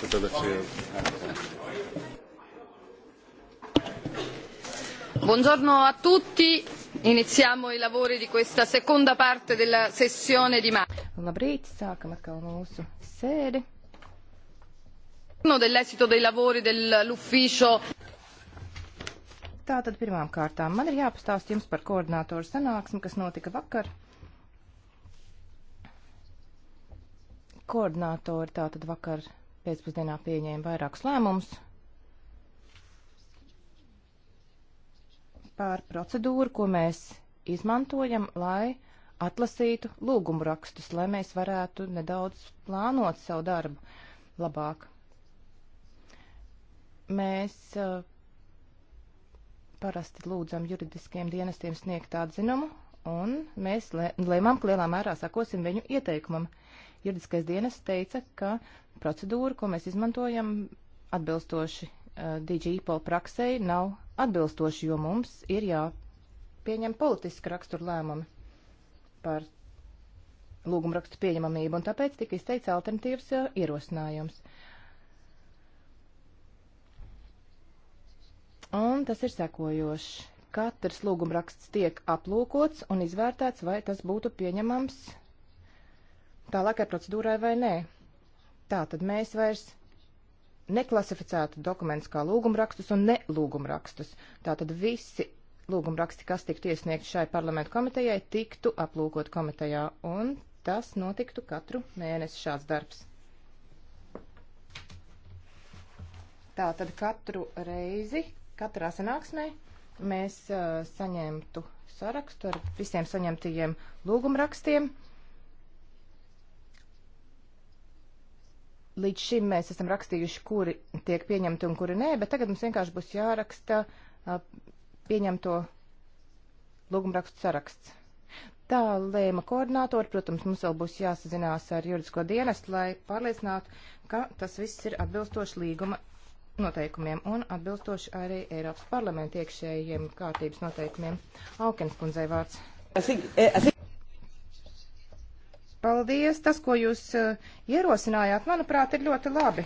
questo pedofilo. Buongiorno a tutti, iniziamo i lavori di questa seconda parte della sessione di maggio. Labrīt, sākam atkal mūsu sēdi. Dell'esito dei lavori dell'ufficio. Tātad pirmām kārtām man ir jāpastāst jums par koordinātoru sanāksmi, kas notika vakar. koordinātori tātad vakar pēcpusdienā pieņēma vairākus lēmumus par procedūru, ko mēs izmantojam, lai atlasītu lūgumu rakstus, lai mēs varētu nedaudz plānot savu darbu labāk. Mēs uh, parasti lūdzam juridiskiem dienestiem sniegt atzinumu, un mēs lēmām, ka lielā mērā sakosim viņu ieteikumam. Uh, juridiskais dienas teica, ka procedūra, ko mēs izmantojam atbilstoši uh, eh, DG Pol praksei, nav atbilstoši, jo mums ir jāpieņem politiski rakstur lēmumi par lūgumrakstu pieņemamību, un tāpēc tika izteikts alternatīvs uh, eh, ierosinājums. Un tas ir sekojošs. Katrs lūgumraksts tiek aplūkots un izvērtēts, vai tas būtu pieņemams tālākai procedūrai vai nē. Tā tad mēs vairs neklasificētu dokumentus kā lūgumrakstus un nelūgumrakstus. Tātad visi lūgumraksti, kas tiktu iesniegt šai parlamentu komitejai, tiktu aplūkot komitejā, un tas notiktu katru mēnesi šāds darbs. Tātad katru reizi, katrā sanāksmē mēs uh, saņemtu sarakstu ar visiem saņemtajiem lūgumrakstiem. rakstiem Līdz šim mēs esam rakstījuši, kuri tiek pieņemti un kuri nē, bet tagad mums vienkārši būs jāraksta pieņemto lūgumrakstu saraksts. Tā lēma koordinātori, protams, mums vēl būs jāsazinās ar juridisko dienestu, lai pārliecinātu, ka tas viss ir atbilstoši līguma noteikumiem un atbilstoši arī Eiropas parlamenta iekšējiem kārtības noteikumiem. Aukens kundzei vārds. I think, I think... Paldies! Tas, ko jūs eh, ierosinājāt, manuprāt, ir ļoti labi.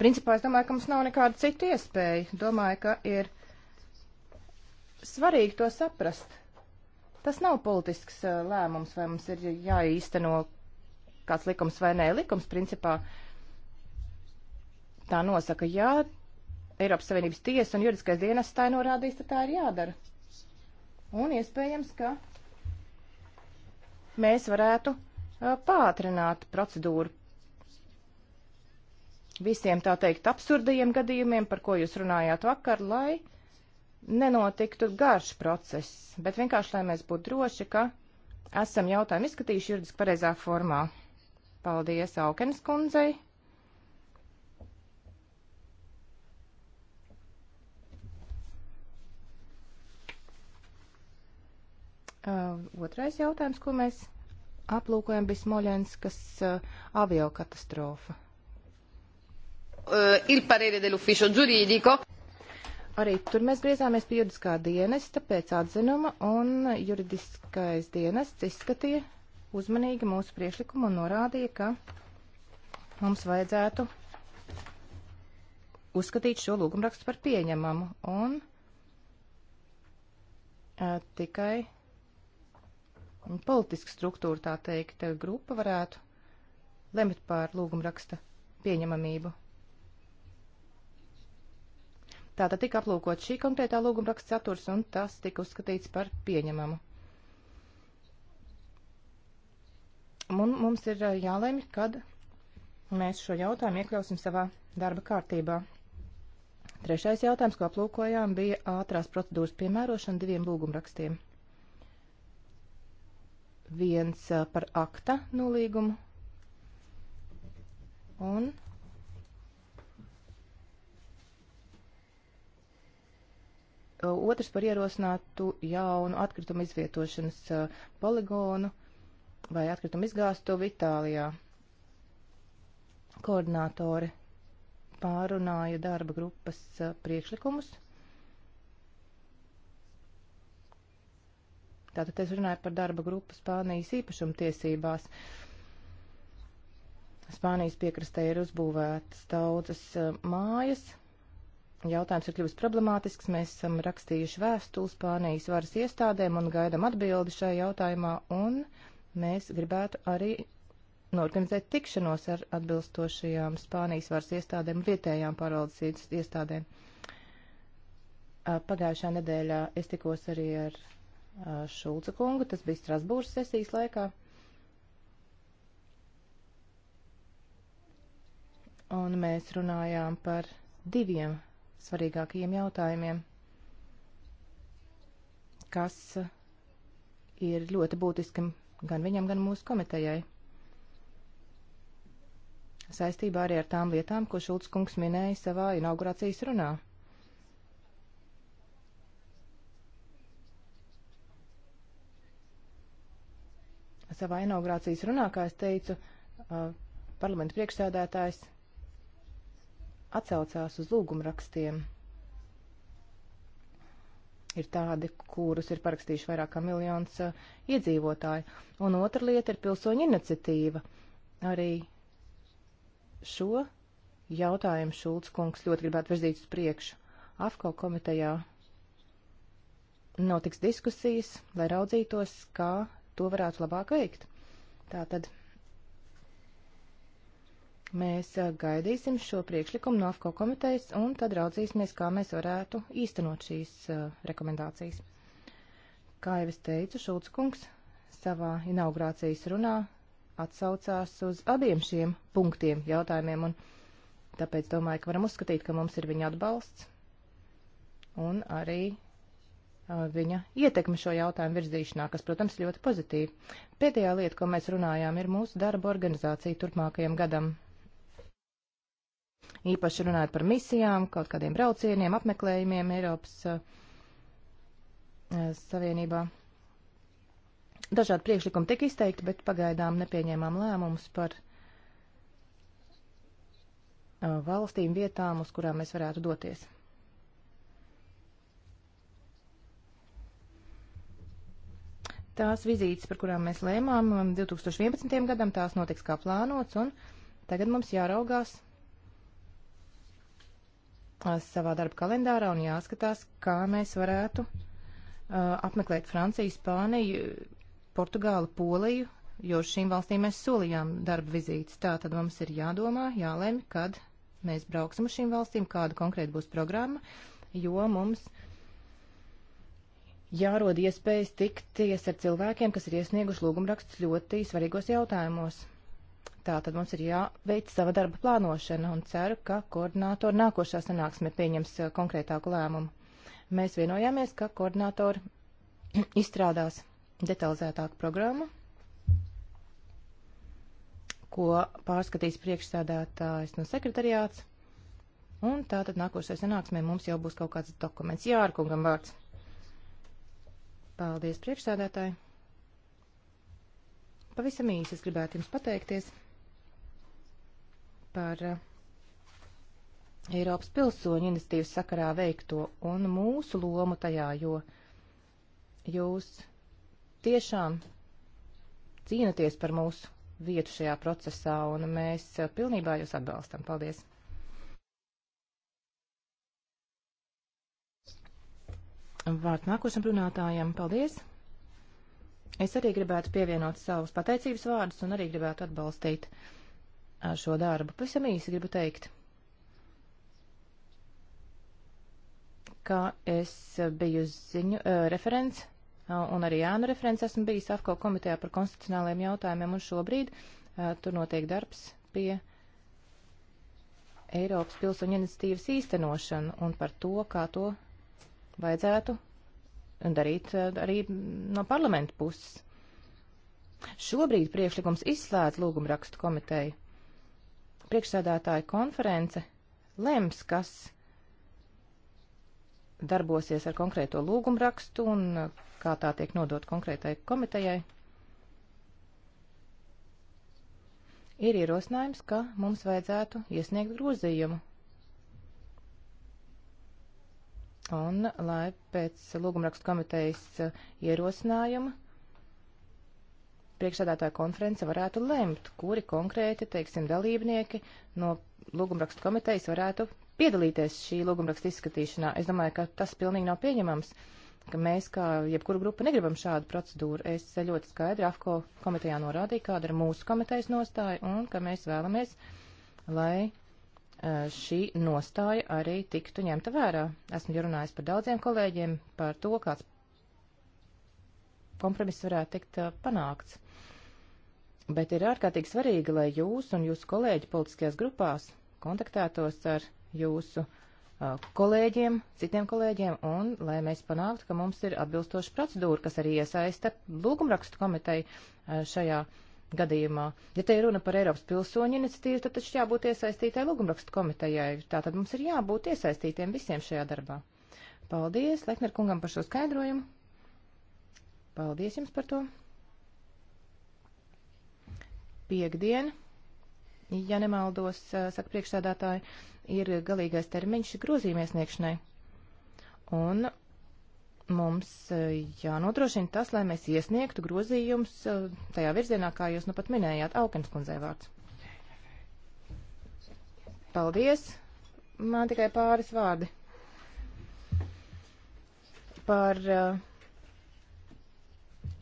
Principā es domāju, ka mums nav nekāda cita iespēja. Domāju, ka ir svarīgi to saprast. Tas nav politisks eh, lēmums, vai mums ir jāīsteno kāds likums vai nē. Likums principā tā nosaka, ja Eiropas Savienības tiesa un juridiskais dienas tā ir norādījis, tad tā ir jādara. Un iespējams, ka mēs varētu pātrināt procedūru visiem tā teikt absurdajiem gadījumiem, par ko jūs runājāt vakar, lai nenotiktu garš process, bet vienkārši, lai mēs būtu droši, ka esam jautājumu izskatījuši juridiski pareizā formā. Paldies Aukenes kundzei! Uh, otrais jautājums, ko mēs aplūkojam, bija Smoļenskas uh, avio katastrofa. Uh, il parere dell'ufficio giuridico. Arī tur mēs griezāmies pie juridiskā dienesta pēc atzinuma, un juridiskais dienests izskatīja uzmanīgi mūsu priešlikumu un norādīja, ka mums vajadzētu uzskatīt šo lūgumrakstu par pieņemamu, un uh, tikai politiska struktūra, tā teikt, grupa varētu lemt pār lūgumraksta pieņemamību. Tātad tika aplūkot šī konkrētā lūgumraksta saturs, un tas tika uzskatīts par pieņemamu. Un mums ir jālemj, kad mēs šo jautājumu iekļausim savā darba kārtībā. Trešais jautājums, ko aplūkojām, bija ātrās procedūras piemērošana diviem lūgumrakstiem viens eh, par akta nolīgumu un eh, otrs par ierosinātu jaunu atkritumu izvietošanas eh, poligonu vai atkritumu izgāstuvu Itālijā. Koordinātori pārunāja darba grupas priekšlikumus. Tātad es runāju par darba grupu Spānijas īpašumtiesībās. Spānijas piekrastē ir uzbūvētas daudzas e, mājas. Jautājums ir kļuvis problemātisks. Mēs esam rakstījuši vēstuli Spānijas varas iestādēm un gaidam atbildi šajā jautājumā, un mēs gribētu arī norganizēt tikšanos ar atbilstošajām Spānijas varas iestādēm, vietējām pārvaldes iestādēm. E, Pagājušā nedēļā es tikos arī ar Uh, Šulca kungu, tas bija Strasbūras sesijas laikā. Un mēs runājām par diviem svarīgākajiem jautājumiem, kas ir ļoti būtiski gan viņam, gan mūsu komitejai. Saistībā arī ar tām lietām, ko Šulc kungs minēja savā inaugurācijas runā. savā inaugurācijas runā, kā es teicu, uh, parlamenta priekšsēdētājs atsaucās uz lūgumrakstiem. Ir tādi, kurus ir parakstījuši vairāk kā miljons uh, iedzīvotāji. Un otra lieta ir pilsoņu iniciatīva. Arī šo jautājumu Šulc kungs ļoti gribētu virzīt uz priekšu. AFKO komitejā notiks diskusijas, lai raudzītos, kā to varētu labāk veikt. Tātad mēs gaidīsim šo priekšlikumu no AFCO komitejas un tad raudzīsimies, kā mēs varētu īstenot šīs uh, rekomendācijas. Kā jau es teicu, Šulckungs savā inaugurācijas runā atsaucās uz abiem šiem punktiem, jautājumiem, un tāpēc domāju, ka varam uzskatīt, ka mums ir viņa atbalsts un arī Uh, viņa ietekmi šo jautājumu virzīšanā, kas, protams, ļoti pozitīvi. Pēdējā lieta, ko mēs runājām, ir mūsu darba organizācija turpmākajam gadam. Īpaši runājot par misijām, kaut kādiem braucieniem, apmeklējumiem Eiropas uh, uh Savienībā. Dažādi priekšlikumi tika izteikti, bet pagaidām nepieņēmām lēmumus par uh, valstīm vietām, uz kurām mēs varētu doties. Tās vizītes, par kurām mēs lēmām 2011. Um, gadam, tās notiks kā plānots, un tagad mums jāraugās uh, savā darba kalendārā un jāskatās, kā mēs varētu uh, apmeklēt Franciju, Spāniju, Portugālu, Poliju, jo šīm valstīm mēs solījām darba vizītes. Tā tad mums ir jādomā, jālemj, kad mēs brauksim uz šīm valstīm, kāda konkrēti būs programma, jo mums uh, jārod iespējas tikties ar cilvēkiem, kas ir iesnieguši lūgumrakstus ļoti svarīgos jautājumos. Tā tad mums ir jāveic sava darba plānošana un ceru, ka koordinātori nākošā sanāksme pieņems eh, konkrētāku lēmumu. Mēs vienojāmies, ka koordinātori izstrādās detalizētāku programmu, ko pārskatīs priekšsēdētājs no sekretariāts, un tā tad nākošajā sanāksmē mums jau būs kaut kāds dokuments. Jā, ar kungam vārds. Paldies, priekšstādātāji! Pavisam īsi es gribētu jums pateikties par eh, Eiropas pilsoņu iniciatīvas sakarā veikto un mūsu lomu tajā, jo jūs tiešām cīnaties par mūsu vietu šajā procesā, un mēs eh, pilnībā jūs atbalstam. Paldies! vārds nākošam runātājam. Paldies! Es arī gribētu pievienot savus pateicības vārdus un arī gribētu atbalstīt šo darbu. Pavisam īsi gribu teikt, ka es biju ziņu uh, referents un arī Jānu referents esmu bijis AFKO komitejā par konstitucionāliem jautājumiem un šobrīd uh, tur notiek darbs pie Eiropas pilsoņu iniciatīvas īstenošanu un par to, kā to vajadzētu darīt eh, arī no parlamenta puses. Šobrīd priekšlikums izslēdz lūgumrakstu komiteju. Priekšsēdētāja konference lems, kas darbosies ar konkrēto lūgumrakstu un eh, kā tā tiek nodot konkrētai komitejai. Ir ierosinājums, ka mums vajadzētu iesniegt grozījumu un lai pēc lūgumrakstu komitejas uh, ierosinājuma priekšsādātāja konference varētu lemt, kuri konkrēti, teiksim, dalībnieki no lūgumrakstu komitejas varētu piedalīties šī lūgumrakstu izskatīšanā. Es domāju, ka tas pilnīgi nav pieņemams, ka mēs kā jebkura grupa negribam šādu procedūru. Es ļoti skaidri AFCO komitejā norādīju, kāda ir mūsu komitejas nostāja un ka mēs vēlamies, lai Eh, šī nostāja arī tiktu ņemta vērā. Esmu jau runājis par daudziem kolēģiem par to, kāds kompromiss varētu tikt eh, panākts. Bet ir ārkārtīgi svarīgi, lai jūs un jūsu kolēģi politiskajās grupās kontaktētos ar jūsu eh, kolēģiem, citiem kolēģiem, un lai mēs panāktu, ka mums ir atbilstoša procedūra, kas arī iesaista lūgumrakstu komiteju šajā uh, gadījumā. Ja te ir runa par Eiropas pilsoņu iniciatīvu, tad taču jābūt iesaistītai lūgumrakstu komitejai. Tātad mums ir jābūt iesaistītiem visiem šajā darbā. Paldies Lekner kungam par šo skaidrojumu. Paldies jums par to. Piekdien, ja nemaldos, eh, saka priekšsēdātāji, ir galīgais termiņš grozījuma iesniegšanai. Un mums eh, jānodrošina tas, lai mēs iesniegtu grozījumus eh, tajā virzienā, kā jūs nu pat minējāt, Aukenskundzei vārds. Paldies! Man tikai pāris vārdi par uh,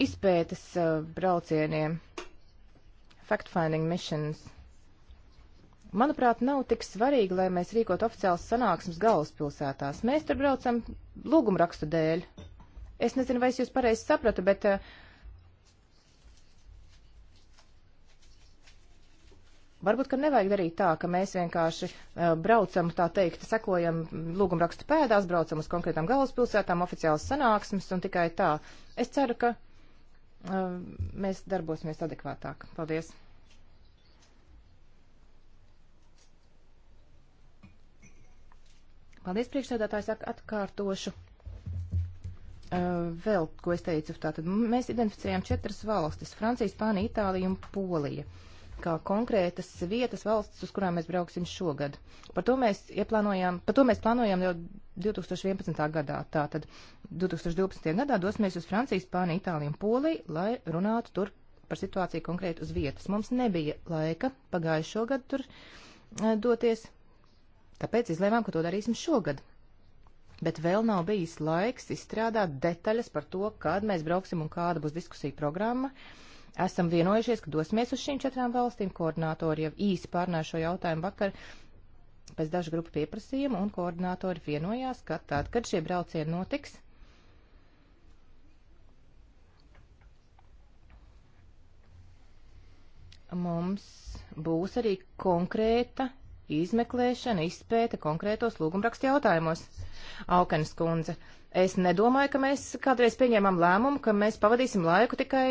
izpētes uh, braucieniem, fact-finding missions manuprāt, nav tik svarīgi, lai mēs rīkot oficiāls sanāksmes galvaspilsētās. Mēs tur braucam lūgumrakstu dēļ. Es nezinu, vai es jūs pareizi sapratu, bet. Eh, varbūt, ka nevajag darīt tā, ka mēs vienkārši uh, braucam, tā teikt, sekojam lūgumrakstu pēdās, braucam uz konkrētām galvaspilsētām, oficiāls sanāksmes un tikai tā. Es ceru, ka uh, mēs darbosimies adekvātāk. Paldies! Paldies, priekšsēdētājs, atkārtošu uh, vēl, ko es teicu, tātad mēs identificējām četras valstis - Francija, Spānija, Itālija un Polija kā konkrētas vietas valsts, uz kurām mēs brauksim šogad. Par to mēs, ieplānojām, par to mēs plānojām jau 2011. gadā. Tātad 2012. gadā dosimies uz Franciju, Spāniju, Itāliju un Poliju, lai runātu tur par situāciju konkrēti uz vietas. Mums nebija laika pagājušo gadu tur eh, doties, Tāpēc izlēmām, ka to darīsim šogad. Bet vēl nav bijis laiks izstrādāt detaļas par to, kad mēs brauksim un kāda būs diskusija programma. Esam vienojušies, ka dosimies uz šīm četrām valstīm. Koordinātori jau īsi pārnāja šo jautājumu vakar pēc dažu grupu pieprasījumu, un koordinātori vienojās, ka tad, kad šie braucieni notiks, mums būs arī konkrēta izmeklēšana, izpēta konkrētos lūgumrakstu jautājumos. Aukenas kundze, es nedomāju, ka mēs kādreiz pieņēmām lēmumu, ka mēs pavadīsim laiku tikai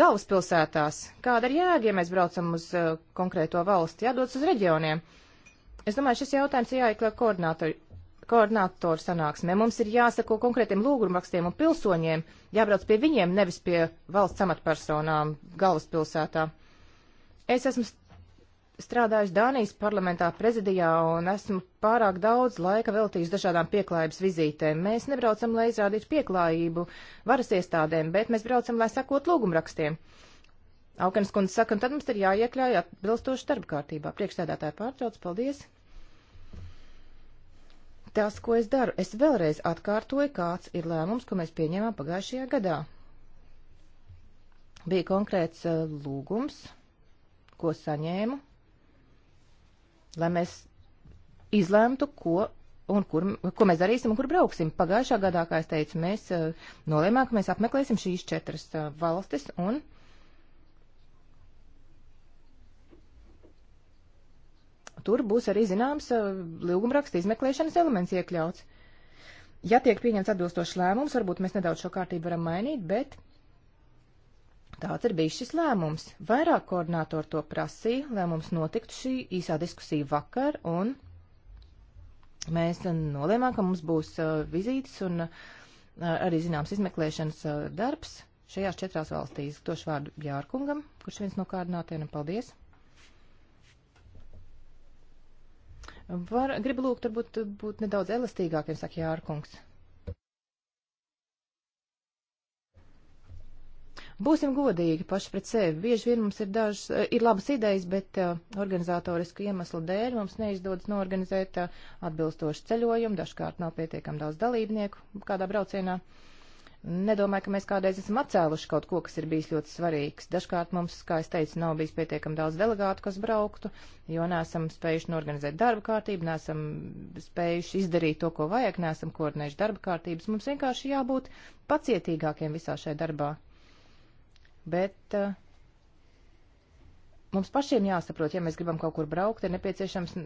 galvaspilsētās. Kāda ir jēga, ja mēs braucam uz uh, konkrēto valsti, jādodas uz reģioniem? Es domāju, šis jautājums ir jāiekļaut koordinātori koordinātoru sanāksmē. Mums ir jāsako konkrētiem lūgumrakstiem un pilsoņiem, jābrauc pie viņiem, nevis pie valsts amatpersonām galvaspilsētā. Es esmu strādājusi Dānijas parlamentā prezidijā un esmu pārāk daudz laika veltījusi dažādām pieklājības vizītēm. Mēs nebraucam, lai izrādītu pieklājību varas iestādēm, bet mēs braucam, lai sakot lūgumrakstiem. Aukenas kundze saka, un tad mums ir jāiekļauj atbilstoši darba kārtībā. Priekšstādātāja pārtrauc, paldies. Tas, ko es daru, es vēlreiz atkārtoju, kāds ir lēmums, ko mēs pieņēmām pagājušajā gadā. Bija konkrēts uh, lūgums, ko saņēmu lai mēs izlēmtu, ko un kur, ko mēs darīsim un kur brauksim. Pagājušā gadā, kā es teicu, mēs uh, nolēmām, ka mēs apmeklēsim šīs četras uh, valstis un. Tur būs arī zināms uh, eh, līgumraksta izmeklēšanas elements iekļauts. Ja tiek pieņemts atbilstošs lēmums, varbūt mēs nedaudz šo kārtību varam mainīt, bet Tāds ir bijis šis lēmums. Vairāk koordinātori to prasīja, lai mums notiktu šī īsā diskusija vakar, un mēs nolēmām, ka mums būs uh, vizītes un uh, arī zināms izmeklēšanas uh, darbs šajās četrās valstīs. Došu vārdu Jārkungam, kurš viens no koordinātiem, paldies. Var, gribu lūgt, varbūt būt nedaudz elastīgākiem, saka Jārkungs. Būsim godīgi paši pret sevi. Bieži vien mums ir dažas, eh, ir labas idejas, bet uh, organizatorisku iemeslu dēļ mums neizdodas norganizēt uh, atbilstošu ceļojumu, dažkārt nav pietiekam daudz dalībnieku kādā braucienā. Nedomāju, ka mēs kādreiz esam atcēluši kaut ko, kas ir bijis ļoti svarīgs. Dažkārt mums, kā es teicu, nav bijis pietiekam daudz delegātu, kas brauktu, jo neesam spējuši norganizēt darba kārtību, neesam spējuši izdarīt to, ko vajag, neesam koordinējuši darba kārtības. Mums vienkārši jābūt pacietīgākiem visā šajā darbā bet uh, mums pašiem jāsaprot, ja mēs gribam kaut kur braukt, ir nepieciešams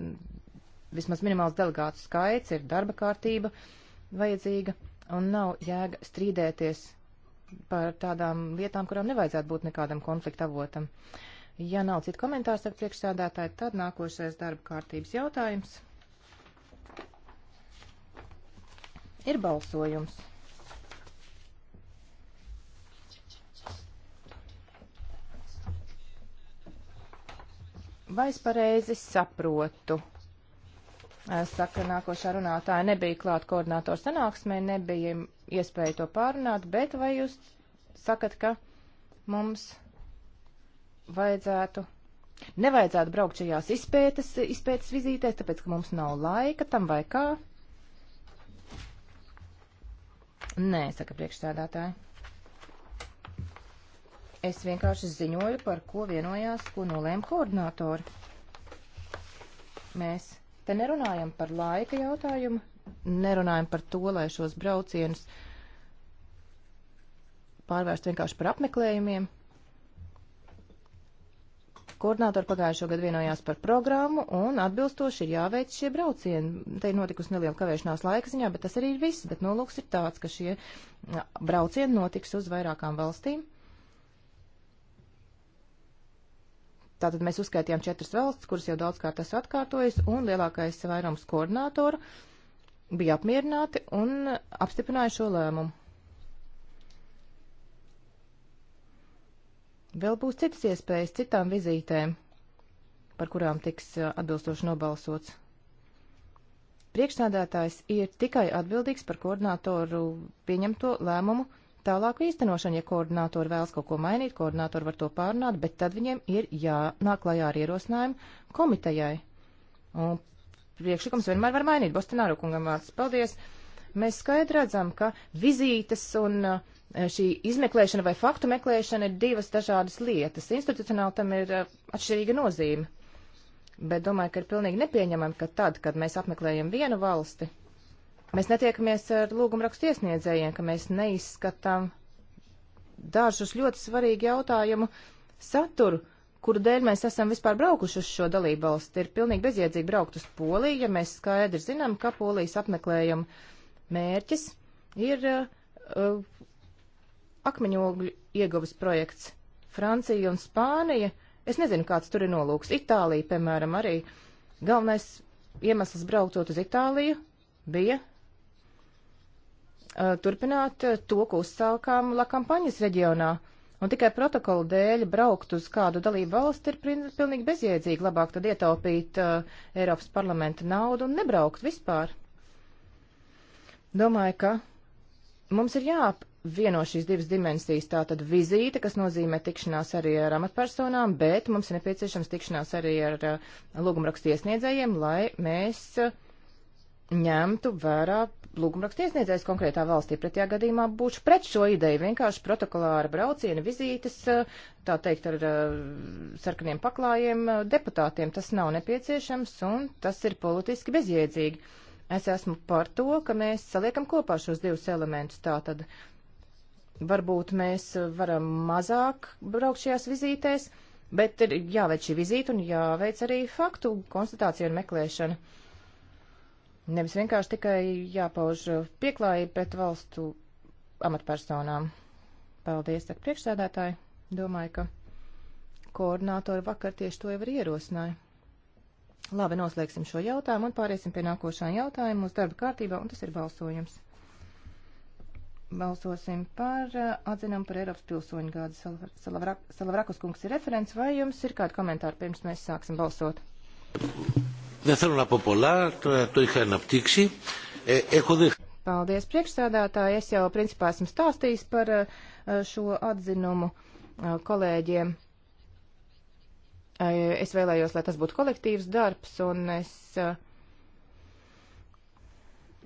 vismaz minimāls delegātu skaits, ir darba kārtība vajadzīga, un nav jēga strīdēties par tādām lietām, kurām nevajadzētu būt nekādam konflikta avotam. Ja nav citu komentāru, tad priekšsēdētāji, tad nākošais darba kārtības jautājums ir balsojums. Vai es pareizi saprotu? Saka, nākošā runātāja nebija klāt koordinātoru sanāksmē, nebija iespēja to pārunāt, bet vai jūs sakat, ka mums vajadzētu, nevajadzētu braukt šajās izpētes, izpētes vizītēs, tāpēc, ka mums nav laika tam vai kā? Nē, saka priekšsēdētāji. Es vienkārši ziņoju, par ko vienojās, ko nolēma koordinātori. Mēs te nerunājam par laika jautājumu, nerunājam par to, lai šos braucienus pārvērst vienkārši par apmeklējumiem. Koordinātori pagājušo gadu vienojās par programmu un atbilstoši ir jāveic šie braucieni. Te ir notikusi neliela kavēšanās laika ziņā, bet tas arī ir viss. Bet nolūks ir tāds, ka šie braucieni notiks uz vairākām valstīm. Tātad mēs uzskaitījām četras valsts, kuras jau daudzkārt esmu atkārtojis, un lielākais vairums koordinātoru bija apmierināti un apstiprināja šo lēmumu. Vēl būs citas iespējas citām vizītēm, par kurām tiks uh, atbilstoši nobalsots. Priekšsādātājs ir tikai atbildīgs par koordinātoru pieņemto lēmumu tālāku īstenošanu. Ja koordinātori vēlas kaut ko mainīt, koordinātori var to pārunāt, bet tad viņiem ir jānāk klajā ar ierosinājumu komitejai. Un priekšlikums vienmēr var mainīt. Bostināru kungam vārds. Paldies! Mēs skaidri redzam, ka vizītes un eh, šī izmeklēšana vai faktu meklēšana ir divas dažādas lietas. Institucionāli tam ir eh, atšķirīga nozīme. Bet domāju, ka ir pilnīgi nepieņemami, ka tad, kad mēs apmeklējam vienu valsti, Mēs netiekamies ar lūgumrakstu iesniedzējiem, ka mēs neizskatām dažus ļoti svarīgu jautājumu saturu, kuru dēļ mēs esam vispār braukuši uz šo dalību valsti. Ir pilnīgi bezjēdzīgi braukt uz Poliju, ja mēs skaidri zinām, ka Polijas apmeklējuma mērķis ir uh, akmeņogļu ieguves projekts. Francija un Spānija, es nezinu, kāds tur ir nolūks. Itālija, piemēram, arī galvenais iemesls brauktot uz Itāliju bija Uh, turpināt to, ko uzsākām La kampaņas reģionā. Un tikai protokola dēļ braukt uz kādu dalību valsti ir pilnīgi bezjēdzīgi. Labāk tad ietaupīt uh, Eiropas parlamenta naudu un nebraukt vispār. Domāju, ka mums ir jāapvieno šīs divas dimensijas. Tā tad vizīte, kas nozīmē tikšanās arī ar amatpersonām, bet mums ir nepieciešams tikšanās arī ar uh, lūgumrakstu iesniedzējiem, lai mēs. Uh, ņemtu vērā lūgumrakstu iesniedzējs konkrētā valstī. Pretējā gadījumā būšu pret šo ideju vienkārši protokolāra brauciena vizītes, tā teikt, ar eh, sarkaniem paklājiem eh, deputātiem. Tas nav nepieciešams un tas ir politiski bezjēdzīgi. Es esmu par to, ka mēs saliekam kopā šos divus elementus. Tātad varbūt mēs varam mazāk braukt šajās vizītēs, bet ir jāveic šī vizīte un jāveic arī faktu konstatācija un meklēšana. Nevis vienkārši tikai jāpauž pieklājība pret valstu amatpersonām. Paldies, tad priekšsēdētāji. Domāju, ka koordinātori vakar tieši to jau ir ierosināja. Labi, noslēgsim šo jautājumu un pāriesim pie nākošā jautājuma mūsu darba kārtībā, un tas ir balsojums. Balsosim par eh, atzinām par Eiropas pilsoņu gādu. Salavrakus kungs ir referents, vai jums ir kādi komentāri pirms mēs sāksim balsot? Δεν θέλω να πω πολλά, το, το είχα αναπτύξει. Ε, έχω δε... Paldies, priekšsēdētāji. Es jau principā esmu stāstījis par eh, šo atzinumu eh, kolēģiem. Eh, es vēlējos, lai tas būtu kolektīvs darbs, un es uh,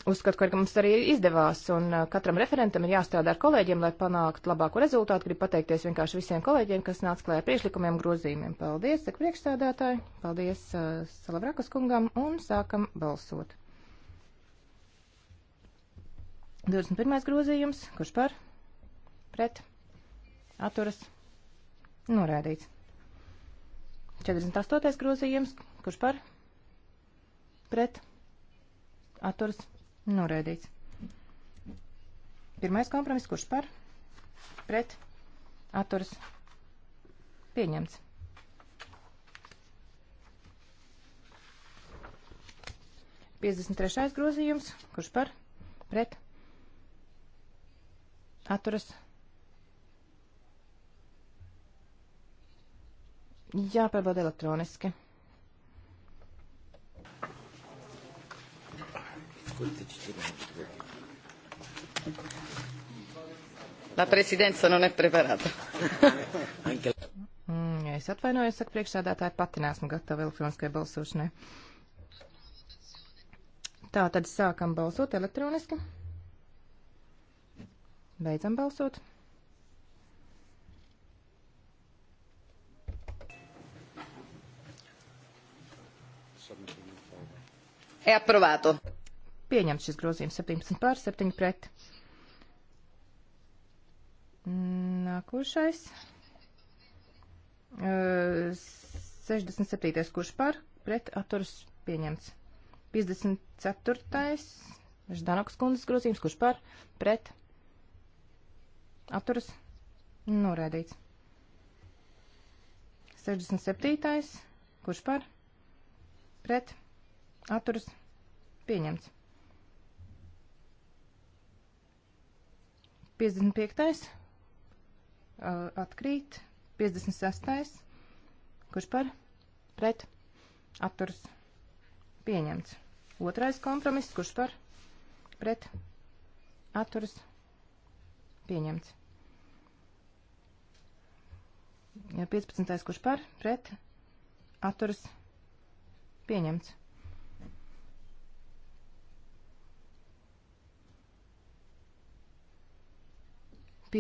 uzskatu, ka mums arī izdevās, un uh, katram referentam ir jāstrādā ar kolēģiem, lai panāktu labāku rezultātu. Gribu pateikties vienkārši visiem kolēģiem, kas nāca klājā priekšlikumiem grozījumiem. Paldies, saka priekšstādātāji, paldies uh, Salavrakas kungam, un sākam balsot. 21. grozījums, kurš par? Pret? Atturas? Norēdīts. 48. grozījums, kurš par? Pret? Atturas? Noraidīts. Pirmais kompromiss, kurš par? Pret. Atturs. Pieņemts. Piecdesmit trešais grozījums, kurš par? Pret. Atturas. Jāpārbauda elektroniski. La presidenza non è preparata. mm, es atvainojos, saka priekšsēdētāji, pati neesmu gatava elektroniskai balsošanai. Tā tad sākam balsot elektroniski. Beidzam balsot. È approvato pieņemts šis grozījums 17 pār 7 pret. Nākošais. 67. kurš par pret atturas pieņemts. 54. Ždanokas kundzes grozījums, kurš par pret atturas norēdīts. 67. kurš par pret atturas pieņemts. 55. atkrīt, 56. kurš par pret atturas pieņemts. Otrais kompromiss, kurš par pret atturas pieņemts. 15. kurš par pret atturas pieņemts.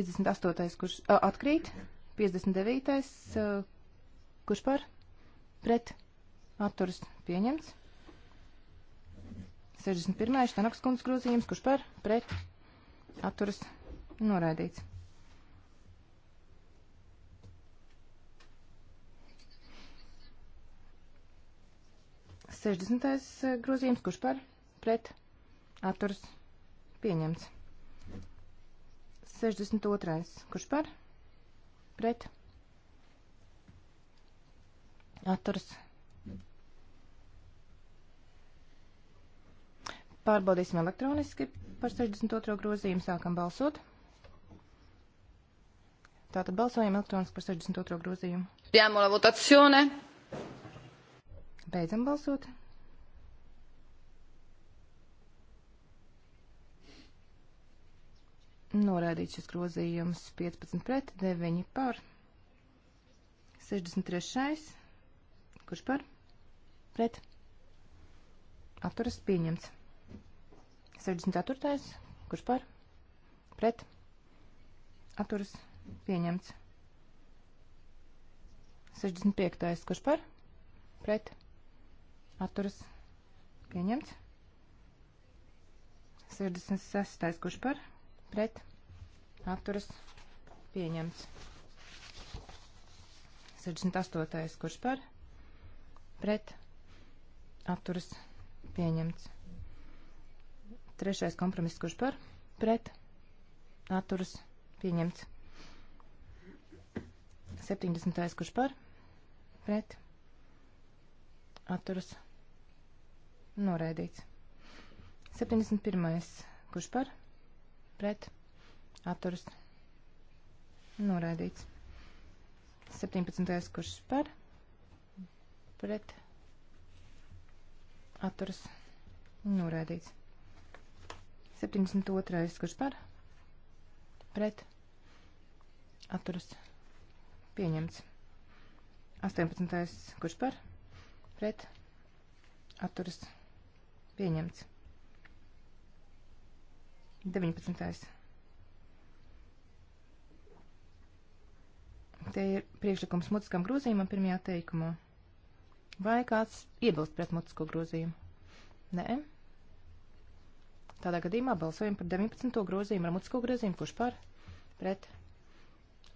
58. kurš a, atkrīt, 59. A, kurš par pret atturas pieņemts, 61. Štanakas kundas grozījums, kurš par pret atturas noraidīts. Sešdesmitais grozījums, kurš par pret atturas pieņemts. 62. Kurš par? Pret. Atturs. Pārbaudīsim elektroniski par 62. grozījumu. Sākam balsot. Tātad balsojam elektroniski par 62. grozījumu. Diamo la votazione. Beidzam balsot. Noraidīt šis grozījums 15 pret 9 par 63. Kurš par? Pret. Atturas pieņemts. 64. Kurš par? Pret. Atturas pieņemts. 65. Kurš par? Pret. Atturas pieņemts. 66. Kurš par? Pret pret atturas pieņemts. 68. kurš par pret atturas pieņemts. Trešais kompromiss, kurš par pret atturas pieņemts. 70. kurš par pret atturas noraidīts. 71. kurš par pret pret atturas noraidīts. 17. kurš par pret atturas noraidīts. 72. kurš par pret atturas pieņemts. 18. kurš par pret atturas pieņemts. 19. Te ir priekšlikums mutiskam grozījumam pirmajā teikumā. Vai kāds iebilst pret mutisko grozījumu? Nē. Tādā gadījumā balsojam par 19. grozījumu ar mutisko grozījumu, kurš par pret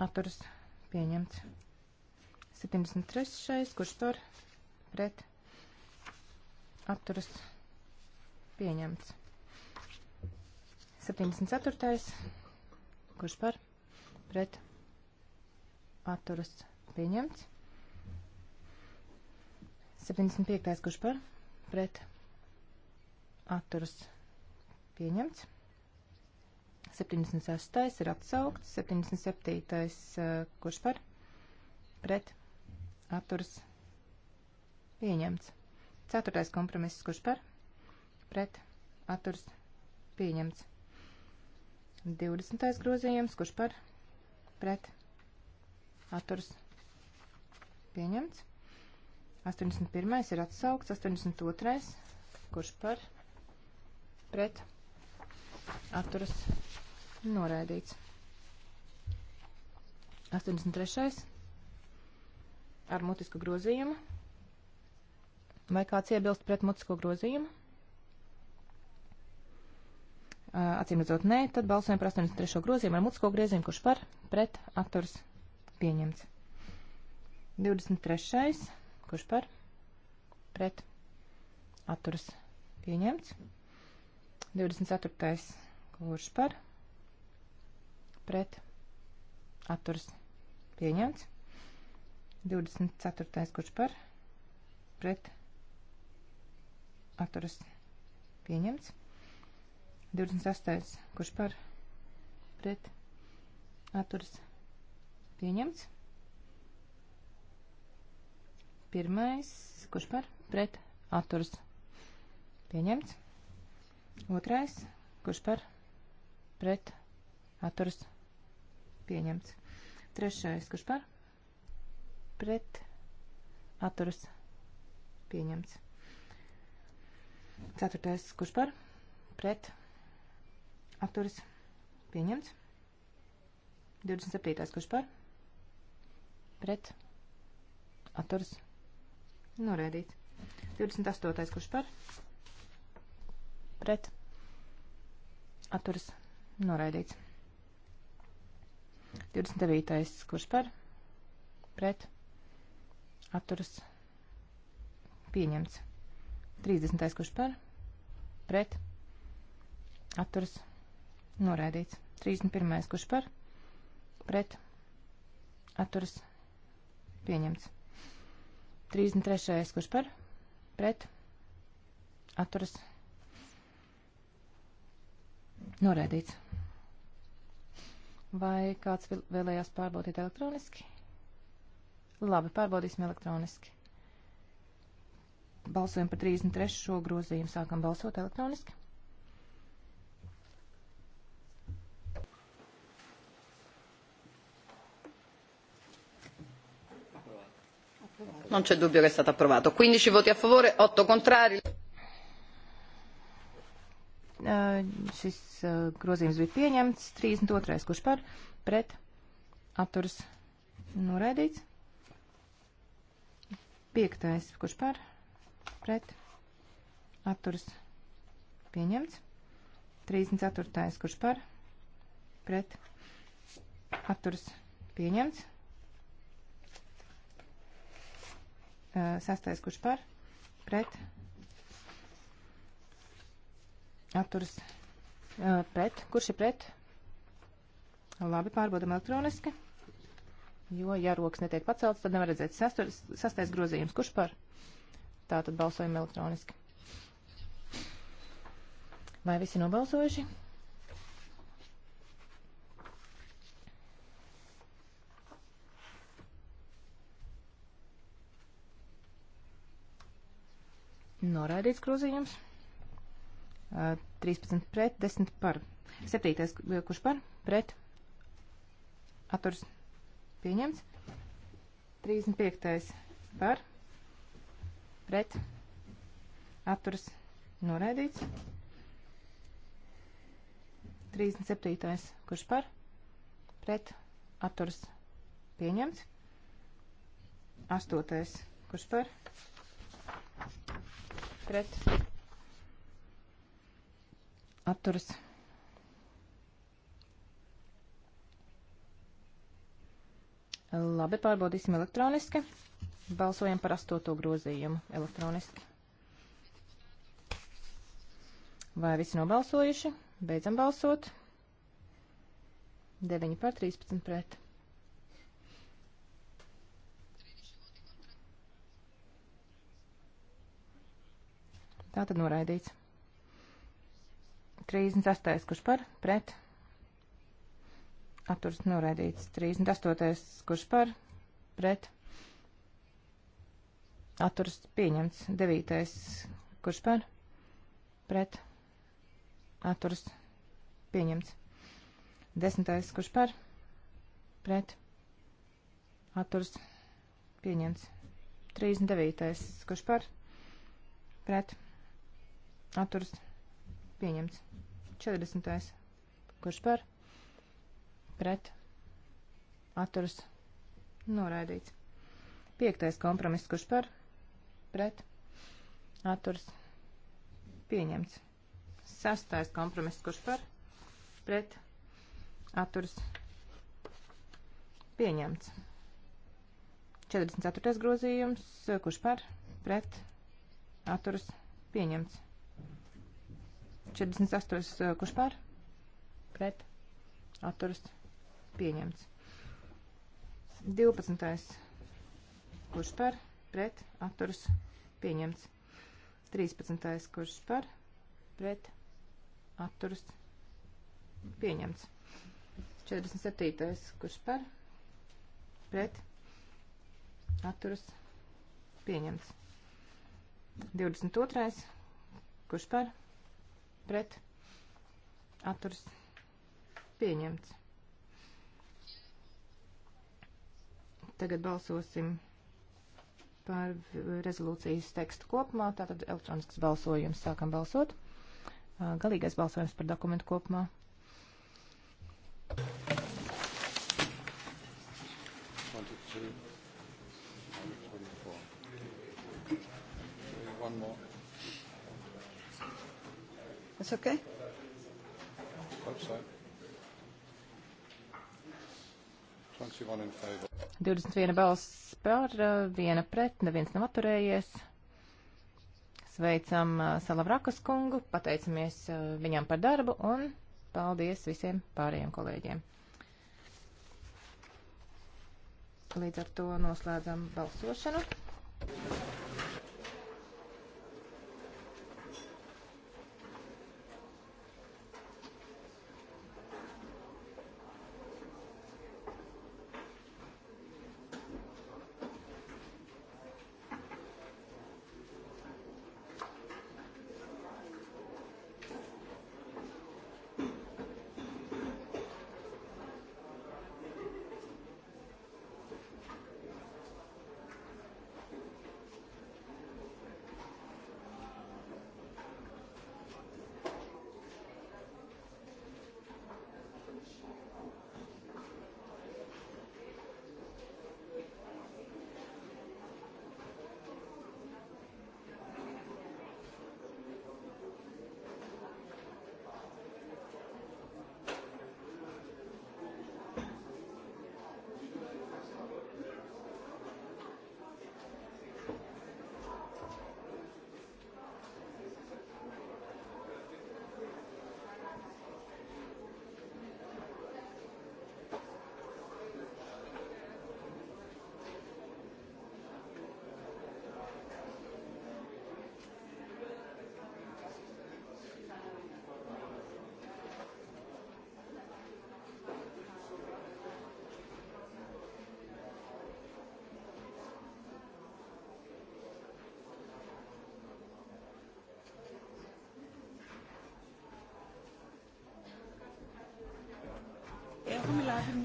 atturas pieņemts. 73. Šeis, kurš par pret atturas pieņemts. 74. Kurš par? Pret. Atturas pieņemts. 75. Kurš par? Pret. Atturas pieņemts. 76. ir atsaukts. 77. Kurš par? Pret. Atturas pieņemts. 4. kompromiss. Kurš par? Pret. Atturas pieņemts. 20. grozījums, kurš par pret atturs pieņemts. 81. ir atsaukts, 82. kurš par pret atturs noraidīts. 83. ar mutisku grozījumu. Vai kāds iebilst pret mutisko grozījumu? Uh, Acīmredzot, nē, tad balsojam par 83. grozījumu ar mutisko grozījumu, kurš par pret atturs pieņemts. 23. kurš par pret atturs pieņemts. 24. kurš par pret atturs pieņemts. 24. kurš par pret atturs pieņemts. 28. Kurš par? Pret. Atturs. Pieņemts. Pirmais. Kurš par? Pret. Atturs. Pieņemts. Otrais. Kurš par? Pret. Atturs. Pieņemts. Trešais. Kurš par? Pret. Atturs. Pieņemts. Ceturtais. Kurš par? Pret. Apturis pieņemts. 27. kurš par? Pret. Atturis norēdīts. 28. kurš par? Pret. Atturis norēdīts. 29. kurš par? Pret. Atturis pieņemts. 30. kurš par? Pret. Atturis norēdīts Noraidīts. 31. Kurš par? Pret. Atturas. Pieņemts. 33. Kurš par? Pret. Atturas. Noraidīts. Vai kāds vēlējās pārbaudīt elektroniski? Labi, pārbaudīsim elektroniski. Balsojam par 33. grozījumu. Sākam balsot elektroniski. non c'è dubbio che è stato approvato. 15 voti a favore, 8 contrari. Uh, šis uh, grozījums bija pieņemts. 32. kurš par, pret, atturs noraidīts. 5. kurš par, pret, atturs pieņemts. 34. kurš par, pret, atturs pieņemts. Sastais, kurš par? Pret. Atturas. Pret. Kurš ir pret? Labi, pārbaudam elektroniski. Jo, ja rokas netiek paceltas, tad nevar redzēt Sastais, sastais grozījums. Kurš par? Tātad balsojam elektroniski. Vai visi nobalsojuši? Noraidīts grozījums. 13 pret, 10 par. 7. kurš par? Pret. Atturs pieņemts. 35. par. Pret. Atturs noraidīts. 37. kurš par? Pret. Atturs pieņemts. 8. kurš par? pret atturas. Labi, pārbaudīsim elektroniski. Balsojam par astoto grozījumu elektroniski. Vai visi nobalsojuši? Beidzam balsot. 9 par 13 pret. Tā tad noraidīts. 38. kurš par, pret, atturs noraidīts. 38. kurš par, pret, atturs pieņemts. 9. kurš par, pret, atturs pieņemts. 10. kurš par, pret, atturs pieņemts. 39. kurš par, pret, atturs pieņemts. 39. kurš par, pret, Atturs pieņemts. 40. Kurš par? Pret. Atturs noraidīts. 5. kompromiss. Kurš par? Pret. Atturs pieņemts. 6. kompromiss. Kurš par? Pret. Atturs pieņemts. 44. grozījums. Kurš par? Pret. Atturs pieņemts. 48. Eh, kurš pār? Pret. Atturas. Pieņemts. 12. Kurš par? Pret. Atturas. Pieņemts. 13. Kurš par? Pret. Atturas. Pieņemts. 47. Kurš par? Pret. Atturas. Pieņemts. 22. Kurš par? pret atturs pieņemts. Tagad balsosim par rezolūcijas tekstu kopumā, tātad elektronisks balsojums sākam balsot. Galīgais balsojums par dokumentu kopumā. One more. That's okay? Hope so. 21 in favor. 21 balss par, uh, viena pret, neviens nav atturējies. Sveicam uh, Salavrakas kungu, pateicamies uh, viņam par darbu un paldies visiem pārējiem kolēģiem. Līdz ar to noslēdzam balsošanu.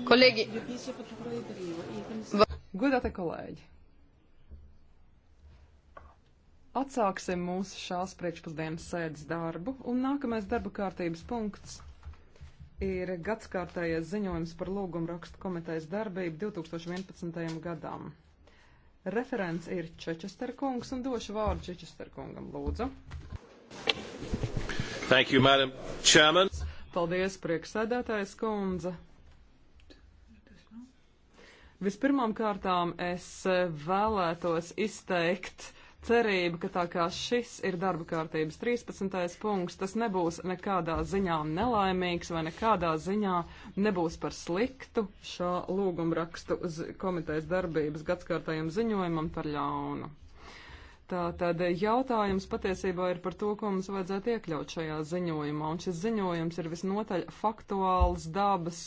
Kolēģi. Godātie kolēģi. Atsāksim mūsu šās priekšpusdienas sēdes darbu, un nākamais darba kārtības punkts ir gadskārtējais ziņojums par lūgumu rakstu komitejas darbību 2011. gadam. Referents ir Čečester kungs, un došu vārdu Čečester kungam, lūdzu. Thank you, Madam Chairman. Paldies, prieksēdētājs kundze. Vispirmām kārtām es eh, vēlētos izteikt cerību, ka tā kā šis ir darba kārtības 13. punkts, tas nebūs nekādā ziņā nelaimīgs vai nekādā ziņā nebūs par sliktu šā lūgumrakstu komitejas darbības gadskārtajam ziņojumam par ļaunu. Tātad jautājums patiesībā ir par to, ko mums vajadzētu iekļaut šajā ziņojumā, un šis ziņojums ir visnotaļ faktuāls dabas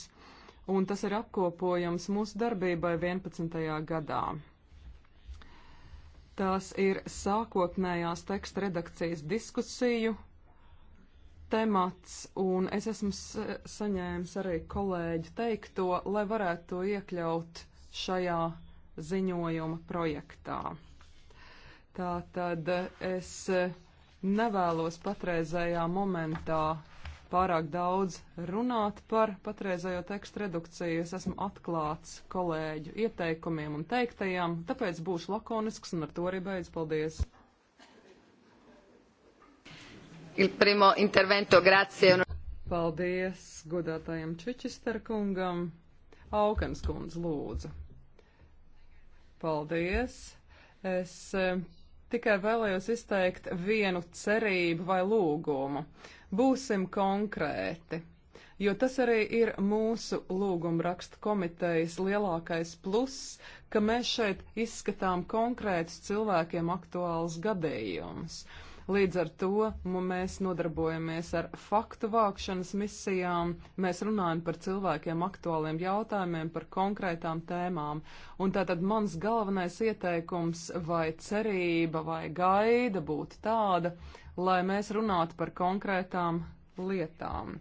un tas ir apkopojams mūsu darbībai 11. gadā. Tās ir sākotnējās teksta redakcijas diskusiju temats, un es esmu saņēmis arī kolēģi teikto, lai varētu to iekļaut šajā ziņojuma projektā. Tā tad es nevēlos patreizējā momentā pārāk daudz runāt par patreizējo tekstu redukciju. Es esmu atklāts kolēģu ieteikumiem un teiktajām, tāpēc būšu lakonisks un ar to arī beidz. Paldies! Il primo intervento, grazie. Paldies godātajam Čičisterkungam. Aukens kundze lūdzu. Paldies. Es eh, tikai vēlējos izteikt vienu cerību vai lūgumu. Būsim konkrēti, jo tas arī ir mūsu lūgumrakstu komitejas lielākais pluss, ka mēs šeit izskatām konkrētus cilvēkiem aktuālus gadījumus. Līdz ar to mēs nodarbojamies ar faktu vākšanas misijām, mēs runājam par cilvēkiem aktuāliem jautājumiem, par konkrētām tēmām. Un tātad mans galvenais ieteikums vai cerība vai gaida būtu tāda, lai mēs runātu par konkrētām lietām.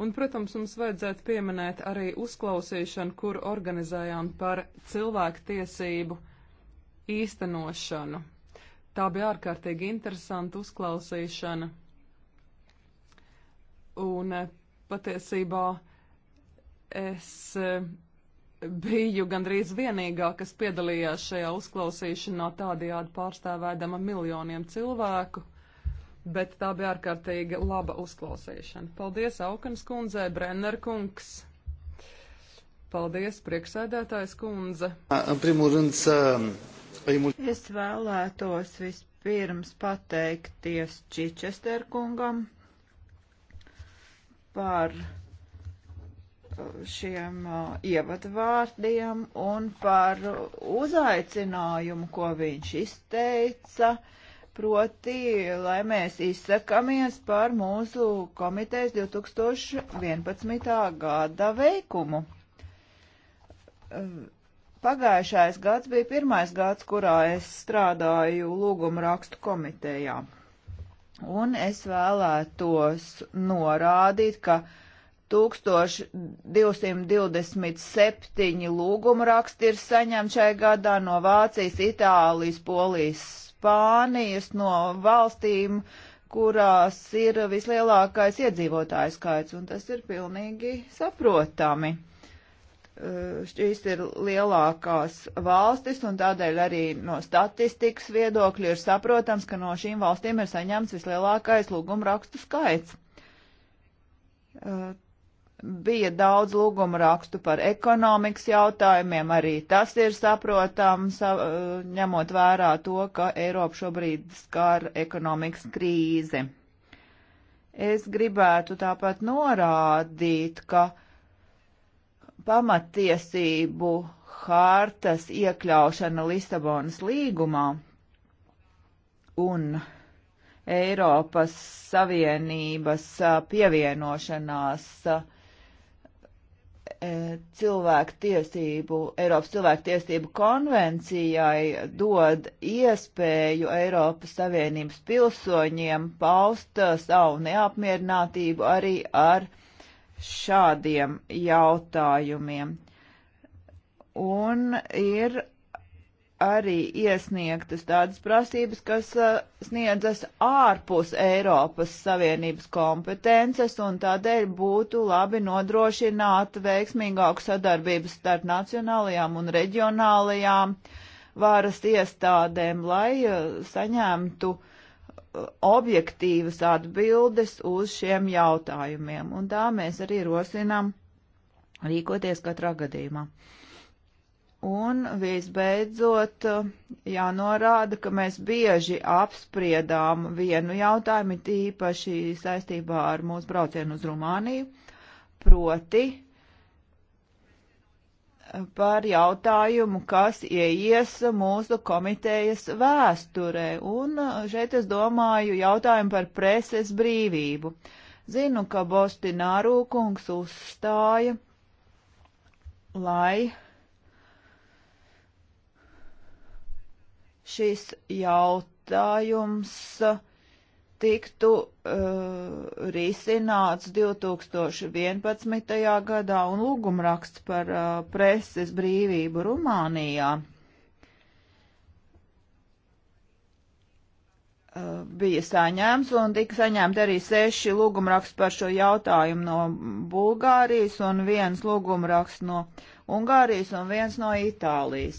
Un, protams, mums vajadzētu pieminēt arī uzklausīšanu, kur organizējām par cilvēku tiesību īstenošanu. Tā bija ārkārtīgi interesanta uzklausīšana. Un eh, patiesībā es eh, biju gandrīz vienīgā, kas piedalījās šajā uzklausīšanā tādajādi pārstāvēdama miljoniem cilvēku bet tā bija ārkārtīgi laba uzklausīšana. Paldies Aukans kundzei, Brenner kungs. Paldies, priekšsēdētājs kundze. Es vēlētos vispirms pateikties Čičester kungam par uh, šiem uh, ievadvārdiem un par uh, uzaicinājumu, ko viņš izteica. Uh, proti, lai mēs izsakamies par mūsu komitejas 2011. gada veikumu. Pagājušais gads bija pirmais gads, kurā es strādāju lūgumu rakstu komitejā. Un es vēlētos norādīt, ka 1227 lūgumu raksti ir saņemti šajā gadā no Vācijas, Itālijas, Polijas, Spānijas no valstīm, kurās ir vislielākais iedzīvotājs skaits, un tas ir pilnīgi saprotami. Eh, šīs ir lielākās valstis, un tādēļ arī no statistikas viedokļa ir saprotams, ka no šīm valstīm ir saņemts vislielākais lūguma rakstu skaits. Eh, bija daudz lūgumu rakstu par ekonomikas jautājumiem, arī tas ir saprotams, ņemot vērā to, ka Eiropa šobrīd skar ekonomikas krīzi. Es gribētu tāpat norādīt, ka pamatiesību hārtas iekļaušana Lisabonas līgumā un Eiropas Savienības pievienošanās uh, E, cilvēku tiesību, Eiropas cilvēku tiesību konvencijai dod iespēju Eiropas Savienības pilsoņiem paust savu neapmierinātību arī ar šādiem jautājumiem. Un ir arī iesniegtas tādas prasības, kas uh, sniedzas ārpus Eiropas Savienības kompetences, un tādēļ būtu labi nodrošināt veiksmīgāku sadarbību starp nacionālajām un reģionālajām varas iestādēm, lai uh, saņemtu uh, objektīvas atbildes uz šiem jautājumiem, un tā mēs arī rosinām rīkoties katrā gadījumā. Un visbeidzot, jānorāda, ka mēs bieži apspriedām vienu jautājumu, tīpaši saistībā ar mūsu braucienu uz Rumāniju, proti par jautājumu, kas ieies mūsu komitejas vēsturē. Un šeit es domāju jautājumu par preses brīvību. Zinu, ka Bostinārūkungs uzstāja, lai šis jautājums tiktu uh, risināts 2011. gadā un lūgumraksts par uh, preses brīvību Rumānijā uh, bija saņēmts un tika saņemti arī seši lūgumraksts par šo jautājumu no Bulgārijas un viens lūgumraksts no Ungārijas un viens no Itālijas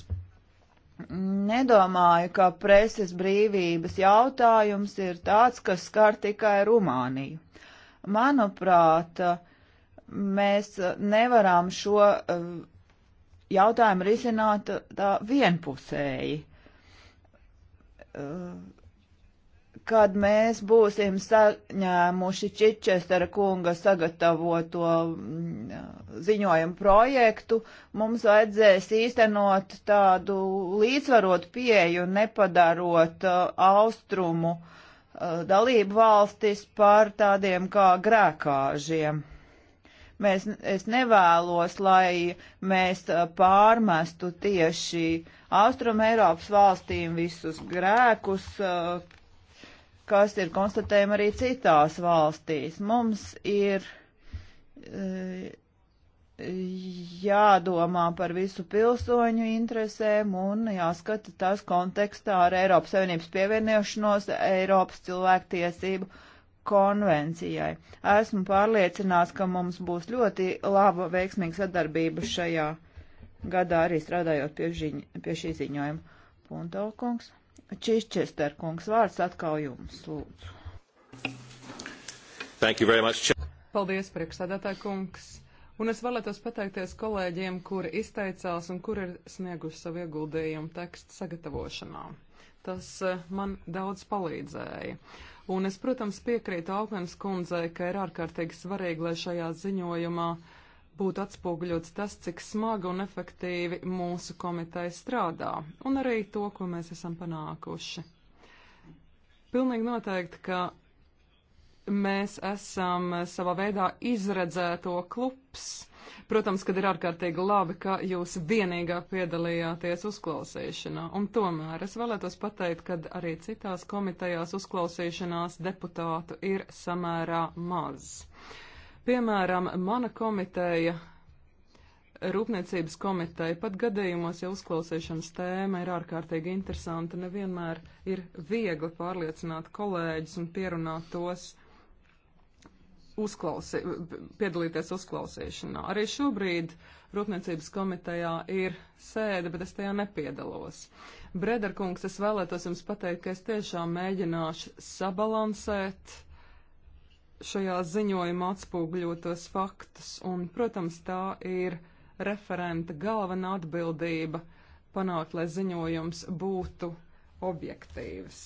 nedomāju, ka preses brīvības jautājums ir tāds, kas skar tikai Rumāniju. Manuprāt, mēs nevaram šo eh, jautājumu risināt tā eh, vienpusēji. Eh, kad mēs būsim saņēmuši Čičestera kunga sagatavoto mm, ziņojumu projektu, mums vajadzēs īstenot tādu līdzvarotu pieju, nepadarot uh, austrumu uh, dalību valstis par tādiem kā grēkāžiem. Mēs, es nevēlos, lai mēs uh, pārmestu tieši Austrum Eiropas valstīm visus grēkus, kas ir konstatējama arī citās valstīs. Mums ir e, jādomā par visu pilsoņu interesēm un jāskata tas kontekstā ar Eiropas Savienības pievienošanos Eiropas cilvēktiesību konvencijai. Esmu pārliecināts, ka mums būs ļoti laba, veiksmīga sadarbība šajā gadā arī strādājot pie, žiņ, pie šī ziņojuma. Punto kungs. Čišķester kungs, vārds atkal jums, lūdzu. Thank you very much. Paldies, priekšsēdētāj kungs. Un es vēlētos pateikties kolēģiem, kuri izteicās un kuri ir snieguši savu ieguldījumu tekstu sagatavošanā. Tas eh, man daudz palīdzēja. Un es, protams, piekrītu Aukvenas kundzei, ka ir ārkārtīgi svarīgi, lai šajā ziņojumā uh, būtu atspoguļots tas, cik smagi un efektīvi mūsu komiteja strādā, un arī to, ko mēs esam panākuši. Pilnīgi noteikti, ka mēs esam savā veidā izredzēto klubs. Protams, kad ir ārkārtīgi labi, ka jūs vienīgā piedalījāties uzklausīšanā, un tomēr es vēlētos pateikt, ka arī citās komitejās uzklausīšanās deputātu ir samērā maz. Uh, Piemēram, mana komiteja, Rūpniecības komiteja, pat gadījumos, ja uzklausīšanas tēma ir ārkārtīgi interesanta, nevienmēr ir viegli pārliecināt kolēģis un pierunāt tos uzklausī, piedalīties uzklausīšanā. Arī šobrīd Rūpniecības komitejā ir sēde, bet es tajā nepiedalos. Brederkungs, es vēlētos jums pateikt, ka es tiešām mēģināšu sabalansēt šajā ziņojumā atspūgļotos faktus, un, protams, tā ir referenta galvenā atbildība panākt, lai ziņojums būtu objektīvs.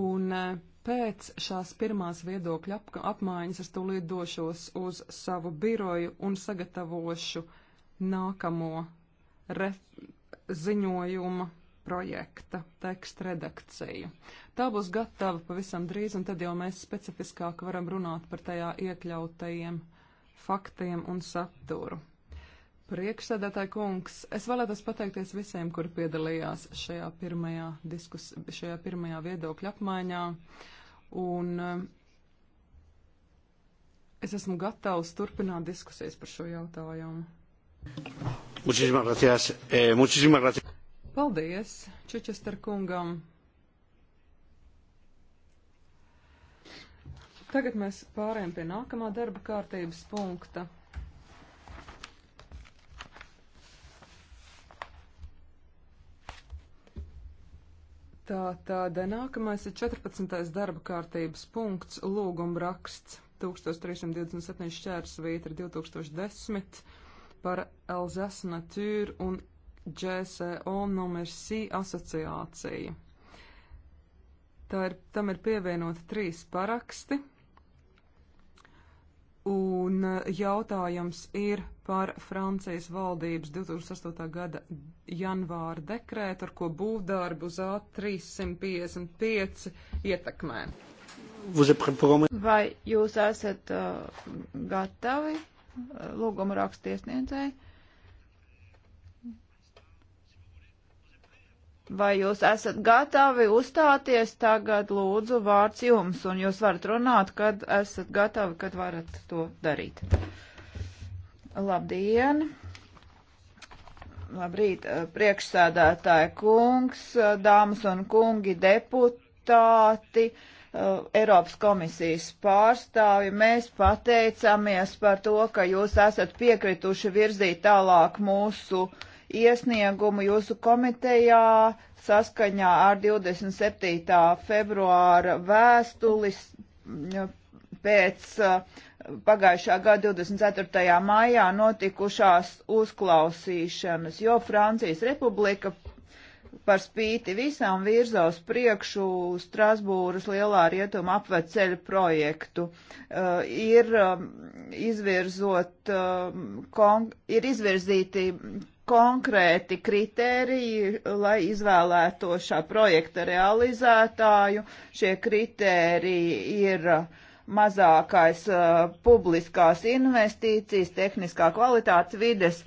Un e, pēc šās pirmās viedokļa ap apmaiņas es tūlīt došos uz savu biroju un sagatavošu nākamo ziņojumu projekta teksta redakciju. Tā būs gatava pavisam drīz, un tad jau mēs specifiskāk varam runāt par tajā iekļautajiem faktiem un saturu. Priekšsēdētāji kungs, es vēlētos pateikties visiem, kuri piedalījās šajā pirmajā, diskus, šajā pirmajā viedokļa apmaiņā. Un um, es esmu gatavs turpināt diskusijas par šo jautājumu. Muchísimas gracias. Eh, muchísimas gracias. Paldies Čečester kungam. Tagad mēs pārējām pie nākamā darba kārtības punkta. Tā tad nākamais ir 14. darba kārtības punkts - lūguma raksts 1327 šķērsvītra 2010 par Elzas Natūru un JSO e NC asociācija. Tā ir, tam ir pievienoti trīs paraksti, un eh, jautājums ir par Francijas valdības 2008. gada janvāra dekrētu, ar ko būvdarbu uz A355 ietekmē. Vai jūs esat uh, gatavi eh, lūgumu rakstiesniedzēji? Vai jūs esat gatavi uzstāties tagad, lūdzu, vārds jums, un jūs varat runāt, kad esat gatavi, kad varat to darīt. Labdien! Labrīt, eh, priekšsēdētāja kungs, eh, dāmas un kungi, deputāti, eh, Eiropas komisijas pārstāvi. Mēs pateicamies par to, ka jūs esat piekrituši virzīt tālāk mūsu uh, iesniegumu jūsu komitejā saskaņā ar 27. februāra vēstulis pēc pagājušā gada 24. maijā notikušās uzklausīšanas, jo Francijas Republika par spīti visām virza uz priekšu Strasbūras lielā rietuma apveceļa projektu. Uh, ir, um, izvirzot, um, ir izvirzīti konkrēti kritēriji, lai izvēlēto šā projekta realizētāju. Šie kritēriji ir mazākais uh, publiskās investīcijas, tehniskā kvalitāte, vides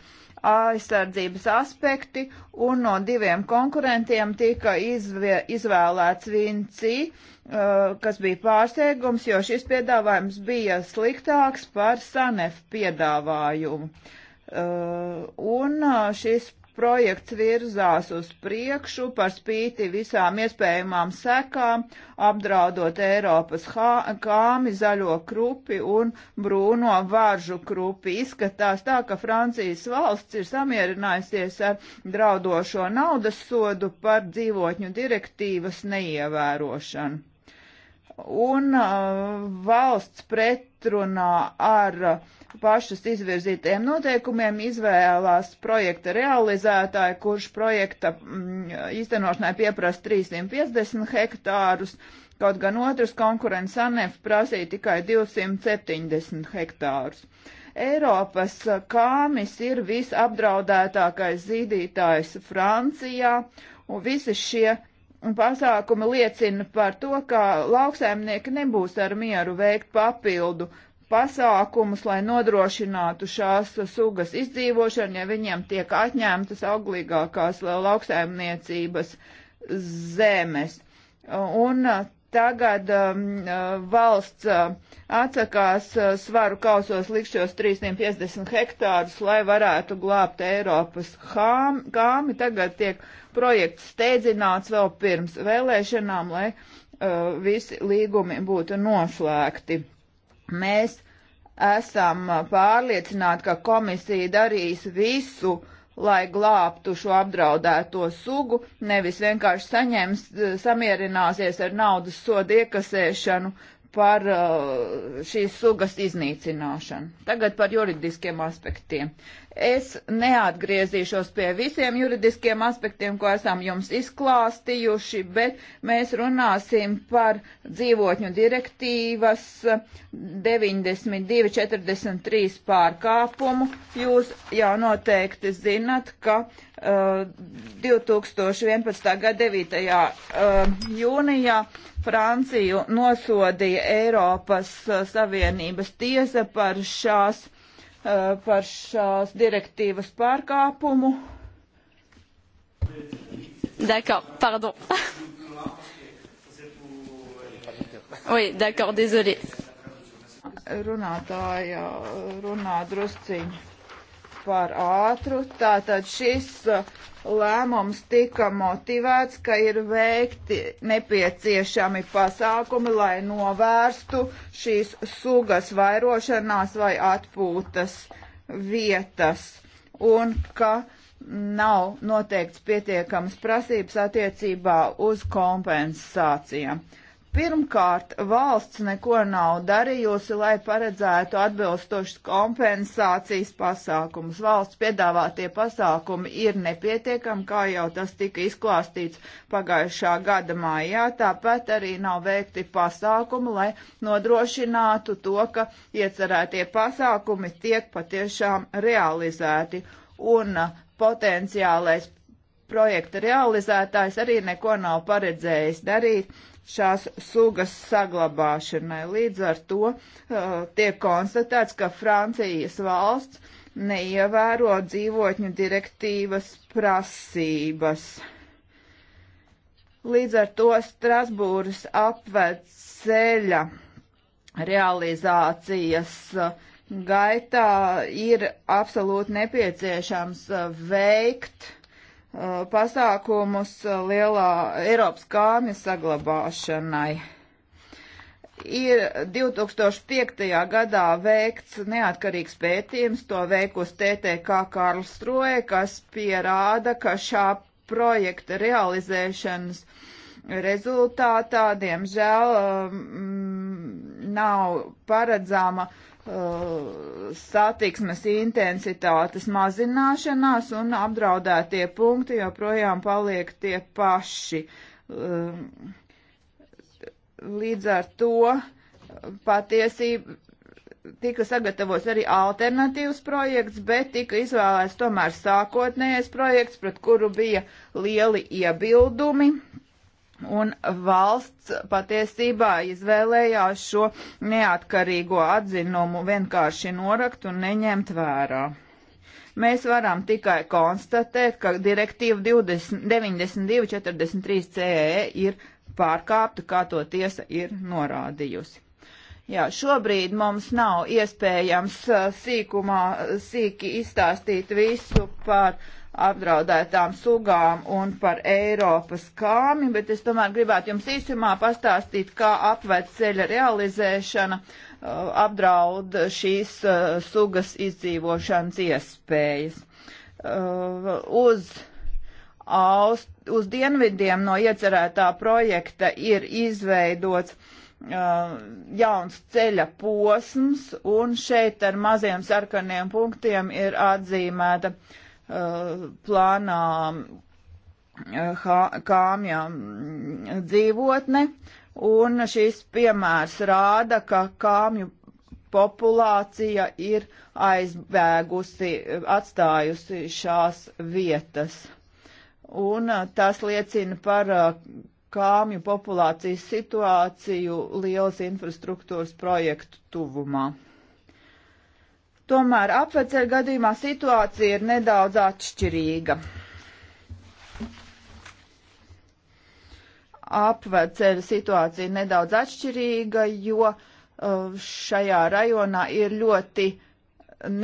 aizsardzības aspekti, un no diviem konkurentiem tika izvie, izvēlēts Vinci, uh, kas bija pārsteigums, jo šis piedāvājums bija sliktāks par Sanef piedāvājumu. Uh, Uh, un uh, šis projekts virzās uz priekšu par spīti visām iespējamām sekām, apdraudot Eiropas kāmi, zaļo krupi un brūno varžu krupi. Izskatās tā, ka Francijas valsts ir samierinājusies ar draudošo naudas sodu par dzīvotņu direktīvas neievērošanu. Un uh, valsts pretrunā ar uh, pašas izvirzītiem noteikumiem izvēlās projekta realizētāju, kurš projekta mm, īstenošanai pieprasa 350 hektārus, kaut gan otrs konkurents ANEF prasīja tikai 270 hektārus. Eiropas kāmis ir visapdraudētākais zīdītājs Francijā, un visi šie pasākumi liecina par to, ka lauksaimnieki nebūs ar mieru veikt papildu pasākumus, lai nodrošinātu šās sugas izdzīvošanu, ja viņiem tiek atņemtas auglīgākās lauksaimniecības zemes. Un uh, tagad um, uh, valsts uh, atsakās svaru kausos likšos 350 hektārus, lai varētu glābt Eiropas hām, kāmi. Tagad tiek projekts steidzināts vēl pirms vēlēšanām, lai uh, visi līgumi būtu noslēgti. Mēs esam pārliecināti, ka komisija darīs visu, lai glābtu šo apdraudēto sugu, nevis vienkārši saņems, samierināsies ar naudas sodu iekasēšanu par uh, šīs sugas iznīcināšanu. Tagad par juridiskiem aspektiem. Es neatgriezīšos pie visiem juridiskiem aspektiem, ko esam jums izklāstījuši, bet mēs runāsim par dzīvotņu direktīvas 92.43 pārkāpumu. Jūs jau noteikti zinat, ka uh, 2011. gada 9. Uh, jūnijā Franciju nosodīja Eiropas uh, Savienības tiesa par šās Uh, par šās direktīvas pārkāpumu. D'accord, pardon. oui, d'accord, désolé. Runātāja runā drusciņi par ātru. Tātad šis uh, lēmums tika motivēts, ka ir veikti nepieciešami pasākumi, lai novērstu šīs sugas vairošanās vai atpūtas vietas un ka nav noteikts pietiekamas prasības attiecībā uz kompensācijām. Uh, Pirmkārt, valsts neko nav darījusi, lai paredzētu atbilstošas kompensācijas pasākumus. Valsts piedāvātie pasākumi ir nepietiekami, kā jau tas tika izklāstīts pagājušā gada mājā. Tāpat arī nav veikti pasākumi, lai nodrošinātu to, ka iecerētie pasākumi tiek patiešām realizēti. Un uh, potenciālais projekta realizētājs arī neko nav paredzējis darīt šās sugas saglabāšanai. Līdz ar to uh, tiek konstatēts, ka Francijas valsts neievēro dzīvotņu direktīvas prasības. Līdz ar to Strasbūras apved ceļa realizācijas uh, gaitā ir absolūti nepieciešams uh, veikt Uh, pasākumus lielā Eiropas kāmja saglabāšanai. Ir 2005. gadā veikts neatkarīgs pētījums, to veikusi TTK Karls Troje, kas pierāda, ka šā projekta realizēšanas rezultātā, diemžēl, um, nav paredzama uh, Uh, satiksmes intensitātes mazināšanās un apdraudētie punkti joprojām paliek tie paši. Um, līdz ar to patiesība tika sagatavots arī alternatīvs projekts, bet tika izvēlēts tomēr sākotnējais projekts, pret kuru bija lieli iebildumi Un valsts patiesībā izvēlējās šo neatkarīgo atzinumu vienkārši norakt un neņemt vērā. Mēs varam tikai konstatēt, ka direktīva 9243 CE ir pārkāpta, kā to tiesa ir norādījusi. Jā, šobrīd mums nav iespējams sīkumā, sīki izstāstīt visu par uh, apdraudētām sugām un par Eiropas kāmi, bet es tomēr gribētu jums īsumā pastāstīt, kā apvērt ceļa realizēšana uh, apdraud šīs uh, sugas izdzīvošanas iespējas. Uh, uz Aust, uz dienvidiem no iecerētā projekta ir izveidots uh, jauns ceļa posms, un šeit ar maziem sarkaniem punktiem ir atzīmēta uh, Uh, plānā uh, kāmja dzīvotne, un šis piemērs rāda, ka kāmju populācija ir aizbēgusi, atstājusi šās vietas. Un uh, tas liecina par kāmju populācijas situāciju lielas infrastruktūras projektu tuvumā. Tomēr apveceļa gadījumā situācija ir nedaudz atšķirīga. Apveceļa situācija ir nedaudz atšķirīga, jo uh, šajā rajonā ir ļoti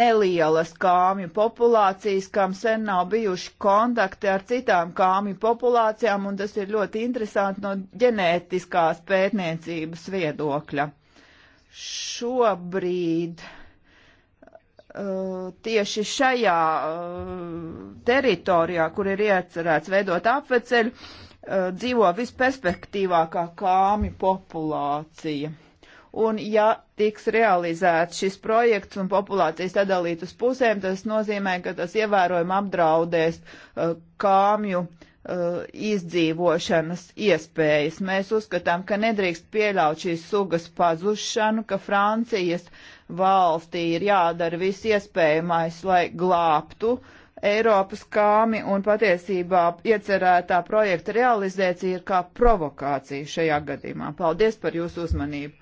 nelielas kāmju populācijas, kam sen nav bijuši kontakti ar citām kāmju populācijām, un tas ir ļoti interesanti no ģenētiskās pētniecības viedokļa. Šobrīd Uh, tieši šajā uh, teritorijā, kur ir iecerēts veidot apveceļu, uh, dzīvo visperspektīvākā kāmi populācija. Un ja tiks realizēts šis projekts un populācijas sadalīt uz pusēm, tas nozīmē, ka tas ievērojami apdraudēs kāmju izdzīvošanas iespējas. Mēs uzskatām, ka nedrīkst pieļaut šīs sugas pazušanu, ka Francijas uh, valstī ir jādara viss iespējamais, lai glābtu Eiropas kāmi un patiesībā iecerētā projekta realizācija ir kā provokācija šajā gadījumā. Paldies par jūsu uzmanību!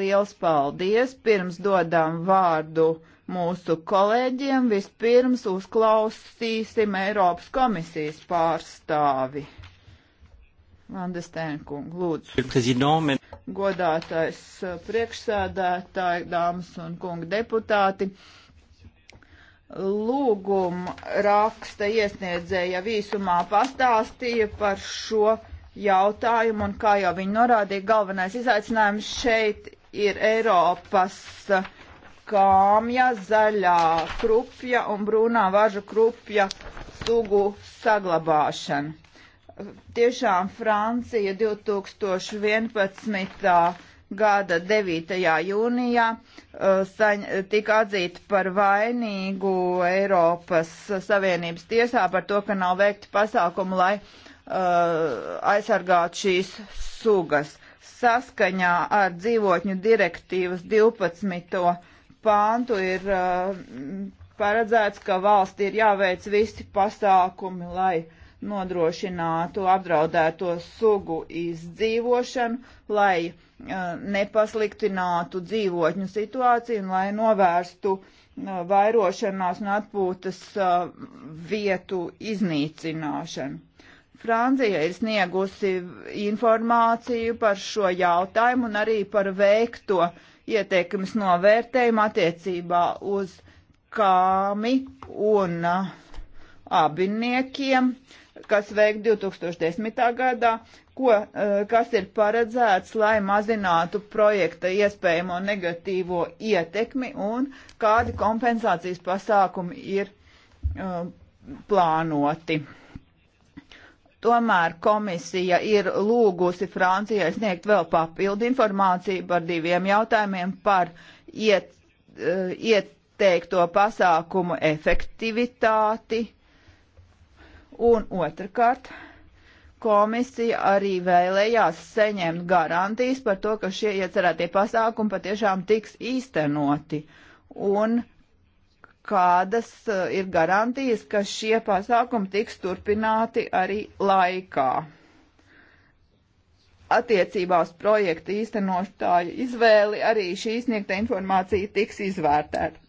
Liels paldies! Pirms dodām vārdu mūsu kolēģiem, vispirms uzklausīsim Eiropas komisijas pārstāvi. Vandestēnkungu, lūdzu. Godātais uh, priekšsēdētāji, dāmas un kungi deputāti. Lūguma raksta iesniedzēja visumā pastāstīja par šo jautājumu, un kā jau viņi norādīja, galvenais izaicinājums šeit ir Eiropas uh, kāmja, zaļā krupja un brūnā važu krupja sugu saglabāšana tiešām Francija 2011. gada 9. jūnijā uh, saņ, tika atzīta par vainīgu Eiropas Savienības tiesā par to, ka nav veikti pasākumi, lai uh, aizsargātu šīs sugas. Saskaņā ar dzīvotņu direktīvas 12. pāntu ir uh, paredzēts, ka valsti ir jāveic visi pasākumi, lai uh, nodrošinātu apdraudēto sugu izdzīvošanu, lai uh, nepasliktinātu dzīvotņu situāciju un lai novērstu uh, vairošanās un atpūtas uh, vietu iznīcināšanu. Francija ir sniegusi informāciju par šo jautājumu un arī par veikto ieteikums novērtējumu attiecībā uz kāmi un abiniekiem. Uh, kas veikt 2010. gadā, ko, e, kas ir paredzēts, lai mazinātu projekta iespējamo negatīvo ietekmi un kādi kompensācijas pasākumi ir uh, plānoti. Tomēr komisija ir lūgusi Francijai sniegt vēl papildu informāciju par diviem jautājumiem par iet, uh, ieteikto pasākumu efektivitāti Un otrkārt, komisija arī vēlējās saņemt garantijas par to, ka šie iecerētie pasākumi patiešām tiks īstenoti. Un kādas eh, ir garantijas, ka šie pasākumi tiks turpināti arī laikā. Attiecībā uz projektu īstenotāju izvēli arī šī sniegta informācija tiks izvērtēta.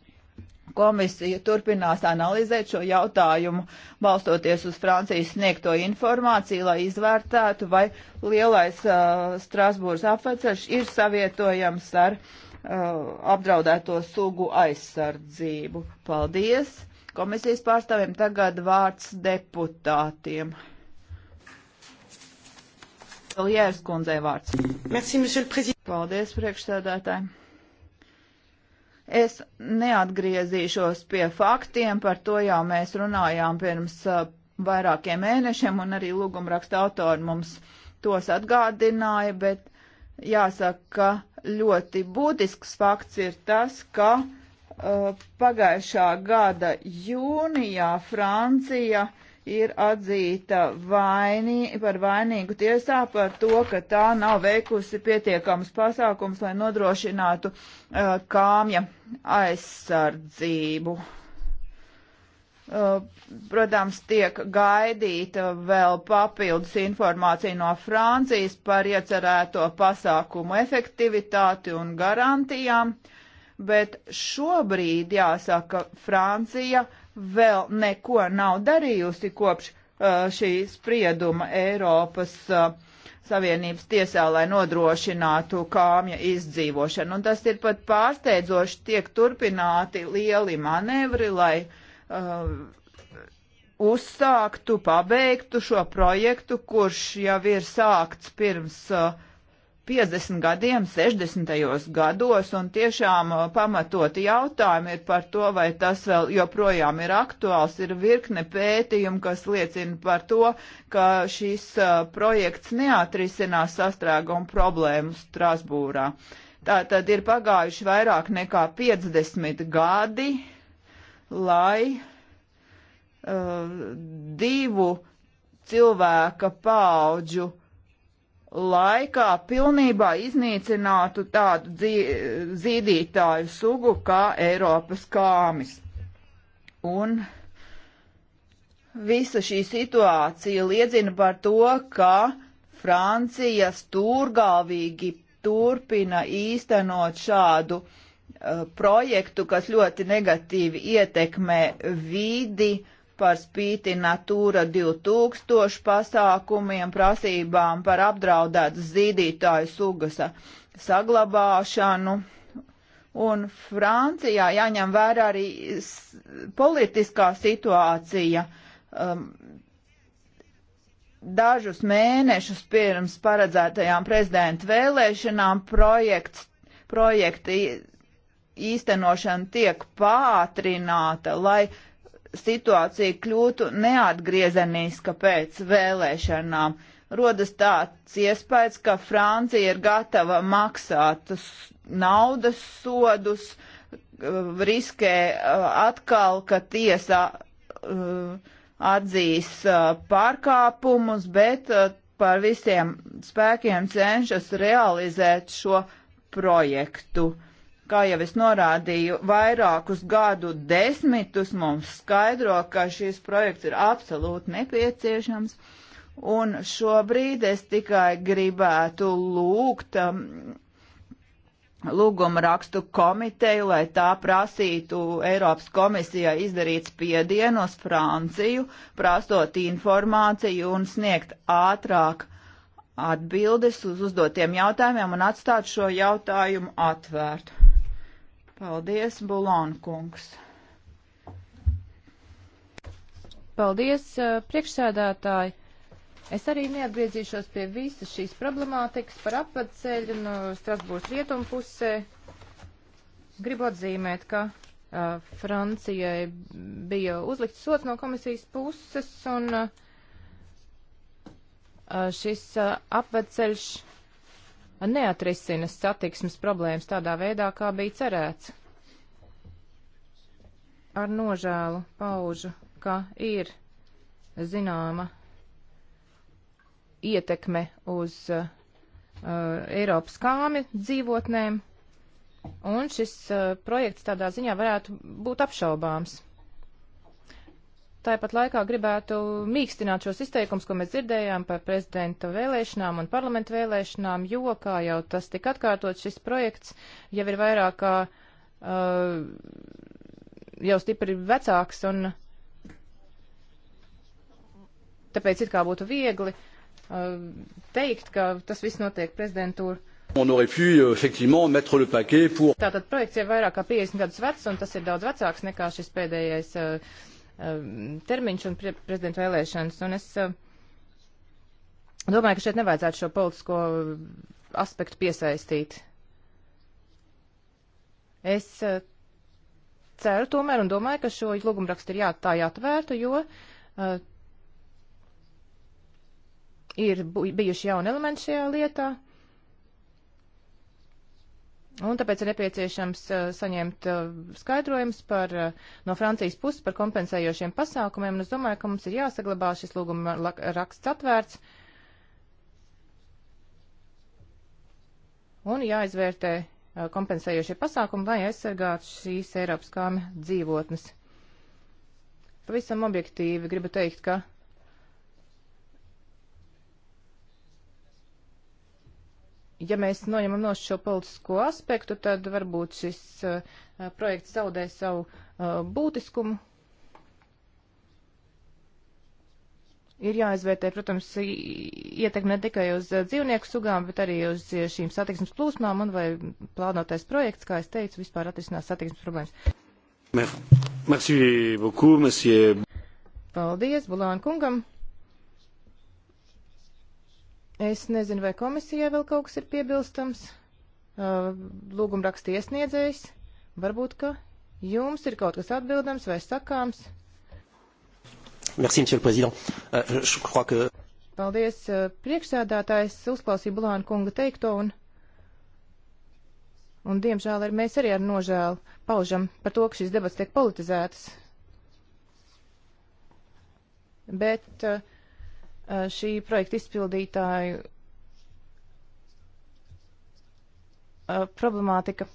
Komisija turpinās analizēt šo jautājumu, balstoties uz Francijas sniegto informāciju, lai izvērtētu, vai lielais uh, Strasbūras apveceļš ir savietojams ar uh, apdraudēto sugu aizsardzību. Paldies! Komisijas pārstāvjiem tagad vārds deputātiem. Liers kundzei vārds. Merci, Paldies, priekšsēdētāji! Es neatgriezīšos pie faktiem, par to jau mēs runājām pirms uh, vairākiem mēnešiem, un arī lūguma raksta autori mums tos atgādināja, bet jāsaka, ka ļoti būtisks fakts ir tas, ka uh, pagājušā gada jūnijā Francija uh, ir atzīta vainī, par vainīgu tiesā par to, ka tā nav veikusi pietiekams pasākums, lai nodrošinātu uh, kāmja aizsardzību. Uh, protams, tiek gaidīta vēl papildus informācija no Francijas par iecerēto pasākumu efektivitāti un garantijām, bet šobrīd jāsaka, Francija vēl neko nav darījusi kopš uh, šī sprieduma Eiropas uh, Savienības tiesā, lai nodrošinātu kāmja izdzīvošanu. Un tas ir pat pārsteidzoši, tiek turpināti lieli manevri, lai uh, uzsāktu, pabeigtu šo projektu, kurš jau ir sākts pirms uh, 50 gadiem, 60. gados, un tiešām uh, pamatoti jautājumi ir par to, vai tas vēl joprojām ir aktuāls. Ir virkne pētījumu, kas liecina par to, ka šis uh, projekts neatrisinās sastrēgumu problēmu Strasbūrā. Tā tad ir pagājuši vairāk nekā 50 gadi, lai uh, divu cilvēka paudžu laikā pilnībā iznīcinātu tādu zīdītāju sugu kā Eiropas kāmis. Un visa šī situācija liecina par to, ka Francija stūrgalvīgi turpina īstenot šādu uh, projektu, kas ļoti negatīvi ietekmē vidi, uh, par spīti Natūra 2000 pasākumiem, prasībām par apdraudētas zīdītāju sugas saglabāšanu. Un Francijā jāņem vērā arī politiskā situācija. Um, dažus mēnešus pirms paredzētajām prezidenta vēlēšanām projekts, projekti īstenošana tiek pātrināta, lai uh, situācija kļūtu neatgriezeniska pēc vēlēšanām. Rodas tāds iespējas, ka Francija ir gatava maksāt naudas sodus, eh, riskē eh, atkal, ka tiesa eh, atzīs pārkāpumus, bet par visiem spēkiem cenšas realizēt šo projektu. Uh, kā jau es norādīju, vairākus gadu desmitus mums skaidro, ka šis projekts ir absolūti nepieciešams. Un šobrīd es tikai gribētu lūgt um, lūguma rakstu komiteju, lai tā prasītu Eiropas komisijai izdarīt spiedienu uz Franciju, prastot informāciju un sniegt ātrāk atbildes uz uzdotiem jautājumiem un atstāt šo jautājumu atvērtu. Paldies, Bulonkungs! Paldies, eh, priekšsēdētāji! Es arī neatgriezīšos pie visas šīs problemātikas par apvedceļu no Strasbūras rietumu pusē. Gribu atzīmēt, ka uh, Francijai bija uzlikts sots no komisijas puses, un uh, šis uh, apvedceļš neatrisina satiksmes problēmas tādā veidā, kā bija cerēts. Ar nožēlu paužu, ka ir zināma ietekme uz uh, Eiropas kāmi dzīvotnēm, un šis uh, projekts tādā ziņā varētu būt apšaubāms. Tāpat laikā gribētu mīkstināt šos izteikums, ko mēs dzirdējām par prezidenta vēlēšanām un parlamentu vēlēšanām, jo, kā jau tas tika atkārtot, šis projekts jau ir vairāk kā uh, jau stipri vecāks un tāpēc it kā būtu viegli uh, teikt, ka tas viss notiek prezidentūra. On aurait pu euh, effectivement mettre le paquet pour. Tātad projekts ir vairāk kā 50 gadus vecs, un tas ir daudz vecāks nekā šis pēdējais uh, Um, termiņš un pre prezidenta vēlēšanas. Un es uh, domāju, ka šeit nevajadzētu šo politisko aspektu piesaistīt. Es uh, ceru tomēr un domāju, ka šo lūgumrakstu ir jāatstāj atvērtu, jo uh, ir bijuši jauni elementi šajā lietā. Uh, Un tāpēc ir nepieciešams uh, saņemt uh, skaidrojums par, uh, no Francijas puses par kompensējošiem pasākumiem, un es domāju, ka mums ir jāsaglabā šis lūguma raksts atvērts un jāizvērtē uh, kompensējošie pasākumi, lai aizsargātu šīs Eiropas kāma dzīvotnes. Pavisam objektīvi gribu teikt, ka ja mēs noņemam no šo politisko aspektu, tad varbūt šis uh, projekts zaudē savu uh, būtiskumu. Ir jāizvērtē, protams, ietekme ne tikai uz uh, dzīvnieku sugām, bet arī uz šīm satiksmes plūsmām un vai plānotais projekts, kā es teicu, vispār atrisinās satiksmes problēmas. Merci beaucoup, monsieur. Paldies Bulāna kungam. Es nezinu, vai komisijai vēl kaut kas ir piebilstams. Lūguma raksta iesniedzējs. Varbūt, ka jums ir kaut kas atbildams vai sakāms. Merci, monsieur le président. Uh, je crois que... Paldies, priekšsēdātājs. Uzklausīju Bulāna kunga teikto un, un diemžēl, arī mēs arī ar nožēlu paužam par to, ka šīs debats tiek politizētas. Bet uh, Uh, šī projekta izpildītāju uh, problemātika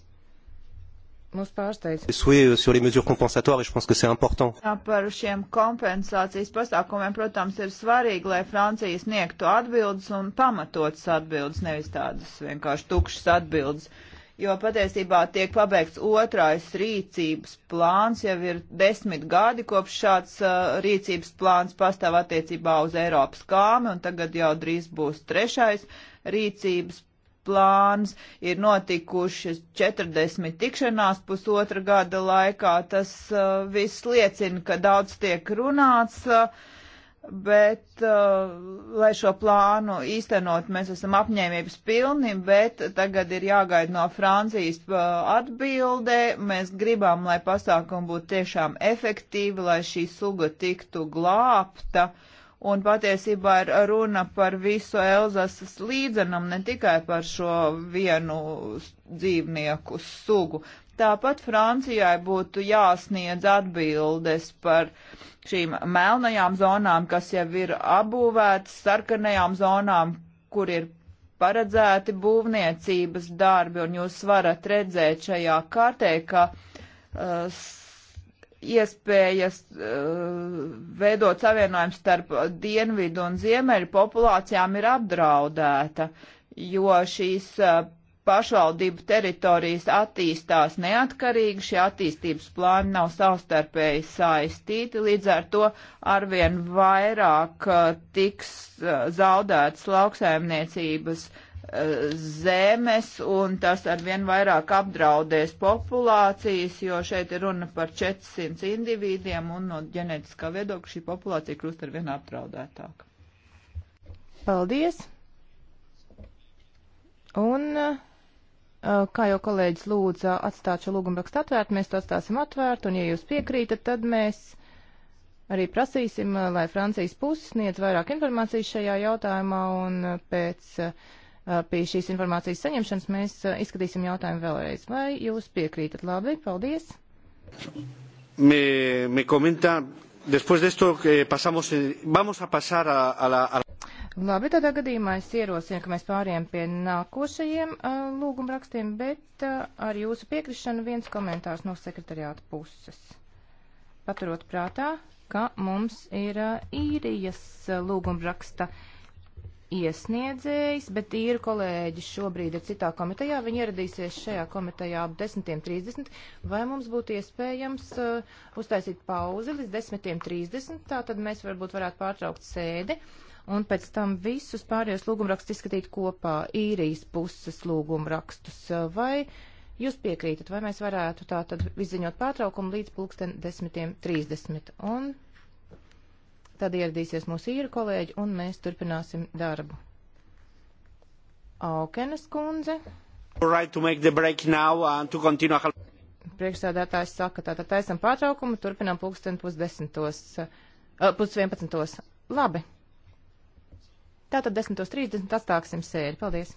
mūs pārsteidz. Euh, sur les mesures compensatoires, et je pense que c'est important. Par šiem kompensācijas pasākumiem, protams, ir svarīgi, lai Francija sniegtu atbildes un pamatotas atbildes, nevis tādas vienkārši tukšas atbildes. Uh, jo patiesībā tiek pabeigts otrais rīcības plāns, jau ir desmit gadi kopš šāds uh, rīcības plāns pastāv attiecībā uz Eiropas kāmi, un tagad jau drīz būs trešais rīcības plāns. Ir notikušas 40 tikšanās pusotra gada laikā, tas uh, viss liecina, ka daudz tiek runāts. Uh, bet, uh, lai šo plānu īstenot, mēs esam apņēmības pilni, bet tagad ir jāgaida no Francijas uh, atbildē. Mēs gribam, lai pasākumi būtu tiešām efektīvi, lai šī suga tiktu glābta. Un patiesībā ir runa par visu Elzasas līdzenam, ne tikai par šo vienu dzīvnieku sugu. Tāpat Francijai būtu jāsniedz atbildes par uh, šīm melnajām zonām, kas jau ir apbūvētas, sarkanajām zonām, kur ir paredzēti būvniecības darbi, un jūs varat redzēt šajā kartē, ka uh, iespējas uh, veidot savienojumu starp dienvidu un ziemeļu populācijām ir apdraudēta, jo šīs uh, pašvaldību teritorijas attīstās neatkarīgi, šie attīstības plāni nav savstarpēji saistīti, līdz ar to arvien vairāk uh, tiks uh, zaudēts lauksaimniecības uh, zemes, un tas arvien vairāk apdraudēs populācijas, jo šeit ir runa par 400 individiem, un no ģenētiskā viedokļa šī populācija kļūst arvien apdraudētāka. Paldies! Un uh, Eh, kā jau kolēģis lūdza atstāt šo lūgumu rakstu atvērtu, mēs to atstāsim atvērtu, un ja jūs piekrītat, tad mēs arī prasīsim, eh, lai Francijas puses sniedz vairāk informācijas šajā jautājumā, un eh, pēc pie šīs informācijas saņemšanas mēs izskatīsim jautājumu vēlreiz. Vai jūs piekrītat? Labi, paldies. Me, me comenta, después de esto, eh, pasamos, vamos a pasar a, a la. A... Labi, tādā gadījumā es ierosinu, ka mēs pāriem pie nākošajiem uh, lūgumrakstiem, bet uh, ar jūsu piekrišanu viens komentārs no sekretariāta puses. Paturot prātā, ka mums ir uh, īrijas uh, lūgumraksta iesniedzējs, bet īru kolēģi šobrīd ir citā komitejā, viņi ieradīsies šajā komitejā ap 10.30, vai mums būtu iespējams uh, uztaisīt pauzi līdz 10.30, tā tad mēs varbūt varētu pārtraukt sēdi. Uh, un pēc tam visus pārējos lūgumrakstus izskatīt kopā, īrijas puses lūgumrakstus. Vai jūs piekrītat, vai mēs varētu tā tad izziņot pārtraukumu līdz pulksten 10.30? Un tad ieradīsies mūsu īra kolēģi, un mēs turpināsim darbu. Aukenes kundze. Right to make the break now and uh, to continue priekšsēdētājs saka, tātad taisam pārtraukumu, turpinām pulksteni pusdesmitos, uh, pusvienpadsmitos. Labi. Tātad 10.30 atstāksim sēdi. Paldies!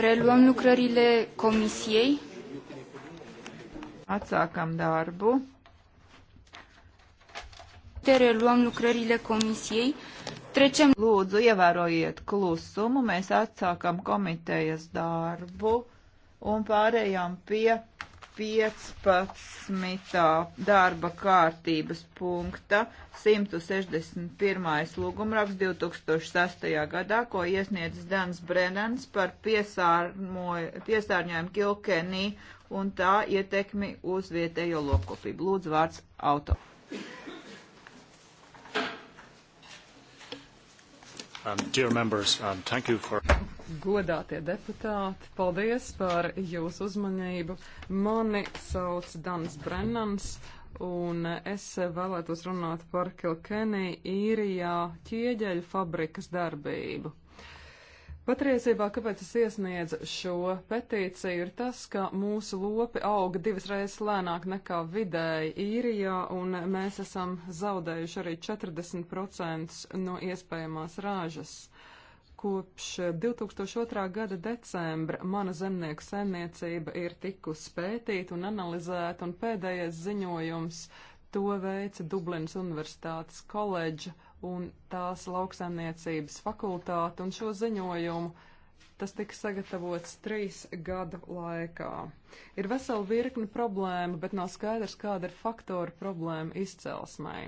Reluăm lucrările comisiei. Atsākam darbu. Te reluăm lucrările comisiei. Trecem. Lūdzu, ievērojiet klusumu. Mēs atsākam komitejas darbu un pārējām pie 15. darba kārtības punkta 161. lūgumraks 2006. gadā, ko iesniedz Dans Brennans par piesārņojumu Kilkenī un tā ietekmi uz vietējo lokopību. Lūdzu vārds auto. Um, dear members, um, thank you for godātie deputāti, paldies par jūsu uzmanību. Mani sauc Dans Brennans, un es vēlētos runāt par Kilkenī īrijā ķieģeļu fabrikas darbību. Patiesībā, kāpēc es iesniedzu šo petīciju, ir tas, ka mūsu lopi auga divas reizes lēnāk nekā vidēji īrijā, un mēs esam zaudējuši arī 40% no iespējamās rāžas. Uh, Kopš 2002. gada decembra mana zemnieku saimniecība ir tikusi pētīta un analizēta, un pēdējais ziņojums to veica Dublinas Universitātes koledža un tās lauksaimniecības fakultāte, un šo ziņojumu Tas tika sagatavots trīs gadu laikā. Ir vesela virkni problēma, bet nav skaidrs, kāda ir faktora problēma izcelsmai.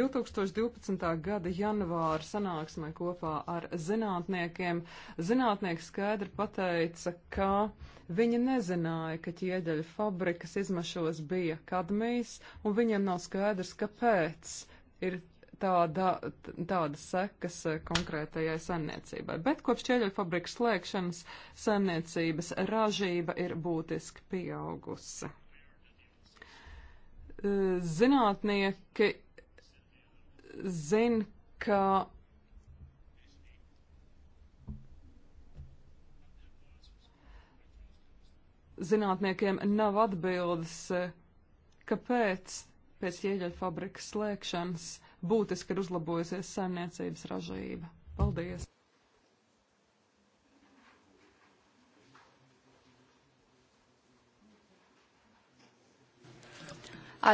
2012. gada janvāra sanāksmē kopā ar zinātniekiem zinātnieki skaidri pateica, ka Viņi nezināja, ka ķieģeļu fabrikas izmešos bija kadmijs, un viņiem nav skaidrs, kāpēc ir tāda, tādas sekas eh, konkrētajai saimniecībai. Bet kopš ķēļoļfabrikas slēgšanas saimniecības ražība ir būtiski pieaugusi. Eh, zinātnieki zin, ka zinātniekiem nav atbildes, eh, kāpēc pēc ķieģeļu fabrikas slēgšanas būtiski ir uzlabojusies saimniecības ražība. Paldies!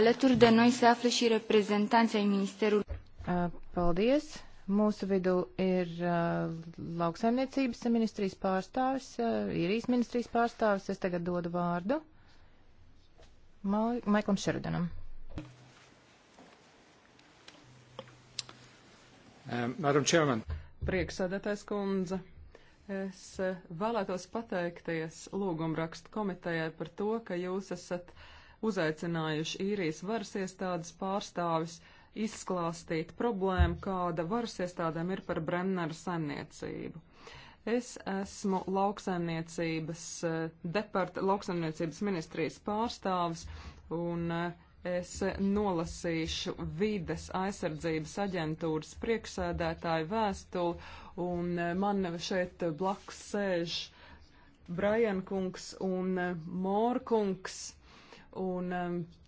Alături de noi se află și reprezentanții ai Ministerului. Uh, paldies! Mūsu vidū ir uh, lauksaimniecības ministrijas pārstāvis, uh, īrijas ministrijas pārstāvis. Es tagad dodu vārdu Maiklam Šeridanam. Um, Madam Chairman. Prieksēdētais kundze. Es eh, vēlētos pateikties lūgumrakstu komitejai par to, ka jūs esat uzaicinājuši īrijas varas iestādes pārstāvis izklāstīt problēmu, kāda varas iestādēm ir par Brennera saimniecību. Es esmu lauksaimniecības, eh, depart, lauksaimniecības ministrijas pārstāvis, un eh, Es nolasīšu vides aizsardzības aģentūras priekšsēdētāju vēstuli, un e, man šeit blakus sēž Brajankungs un e, Mārkungs. Un e,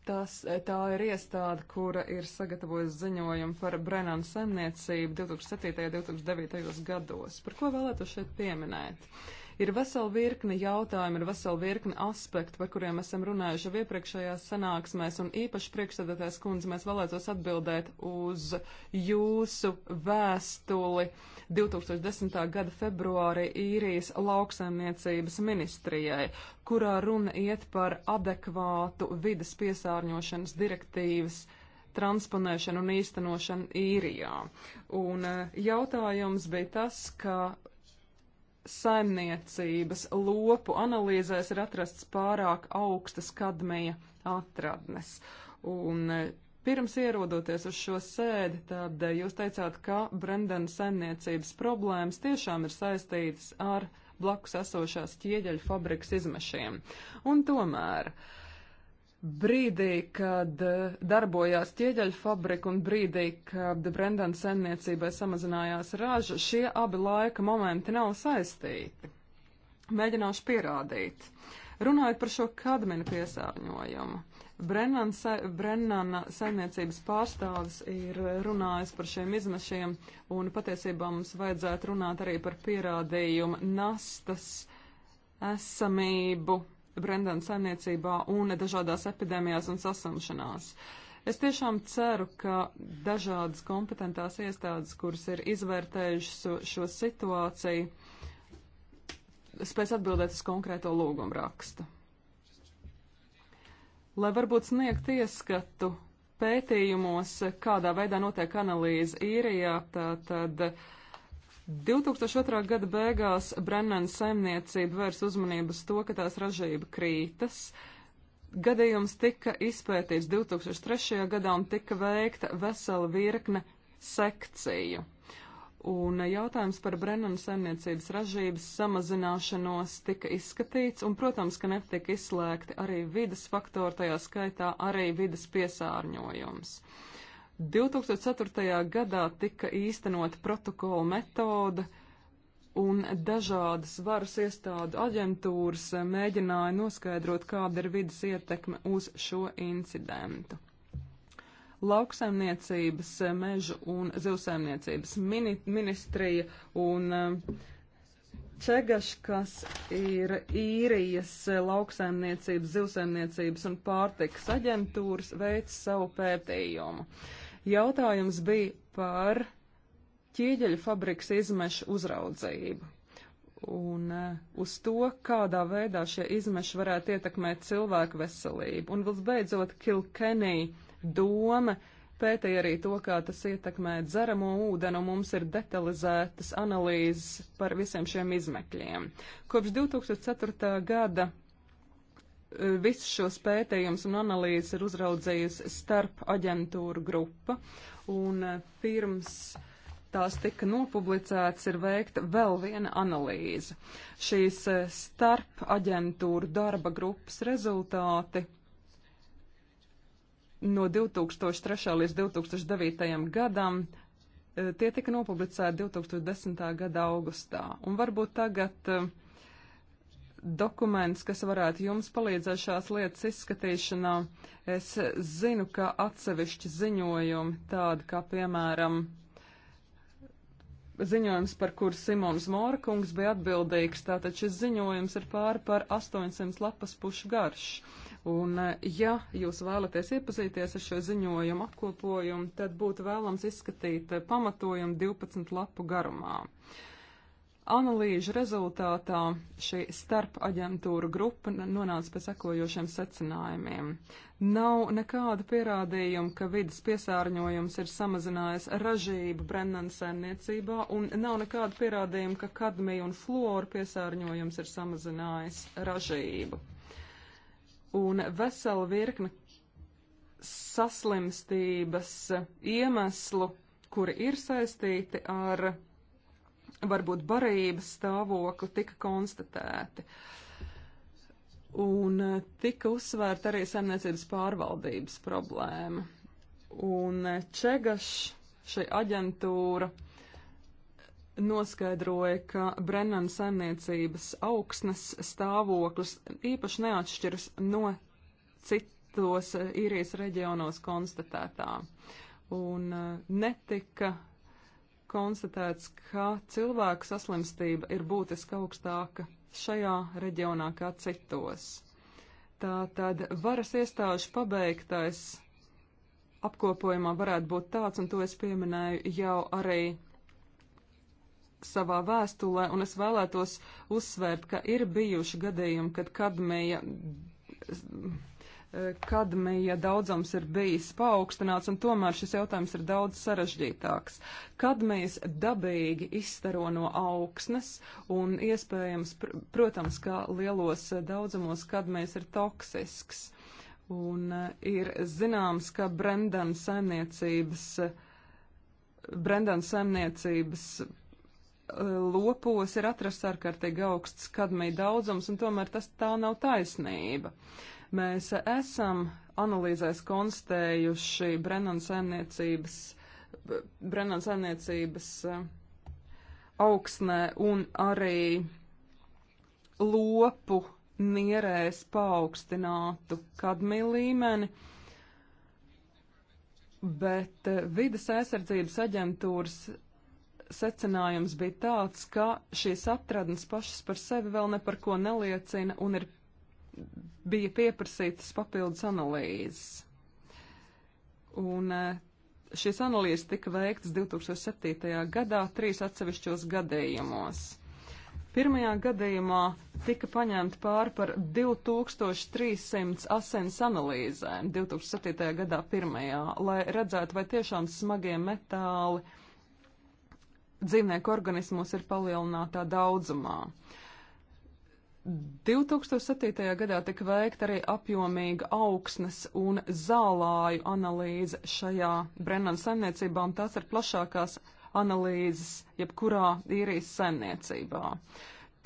tas, tā ir iestāde, kura ir sagatavojusi ziņojumu par Brenānu saimniecību 2007. un 2009. gados. Par ko vēlētu šeit pieminēt? Uh, Ir vesela virkne jautājumu, ir vesela virkne aspektu, par kuriem esam runājuši jau iepriekšējās sanāksmēs, un īpaši priekšsēdētājs kundze mēs vēlētos atbildēt uz jūsu vēstuli 2010. gada februārī īrijas lauksaimniecības ministrijai, kurā runa iet par adekvātu vidas piesārņošanas direktīvas transponēšanu un īstenošanu īrijā. Un eh, jautājums bija tas, ka saimniecības lopu analīzēs ir atrasts pārāk augstas kadmeja atradnes. Un e, pirms ierodoties uz šo sēdi, tad e, jūs teicāt, ka Brendana saimniecības problēmas tiešām ir saistītas ar blakus esošās ķieģeļu fabrikas izmešiem. Un tomēr. Uh, Brīdī, kad eh, darbojās ķieģeļu fabrika un brīdī, kad Brendana saimniecībai samazinājās raža, šie abi laika momenti nav saistīti. Mēģināšu pierādīt. Runājot par šo kadmina piesārņojumu, Brennana saimniecības pārstāvis ir runājis par šiem izmešiem, un patiesībā mums vajadzētu runāt arī par pierādījumu nastas esamību Brendana saimniecībā un dažādās epidēmijās un saslimšanās. Es tiešām ceru, ka dažādas kompetentās iestādes, kuras ir izvērtējušas šo, šo situāciju, spēs atbildēt uz konkrēto lūgumu rakstu. Lai varbūt sniegt ieskatu pētījumos, kādā veidā notiek analīze īrijā, tad, tad uh, 2002. gada beigās Brennans saimniecība vērs uzmanību uz to, ka tās ražība krītas. Gadījums tika izpētīts 2003. gadā un tika veikta vesela virkne sekciju. Un jautājums par Brennana saimniecības ražības samazināšanos tika izskatīts, un, protams, ka netika izslēgti arī vidas faktori, tajā skaitā arī vidas piesārņojums. Uh, 2004. gadā tika īstenota protokola metode, un dažādas varas iestādu aģentūras mēģināja noskaidrot, kāda ir vidas ietekme uz šo incidentu. Lauksaimniecības, mežu un zivsaimniecības mini ministrija un uh, Čegaš, kas ir īrijas lauksaimniecības, zivsaimniecības un pārtikas aģentūras, veic savu pētījumu. Uh, Jautājums bija par ķieģeļu fabriks izmešu uzraudzību un e, uz to, kādā veidā šie izmeši varētu ietekmēt cilvēku veselību. Un visbeidzot, Kilkenī doma pētīja arī to, kā tas ietekmē dzeramo ūdeni, un mums ir detalizētas analīzes par visiem šiem izmekļiem. Kopš 2004. gada visus šos pētījumus un analīzes ir uzraudzījusi starp aģentūru grupa, un eh, pirms tās tika nopublicētas, ir veikta vēl viena analīze. Šīs eh, starp aģentūru darba grupas rezultāti no 2003. līdz 2009. gadam eh, tie tika nopublicēti 2010. gada augustā, un varbūt tagad uh, dokuments, kas varētu jums palīdzēt šās lietas izskatīšanā. Es zinu, ka atsevišķi ziņojumi, tādi kā piemēram ziņojums, par kur Simons Morkungs bija atbildīgs, tātad šis ziņojums ir pāri par 800 lapas pušu garš. Un, ja jūs vēlaties iepazīties ar šo ziņojumu apkopojumu, tad būtu vēlams izskatīt pamatojumu 12 lapu garumā. Uh, Analīžu rezultātā šī starpaģentūra grupa nonāca pie sekojošiem secinājumiem. Nav nekāda pierādījuma, ka vidas piesārņojums ir samazinājis ražību Brennan saimniecībā, un nav nekāda pierādījuma, ka kadmija un fluoru piesārņojums ir samazinājis ražību. Un vesela virkne saslimstības iemeslu, kuri ir saistīti ar varbūt barības stāvokli tika konstatēti. Un eh, tika uzsvērta arī saimniecības pārvaldības problēma. Un eh, Čegaš, šī aģentūra, noskaidroja, ka Brennana saimniecības augsnes stāvoklis īpaši neatšķiras no citos eh, īrijas reģionos konstatētā. Un netika konstatēts, ka cilvēku saslimstība ir būtiski augstāka šajā reģionā kā citos. Tātad varas iestāžu pabeigtais apkopojumā varētu būt tāds, un to es pieminēju jau arī savā vēstulē, un es vēlētos uzsvērt, ka ir bijuši gadījumi, kad kadmija kadmija daudzums ir bijis paaugstināts, un tomēr šis jautājums ir daudz sarežģītāks. Kadmijas dabīgi izstaro no augsnes, un iespējams, pr protams, ka lielos daudzumos kadmijas ir toksisks. Un eh, ir zināms, ka Brendana saimniecības, Brendana saimniecības eh, lopos ir atrasts ārkārtīgi augsts kadmija daudzums, un tomēr tas tā nav taisnība. Uh, Mēs esam analīzēs konstatējuši Brennan saimniecības, Brennan saimniecības eh, augsnē un arī lopu nierēs paaugstinātu kadmi līmeni, bet eh, vidas aizsardzības aģentūras secinājums bija tāds, ka šīs atradnes pašas par sevi vēl ne par ko neliecina un ir bija pieprasītas papildus analīzes. Un eh, šīs analīzes tika veiktas 2007. gadā trīs atsevišķos gadījumos. Pirmajā gadījumā tika paņemta pāri par 2300 asins analīzēm 2007. gadā pirmajā, lai redzētu, vai tiešām smagie metāli dzīvnieku organismos ir palielinātā daudzumā. Uh, 2007. gadā tika veikta arī apjomīga augsnes un zālāju analīze šajā Brennana saimniecībā, un tās ir plašākās analīzes jebkurā īrijas saimniecībā.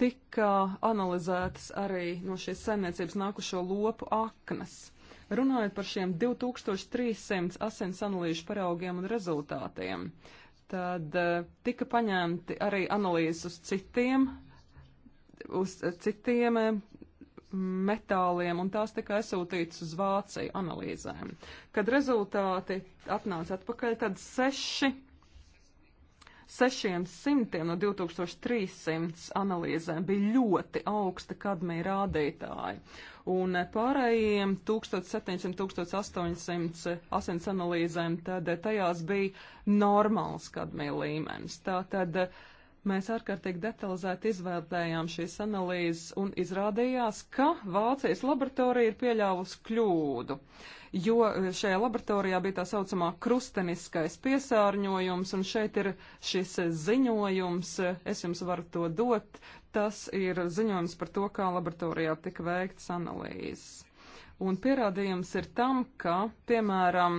Tika analizētas arī no šīs saimniecības nākušo lopu aknas. Runājot par šiem 2300 asins analīžu paraugiem un rezultātiem, tad eh, tika paņemti arī analīzes uz citiem uz citiem mm, metāliem, un tās tika aizsūtītas uz Vāciju analīzēm. Kad rezultāti atnāca atpakaļ, tad seši. 600 no 2300 analīzēm bija ļoti augsti kadmija rādītāji, un pārējiem 1700, 1800 asins analīzēm, tad tajās bija normāls kadmija līmenis. Tātad, uh, Mēs ārkārtīgi detalizēti izvērtējām šīs analīzes un izrādījās, ka Vācijas laboratorija ir pieļāvusi kļūdu, jo šajā laboratorijā bija tā saucamā krusteniskais piesārņojums, un šeit ir šis ziņojums, es jums varu to dot, tas ir ziņojums par to, kā laboratorijā tika veikts analīzes. Un pierādījums ir tam, ka, piemēram,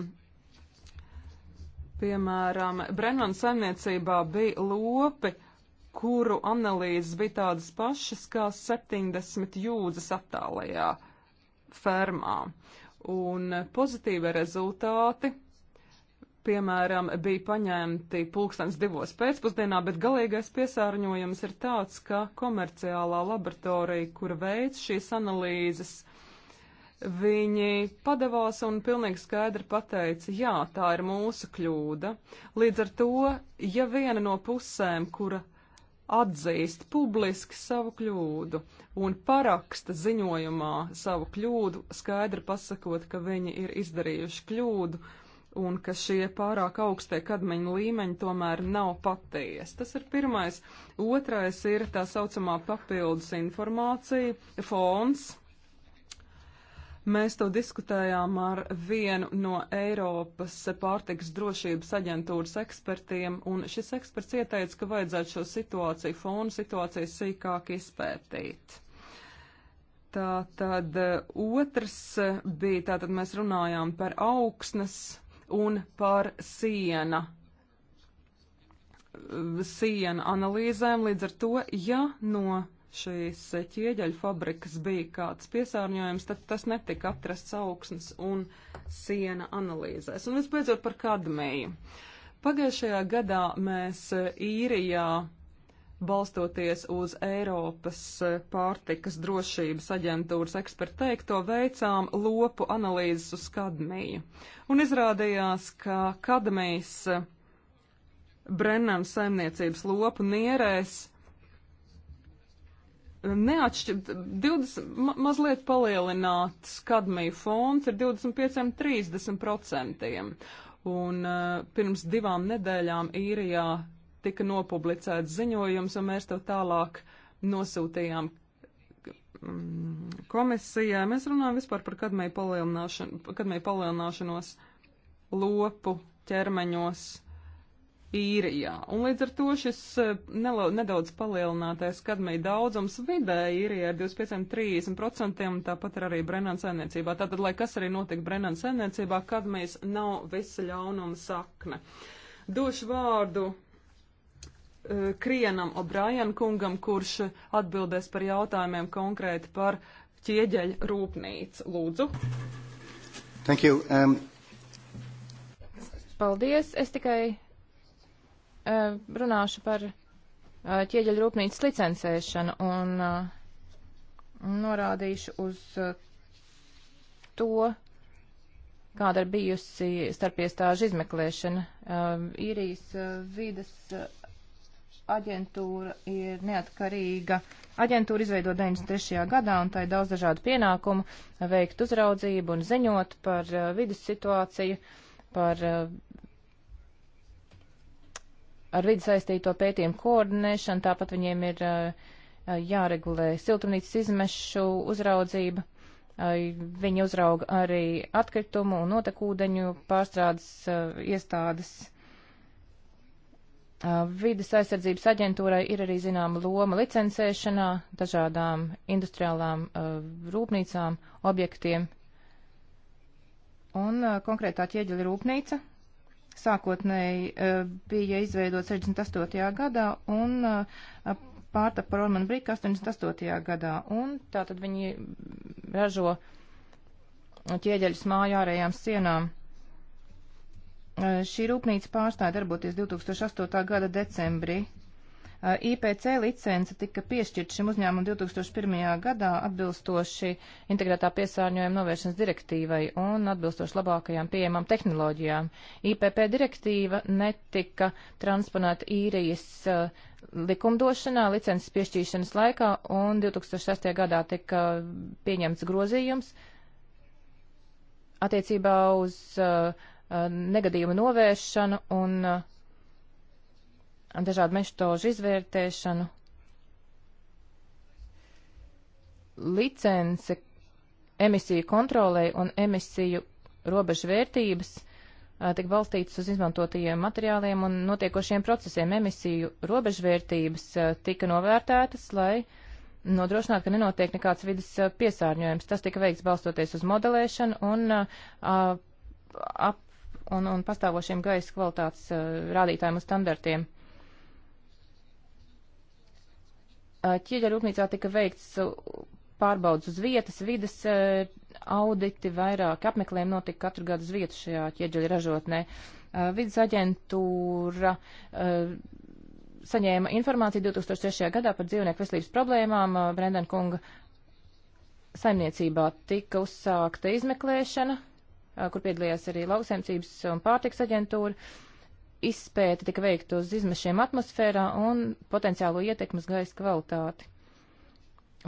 piemēram Brennan saimniecībā bija lopi, kuru analīzes bija tādas pašas kā 70 jūdzes attālajā fermā. Un pozitīvi rezultāti, piemēram, bija paņemti pulkstens divos pēcpusdienā, bet galīgais piesārņojums ir tāds, ka komerciālā laboratorija, kura veids šīs analīzes, viņi padavās un pilnīgi skaidri pateica, jā, tā ir mūsu kļūda. Līdz ar to, ja viena no pusēm, kura atzīst publiski savu kļūdu un paraksta ziņojumā savu kļūdu, skaidri pasakot, ka viņi ir izdarījuši kļūdu un ka šie pārāk augstie kadmeņa līmeņi tomēr nav patiesi. Tas ir pirmais. Otrais ir tā saucamā papildus informācija, fons, Mēs to diskutējām ar vienu no Eiropas pārtiks drošības aģentūras ekspertiem, un šis eksperts ieteica, ka vajadzētu šo situāciju, fonu situāciju sīkāk izpētīt. Tā tad uh, otrs uh, bija, tātad mēs runājām par augsnes un par siena uh, siena analīzēm, līdz ar to, ja no šīs ķieģeļu fabrikas bija kāds piesārņojums, tad tas netika atrasts augsnes un siena analīzēs. Un visbeidzot par kadmiju. Pagājušajā gadā mēs e, īrijā balstoties uz Eiropas e, pārtikas drošības aģentūras ekspertu teikto, veicām lopu analīzes uz kadmiju. Un izrādījās, ka kadmijas e, Brennan saimniecības lopu nierēs neatšķirt, 20, ma mazliet palielināt skadmiju fonds ir 25-30%. Un uh, pirms divām nedēļām īrijā tika nopublicēts ziņojums, un mēs to tālāk nosūtījām mm, komisijai. Mēs runājam vispār par kadmēju palielināšanu, kadmēju palielināšanos lopu ķermeņos īrijā. Un līdz ar to šis eh, nedaudz palielinātais kadmeja daudzums vidēji īrijā ir 25-30% un tāpat ir arī Brennan saimniecībā. Tātad, lai kas arī notiek Brennan saimniecībā, kadmejs nav visa ļaunuma sakne. Došu vārdu uh, Krienam O'Brien kungam, kurš atbildēs par jautājumiem konkrēti par ķieģeļu rūpnīcu. Lūdzu. Thank you. Um... Paldies. Es tikai Eh, runāšu par eh, ķieģeļu rūpnīcas licencēšanu un eh, norādīšu uz to, kāda ir bijusi starpiestāžu izmeklēšana. Īrijas vides aģentūra ir neatkarīga. Aģentūra izveido 93. gadā un tai daudz dažādu pienākumu veikt uzraudzību un ziņot par vidas situāciju, par ar vidu saistīto pētījumu koordinēšanu, tāpat viņiem ir jāregulē siltumnīcas izmešu uzraudzība. Viņi uzrauga arī atkritumu un notekūdeņu pārstrādes iestādes. Vides aizsardzības aģentūrai ir arī zināma loma licencēšanā dažādām industriālām rūpnīcām, objektiem. Un konkrētā ķieģeļa rūpnīca sākotnēji eh, bija izveidot 68. gadā un pārtapa Roman Brika 88. gadā. Un tā tad viņi ražo ķieģeļus māju ārējām sienām. Eh, šī rūpnīca pārstāja darboties 2008. gada decembrī. Eh, IPC licence tika piešķirta šim uzņēmumam 2001. gadā atbilstoši integrētā piesārņojuma novēršanas direktīvai un atbilstoši labākajām pieejamām tehnoloģijām. IPP direktīva netika transponēta īrijas uh, likumdošanā licences piešķīšanas laikā un 2006. gadā tika pieņemts grozījums attiecībā uz uh, negadījumu novēršanu un uh, dažādu meštožu izvērtēšanu. Licence emisiju kontrolē un emisiju robežu vērtības tik balstītas uz izmantotajiem materiāliem un notiekošiem procesiem. Emisiju robežvērtības tika novērtētas, lai nodrošinātu, ka nenotiek nekāds vidas piesārņojums. Tas tika veikts balstoties uz modelēšanu un, ap, un, un pastāvošiem gaisa kvalitātes rādītājiem un standartiem. Eh, Ķieģa rūpnīcā tika veikts eh, pārbaudas uz vietas, vidas eh, auditi, vairāk apmeklējumi notika katru gadu uz vietas šajā ķieģeļa ražotnē. Vidas aģentūra saņēma informāciju 2006. gadā par dzīvnieku veselības problēmām. Brendan Kunga saimniecībā tika uzsākta izmeklēšana, kur piedalījās arī lauksaimniecības un pārtiks aģentūra izpēta tika veikta uz izmešiem atmosfērā un potenciālo ietekmes gaisa kvalitāti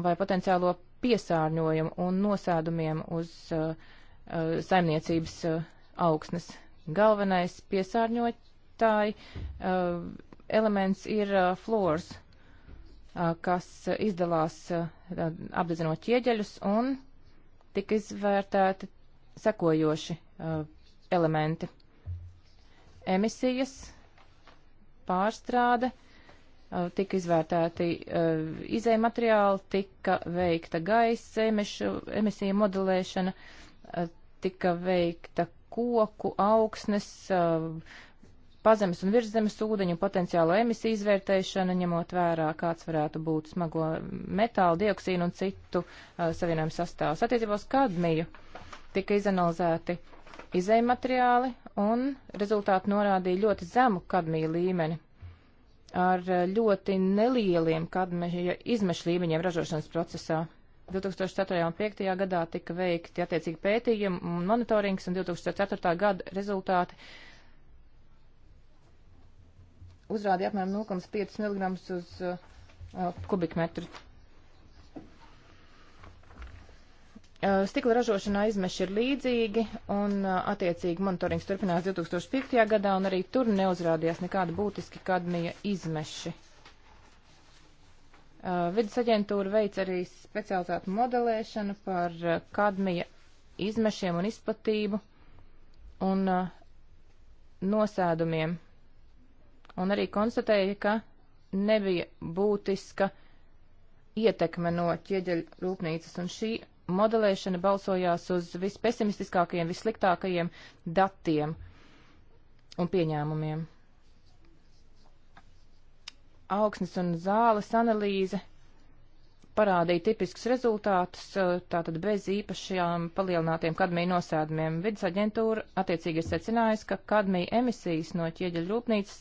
vai potenciālo piesārņojumu un nosēdumiem uz uh, uh, saimniecības uh, augsnes. Galvenais piesārņotāji uh, elements ir uh, flors, uh, kas izdalās uh, apdzinot ķieģeļus un tika izvērtēti sekojoši uh, elementi emisijas, pārstrāde, uh, tika izvērtēti uh, izēja materiāli, tika veikta gaisa emešu, emisija modelēšana, uh, tika veikta koku, augsnes, pazemes un virszemes ūdeņu potenciālo emisiju izvērtēšana, ņemot vērā, kāds varētu būt smago metālu, dioksīnu un citu uh, savienojumu sastāvs. Attiecībā uz kadmiju tika izanalizēti izējuma materiāli un rezultāti norādīja ļoti zemu kadmija līmeni ar eh, ļoti nelieliem kadmija izmešu līmeņiem ražošanas procesā. 2004. un 2005. gadā tika veikti attiecīgi pētījumi un monitorings, un 2004. gada rezultāti uzrādīja apmēram 0,5 mg uz uh, kubikmetru Eh, stikla ražošanā izmeši ir līdzīgi, un eh, attiecīgi monitorings turpinās 2005. gadā, un arī tur neuzrādījās nekāda būtiski kadmija izmeši. Eh, Vides aģentūra veic arī specializētu modelēšanu par kadmija izmešiem un izplatību un nosēdumiem, un arī konstatēja, ka nebija būtiska ietekme no ķieģeļu rūpnīcas, un šī modelēšana balsojās uz vispesimistiskākajiem, vissliktākajiem datiem un pieņēmumiem. Augsnes un zāles analīze parādīja tipiskus rezultātus, tātad bez īpašajām palielinātiem kadmija nosēdumiem. Vides aģentūra attiecīgi ir secinājusi, ka kadmija emisijas no ķieģeļa rūpnīcas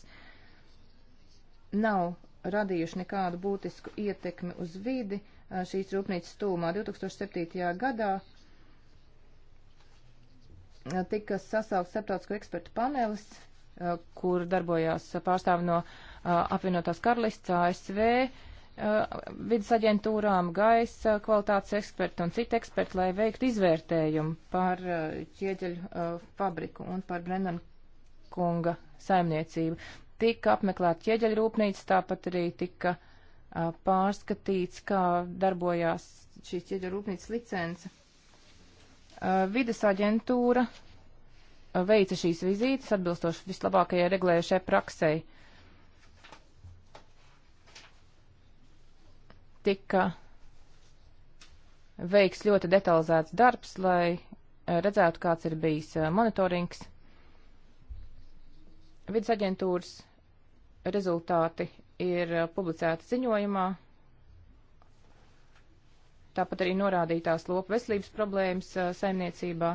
nav radījuši nekādu būtisku ietekmi uz vidi, uh, Eh, šīs rūpnīcas tūmā. 2007. gadā eh, tika sasaukt starptautisko ekspertu panelis, eh, kur darbojās pārstāvi no apvienotās karalists, ASV, vidas aģentūrām, gaisa kvalitātes eksperti un citi eksperti, lai veiktu izvērtējumu par ķieģeļu fabriku un par Brennan kunga saimniecību. Tika apmeklēta ķieģeļu rūpnīca, tāpat arī tika uh, pārskatīts, kā darbojās šī ķieģa rūpnīcas licence. Vides aģentūra veica šīs vizītes atbilstoši vislabākajai regulējušai praksei. Tika veiks ļoti detalizēts darbs, lai redzētu, kāds ir bijis monitorings. Vides aģentūras rezultāti ir uh, publicēta ziņojumā. Tāpat arī norādītās lopu veselības problēmas uh, saimniecībā.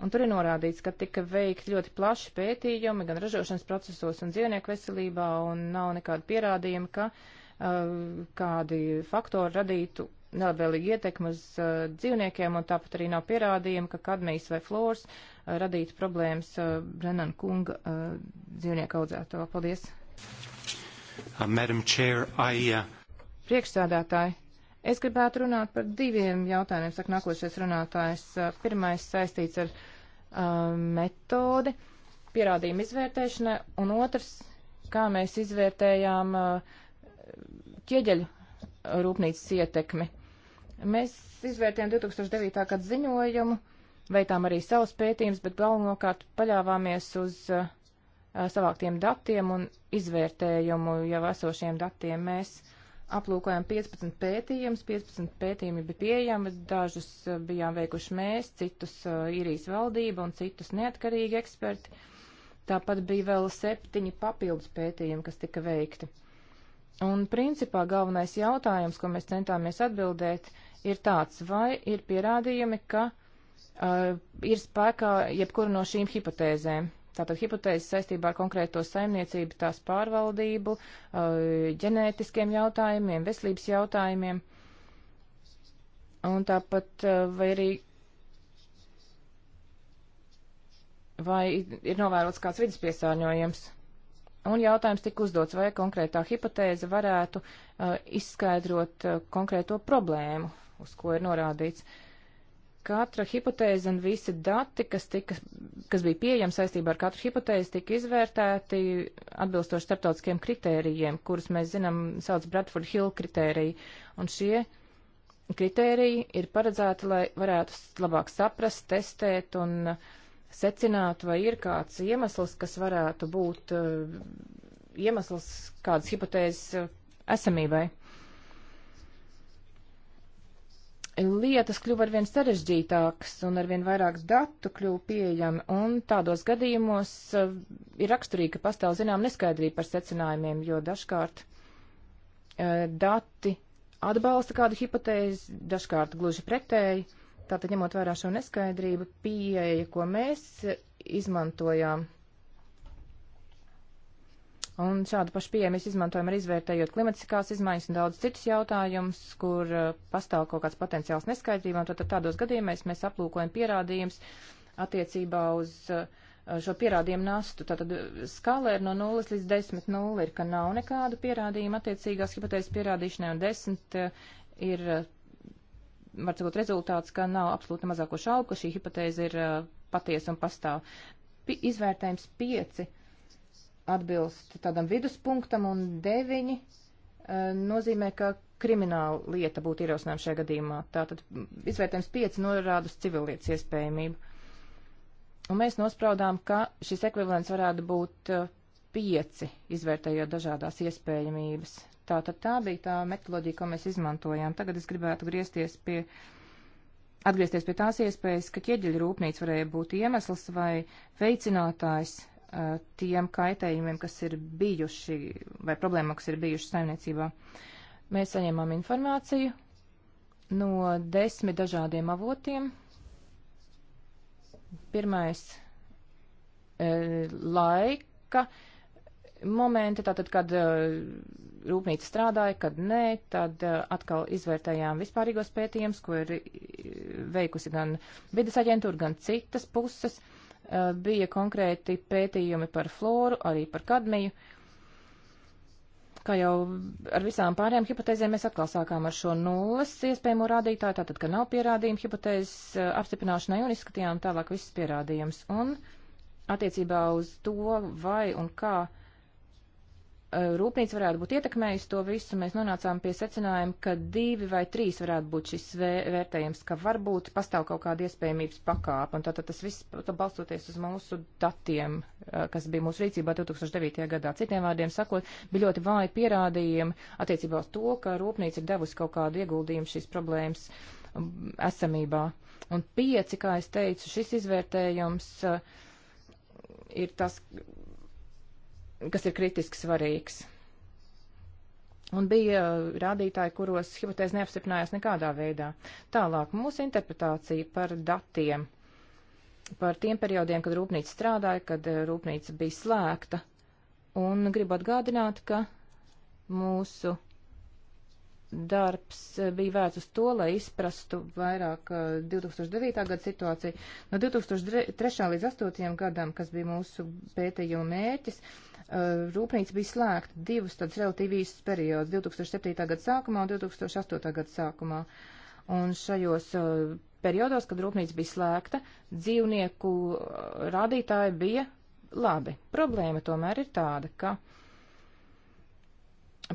Un tur ir norādīts, ka tika veikti ļoti plaši pētījumi gan ražošanas procesos un dzīvnieku veselībā, un nav nekāda pierādījuma, ka uh, kādi faktori radītu nelabvēlīgu ietekmi uz uh, dzīvniekiem, un tāpat arī nav pierādījuma, ka kadmijs vai flors uh, radītu problēmas uh, Brennan kunga dzīvnieku audzēto. Paldies! Uh, Madam Chair, I, uh... Priekšstādātāji, es gribētu runāt par diviem jautājumiem, saka nākošais runātājs. Uh, pirmais saistīts ar uh, metodi pierādījumu izvērtēšanai, un otrs, kā mēs izvērtējām uh, ķieģeļu rūpnīcas ietekmi. Mēs izvērtējām 2009. gadu ziņojumu, veitām arī savus pētījumus, bet galvenokārt paļāvāmies uz uh, Eh, savāktiem datiem un izvērtējumu jau esošiem datiem. Mēs aplūkojām 15 pētījumus, 15 pētījumi bija pieejami, dažus eh, bijām veikuši mēs, citus eh, īrijas valdība un citus neatkarīgi eksperti. Tāpat bija vēl septiņi papildus pētījumi, kas tika veikti. Un principā galvenais jautājums, ko mēs centāmies atbildēt, ir tāds, vai ir pierādījumi, ka uh, ir spēkā jebkura no šīm hipotēzēm. Tātad hipotēzes saistībā ar konkrēto saimniecību, tās pārvaldību, ģenētiskiem jautājumiem, veselības jautājumiem. Un tāpat vai arī vai ir novērots kāds vidas piesārņojums. Un jautājums tika uzdots, vai konkrētā hipotēze varētu uh, izskaidrot uh, konkrēto problēmu, uz ko ir norādīts. Uh, Katra hipotēze un visi dati, kas, tika, kas bija pieejami saistībā ar katru hipotēzi, tika izvērtēti atbilstoši starptautiskiem kritērijiem, kurus mēs zinām sauc Bradford Hill kritēriju. Un šie kritēriji ir paredzēti, lai varētu labāk saprast, testēt un secināt, vai ir kāds iemesls, kas varētu būt eh, iemesls kādas hipotēzes eh, esamībai. lietas kļuva arvien sarežģītākas un arvien vairāk datu kļuva pieejami, un tādos gadījumos uh, ir raksturīgi, ka pastāv zinām neskaidrība par secinājumiem, jo dažkārt uh, dati atbalsta kādu hipotēzi, dažkārt gluži pretēji. Tātad, ņemot vērā šo neskaidrību, pieeja, ko mēs izmantojām, uh, Un šādu pašu pieeju mēs izmantojam arī izvērtējot klimatiskās izmaiņas un daudz citus jautājumus, kur uh, pastāv kaut kāds potenciāls neskaidrībām. Tātad tādos gadījumos mēs aplūkojam pierādījums attiecībā uz uh, šo pierādījumu nastu. Tātad uh, skala ir no 0 līdz 10. 0 ir, ka nav nekādu pierādījumu attiecīgās hipotēzes pierādīšanai, un 10 uh, ir, uh, var teikt, rezultāts, ka nav absolūti mazāko šaubu, ka šī hipotēze ir uh, patiesa un pastāv. P izvērtējums 5 atbilst tādam viduspunktam, un deviņi eh, nozīmē, ka krimināla lieta būtu ierosinājuma šajā gadījumā. Tātad izvērtējums 5 norāda uz civillietas iespējamību. Un mēs nospraudām, ka šis ekvivalents varētu būt 5, eh, izvērtējot dažādās iespējamības. Tātad tā bija tā metodoloģija, ko mēs izmantojām. Tagad es gribētu griezties pie, atgriezties pie tās iespējas, ka ķieģeļu rūpnīca varēja būt iemesls vai veicinātājs tiem kaitējumiem, kas ir bijuši vai problēmām, kas ir bijušas saimniecībā. Mēs saņēmām informāciju no desmit dažādiem avotiem. Pirmais e, laika momenti, tātad, kad e, rūpnīca strādāja, kad nē, tad e, atkal izvērtējām vispārīgos pētījumus, ko ir veikusi gan vidas aģentūra, gan citas puses. E, Eh, bija konkrēti pētījumi par floru, arī par kadmiju. Kā jau ar visām pārējām hipotēzēm mēs atkal sākām ar šo nulles iespējamo rādītāju, tātad, ka nav pierādījumu hipotēzes eh, apstiprināšanai un izskatījām tālāk visus pierādījumus. Un attiecībā uz to, vai un kā uh, Eh, rūpnīca varētu būt ietekmējusi to visu, mēs nonācām pie secinājuma, ka divi vai trīs varētu būt šis vērtējums, ka varbūt pastāv kaut kāda iespējamības pakāpa. Un tātad tas viss tā balstoties uz mūsu datiem, eh, kas bija mūsu rīcībā 2009. gadā. Citiem vārdiem sakot, bija ļoti vāji pierādījumi attiecībā uz to, ka rūpnīca ir devusi kaut kādu ieguldījumu šīs problēmas um, esamībā. Un pieci, kā es teicu, šis izvērtējums eh, ir tas kas ir kritiski svarīgs. Un bija uh, rādītāji, kuros hipotēze neapstiprinājās nekādā veidā. Tālāk mūsu interpretācija par datiem, par tiem periodiem, kad rūpnīca strādāja, kad uh, rūpnīca bija slēgta. Un gribu atgādināt, ka mūsu darbs eh, bija vērts uz to, lai izprastu vairāk 2009. Eh, gada situāciju. No 2003. līdz 2008. gadam, kas bija mūsu pētījuma mērķis, eh, rūpnīca bija slēgta divus tādus relatīvi īsus periodus - 2007. gada sākumā un 2008. gada sākumā. Un šajos periodos, kad rūpnīca bija slēgta, dzīvnieku rādītāji bija labi. Problēma tomēr ir tāda, ka uh,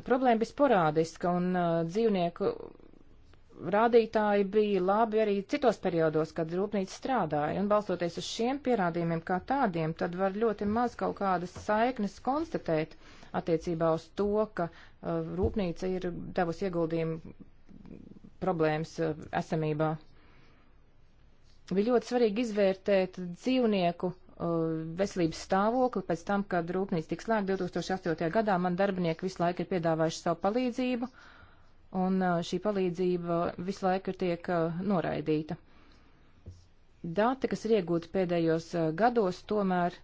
Problēma bija sporādiska un uh, dzīvnieku rādītāji bija labi arī citos periodos, kad rūpnīca strādāja, un balstoties uz šiem pierādījumiem kā tādiem, tad var ļoti maz kaut kādas saiknes konstatēt attiecībā uz to, ka uh, rūpnīca ir devusi ieguldījumu problēmas uh, esamībā. Bija ļoti svarīgi izvērtēt dzīvnieku uh, Uh, veselības stāvokli pēc tam, kad rūpnīca tiks slēgta 2008. gadā. Man darbinieki visu laiku ir piedāvājuši savu palīdzību, un uh, šī palīdzība visu laiku tiek uh, noraidīta. Dati, kas ir iegūti pēdējos gados, tomēr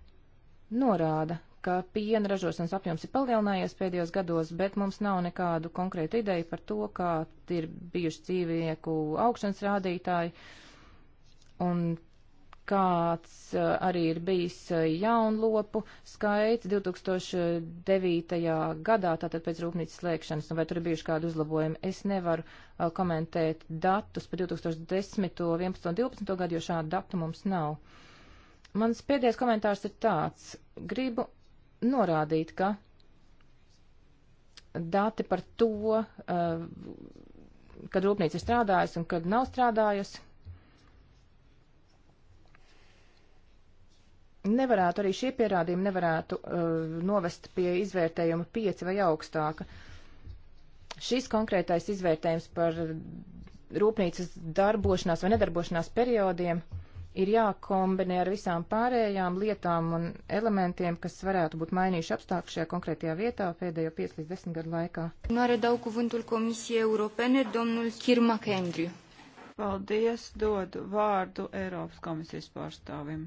norāda, ka piena ražošanas apjoms ir palielinājies pēdējos gados, bet mums nav nekādu konkrētu ideju par to, kā ir bijuši dzīvnieku augšanas rādītāji. Un kāds eh, arī ir bijis eh, jaunlopu skaits 2009. gadā, tātad pēc rūpnīcas slēgšanas, un nu, vai tur ir bijuši kādi uzlabojumi. Es nevaru uh, komentēt datus par 2010, 11 un 12 gadu, jo šādu datu mums nav. Mans pēdējais komentārs ir tāds. Gribu norādīt, ka dati par to, uh, kad rūpnīca ir strādājusi un kad nav strādājusi, nevarētu arī šie pierādījumi nevarētu uh, novest pie izvērtējuma 5 vai augstāka. Šis konkrētais izvērtējums par rūpnīcas darbošanās vai nedarbošanās periodiem ir jākombinē ar visām pārējām lietām un elementiem, kas varētu būt mainījuši apstākļus šajā konkrētajā vietā pēdējo 5 līdz 10 gadu laikā. Noredau kuvântul Komisijai Europene, domnul Kirma Kendriu. Paldies, dodu vārdu Eiropas komisijas pārstāvim.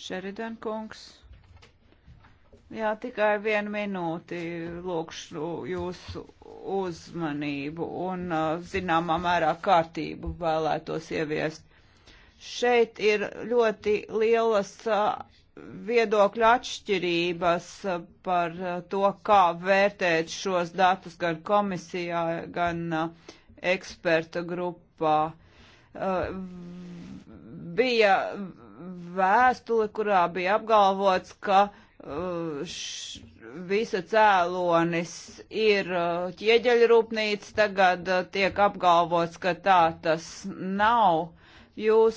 Šeridan kungs. Jā, tikai vienu minūti lūkšu jūsu uzmanību un, zināmā mērā, kārtību vēlētos ieviest. Šeit ir ļoti lielas viedokļu atšķirības par to, kā vērtēt šos datus gan komisijā, gan eksperta grupā. Bija vēstuli, kurā bija apgalvots, ka uh, š, visa cēlonis ir uh, ķieģeļrūpnīca, tagad uh, tiek apgalvots, ka tā tas nav. Jūs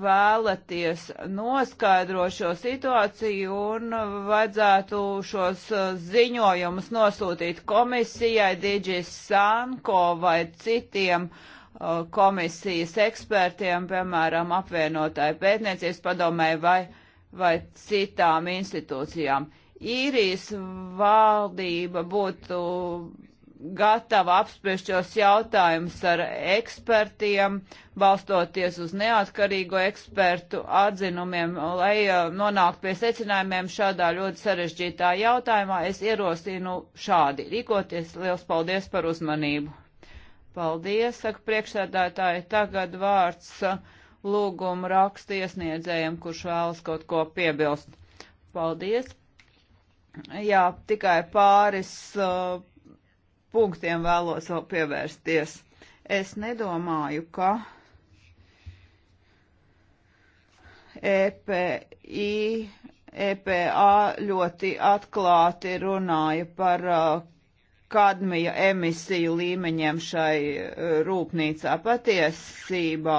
vēlaties noskaidrot šo situāciju un vajadzētu šos ziņojumus nosūtīt komisijai, Digis Sanko vai citiem uh, komisijas ekspertiem, piemēram, apvienotāju pētniecības padomē vai, vai citām institūcijām. Īrijas valdība būtu gatava apspriest šos jautājumus ar ekspertiem, balstoties uz neatkarīgo ekspertu atzinumiem, lai nonāktu pie secinājumiem šādā ļoti sarežģītā jautājumā. Es ierosinu šādi rīkoties. Liels paldies par uzmanību! Paldies, saka priekšsēdētāji, tagad vārds uh, lūgumu rakstu iesniedzējiem, kurš vēlas kaut ko piebilst. Paldies. Jā, tikai pāris uh, punktiem vēlos vēl pievērsties. Es nedomāju, ka EPI, EPA ļoti atklāti runāja par uh, kadmija emisiju līmeņiem šai e, rūpnīcā. Patiesībā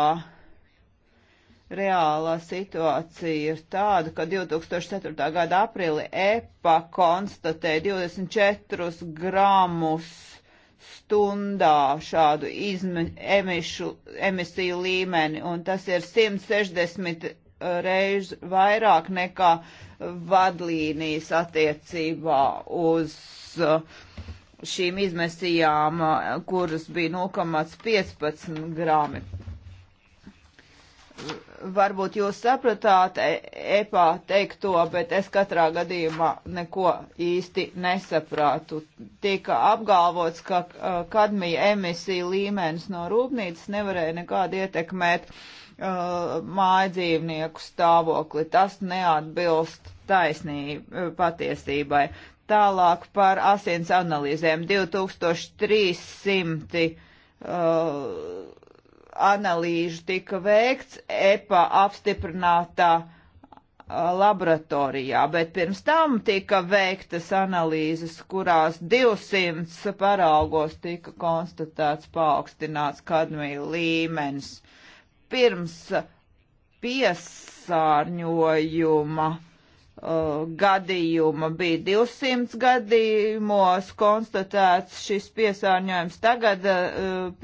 reālā situācija ir tāda, ka 2004. gada aprīli EPA konstatēja 24 gramus stundā šādu izme, emišu, emisiju līmeni, un tas ir 160 e, reiz vairāk nekā vadlīnijas attiecībā uz uh, šīm izmesījām, eh, kuras bija 0,15 grami. Varbūt jūs sapratāt EPA e teikto, bet es katrā gadījumā neko īsti nesaprātu. Tika apgalvots, ka eh, kadmija emisija līmenis no rūpnīcas nevarēja nekādi ietekmēt uh, eh, mājdzīvnieku stāvokli. Tas neatbilst taisnība, patiesībai. Tālāk par asins analīzēm 2300 uh, analīžu tika veikts EPA apstiprinātā uh, laboratorijā, bet pirms tam tika veiktas analīzes, kurās 200 paraugos tika konstatēts paaugstināts kadmija līmenis. Pirms piesārņojuma uh, Uh, gadījuma bija 200 gadījumos konstatēts šis piesārņojums. Tagad uh,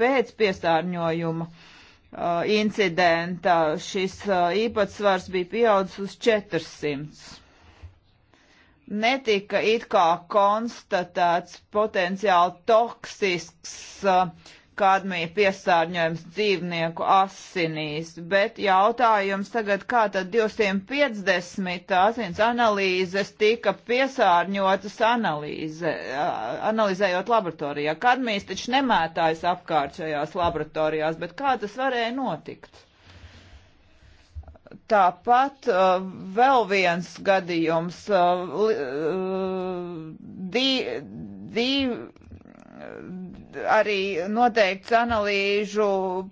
pēc piesārņojuma uh, incidenta šis īpatsvars bija pieaudzis uz 400. Netika it kā konstatēts potenciāli toksisks uh, kadmija piesārņojums dzīvnieku asinīs, bet jautājums tagad, kā tad 250 asins analīzes tika piesārņotas analīze, analizējot laboratorijā. Kadmijas taču nemētājas apkārt šajās laboratorijās, bet kā tas varēja notikt? Tāpat uh, vēl viens gadījums. Uh, di, di, arī noteikts analīžu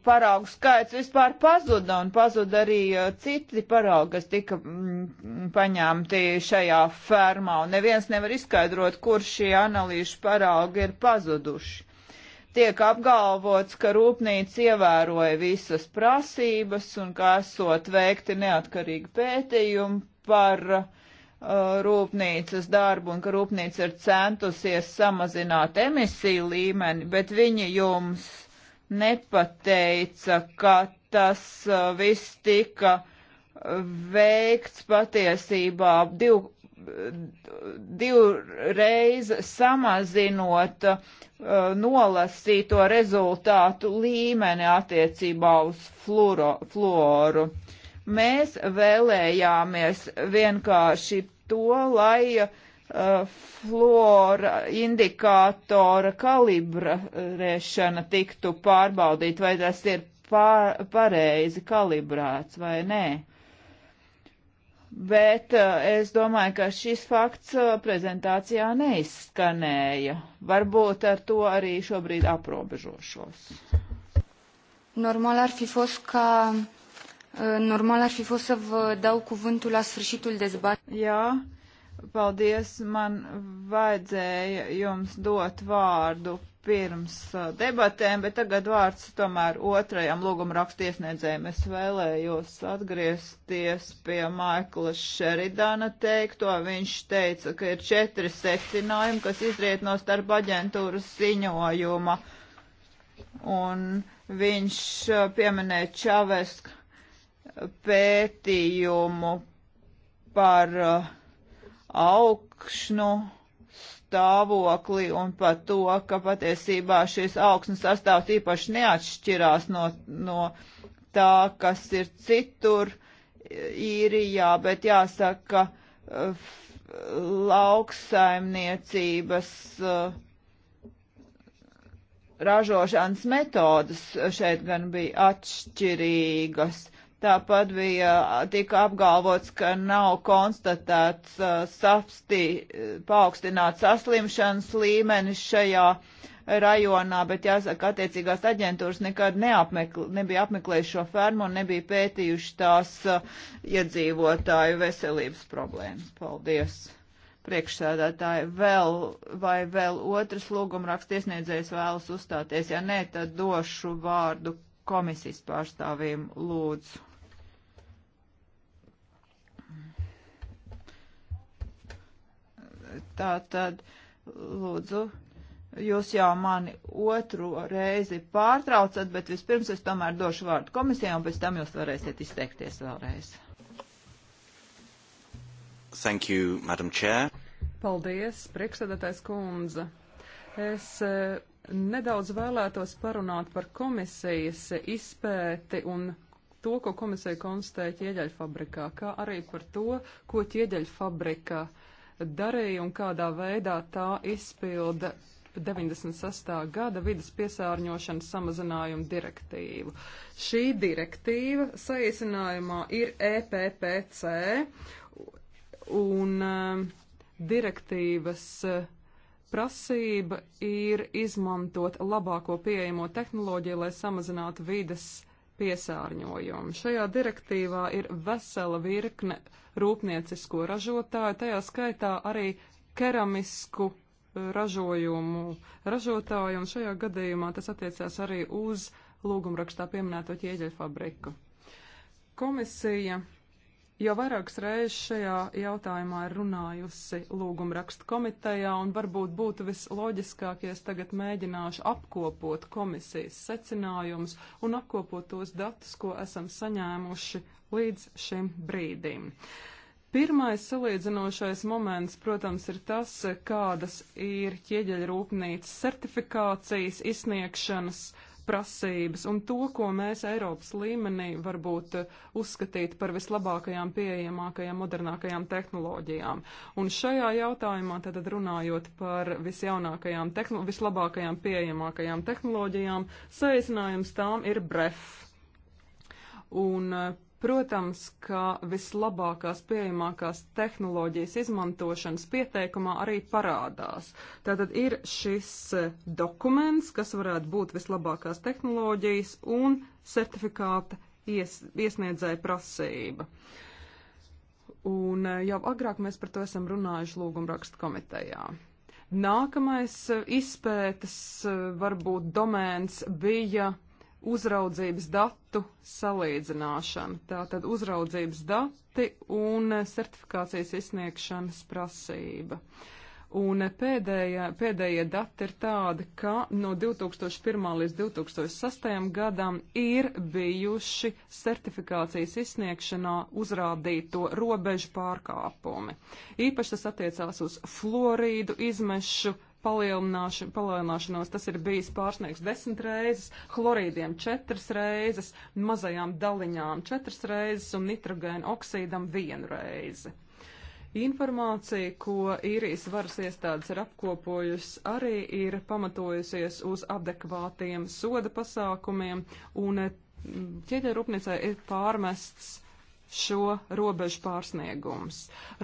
paraugu skaits vispār pazuda, un pazuda arī uh, citi paraugi, kas tika mm, paņemti šajā fermā, un neviens nevar izskaidrot, kur šie analīžu paraugi ir pazuduši tiek apgalvots, ka rūpnīca ievēroja visas prasības un ka esot veikti neatkarīgi pētījumi par uh, Uh, rūpnīcas darbu un ka rūpnīca ir centusies samazināt emisiju līmeni, bet viņi jums nepateica, ka tas uh, viss tika uh, veikts patiesībā div, divreiz samazinot uh, nolasīto rezultātu līmeni attiecībā uz fluoro, fluoru. Mēs vēlējāmies vienkārši to, lai uh, flora indikātora kalibrēšana tiktu pārbaudīt, vai tas ir pār, pareizi kalibrēts vai nē. Bet uh, es domāju, ka šis fakts uh, prezentācijā neizskanēja. Varbūt ar to arī šobrīd aprobežošos. Normāli ar FIFOS, ka Eh, normal ar fi fost să vă dau cuvântul la sfârșitul dezbaterii. Jā, paldies. Man vajadzēja jums dot vārdu pirms eh, debatēm, bet tagad vārds tomēr otrajam lūguma rakstiesniedzējiem. Es vēlējos atgriezties pie Maikla Šeridana teikto. Viņš teica, ka ir četri secinājumi, kas izriet no starp aģentūras ziņojuma. Un viņš eh, pieminēja Čavesku pētījumu par uh, augšnu stāvokli un par to, ka patiesībā šis augsnes sastāvs īpaši neatšķirās no, no tā, kas ir citur īrijā, bet jāsaka, uh, lauksaimniecības uh, ražošanas metodas šeit gan bija atšķirīgas. Tāpat bija tika apgalvots, ka nav konstatēts uh, safstī uh, paaugstināts saslimšanas līmenis šajā rajonā, bet jāsaka, attiecīgās aģentūras nekad neapmekl, nebija apmeklējuši šo fermu un nebija pētījuši tās uh, iedzīvotāju veselības problēmas. Paldies! Priekšsēdētāji, vēl vai vēl otrs lūgumraksts iesniedzējs vēlas uzstāties? Ja nē, tad došu vārdu komisijas pārstāvjiem lūdzu. Tā tad, lūdzu, jūs jau mani otro reizi pārtraucat, bet vispirms es tomēr došu vārdu komisijai, un pēc tam jūs varēsiet izteikties vēlreiz. Thank you, Madam Chair. Paldies, priekšsēdētājs kundze. Es e, nedaudz vēlētos parunāt par komisijas izpēti un to, ko komisija konstatēja ķieģeļfabrikā, kā arī par to, ko ķieģeļfabrika fabrika darīja un kādā veidā tā izpilda 96. gada vidas piesārņošanas samazinājuma direktīvu. Šī direktīva saīsinājumā ir EPPC un uh, direktīvas uh, prasība ir izmantot labāko pieejamo tehnoloģiju, lai samazinātu vidas piesārņojumu. Šajā direktīvā ir vesela virkne rūpniecisko ražotāju, tajā skaitā arī keramisku eh, ražojumu ražotāju, un šajā gadījumā tas attiecās arī uz lūgumrakstā pieminēto ķieģeļu fabriku. Komisija jau vairākas reizes šajā jautājumā ir runājusi lūgumrakstu komitejā, un varbūt būtu visloģiskāk, ja es tagad mēģināšu apkopot komisijas secinājumus un apkopot tos datus, ko esam saņēmuši līdz šim brīdim. Pirmais salīdzinošais moments, protams, ir tas, kādas ir ķieģeļrūpnīcas certifikācijas izsniegšanas uh, prasības un to, ko mēs Eiropas līmenī varbūt eh, uzskatīt par vislabākajām, pieejamākajām, modernākajām tehnoloģijām. Un šajā jautājumā tad runājot par visjaunākajām, tehn vislabākajām, pieejamākajām tehnoloģijām, saīsinājums tām ir bref. Un eh, Protams, ka vislabākās pieejamākās tehnoloģijas izmantošanas pieteikumā arī parādās. Tātad ir šis e, dokuments, kas varētu būt vislabākās tehnoloģijas un certifikāta ies, iesniedzēja prasība. Un e, jau agrāk mēs par to esam runājuši lūgumrakstu komitejā. Nākamais e, izpētes varbūt domēns bija uzraudzības datu salīdzināšana. Tātad uzraudzības dati un certifikācijas izsniegšanas prasība. Un pēdējā, pēdējie dati ir tādi, ka no 2001. līdz 2006. gadam ir bijuši certifikācijas izsniegšanā uzrādīto robežu pārkāpumi. Īpaši tas attiecās uz fluorīdu izmešu palielināšanos, tas ir bijis pārsniegs desmit reizes, chlorīdiem četras reizes, mazajām daliņām četras reizes un nitrogēna oksīdam vienu reizi. Informācija, ko īrijas varas iestādes ir apkopojusi, arī ir pamatojusies uz adekvātiem soda pasākumiem, un mm, ķieģerupnicē ir pārmests šo robežu pārsniegums.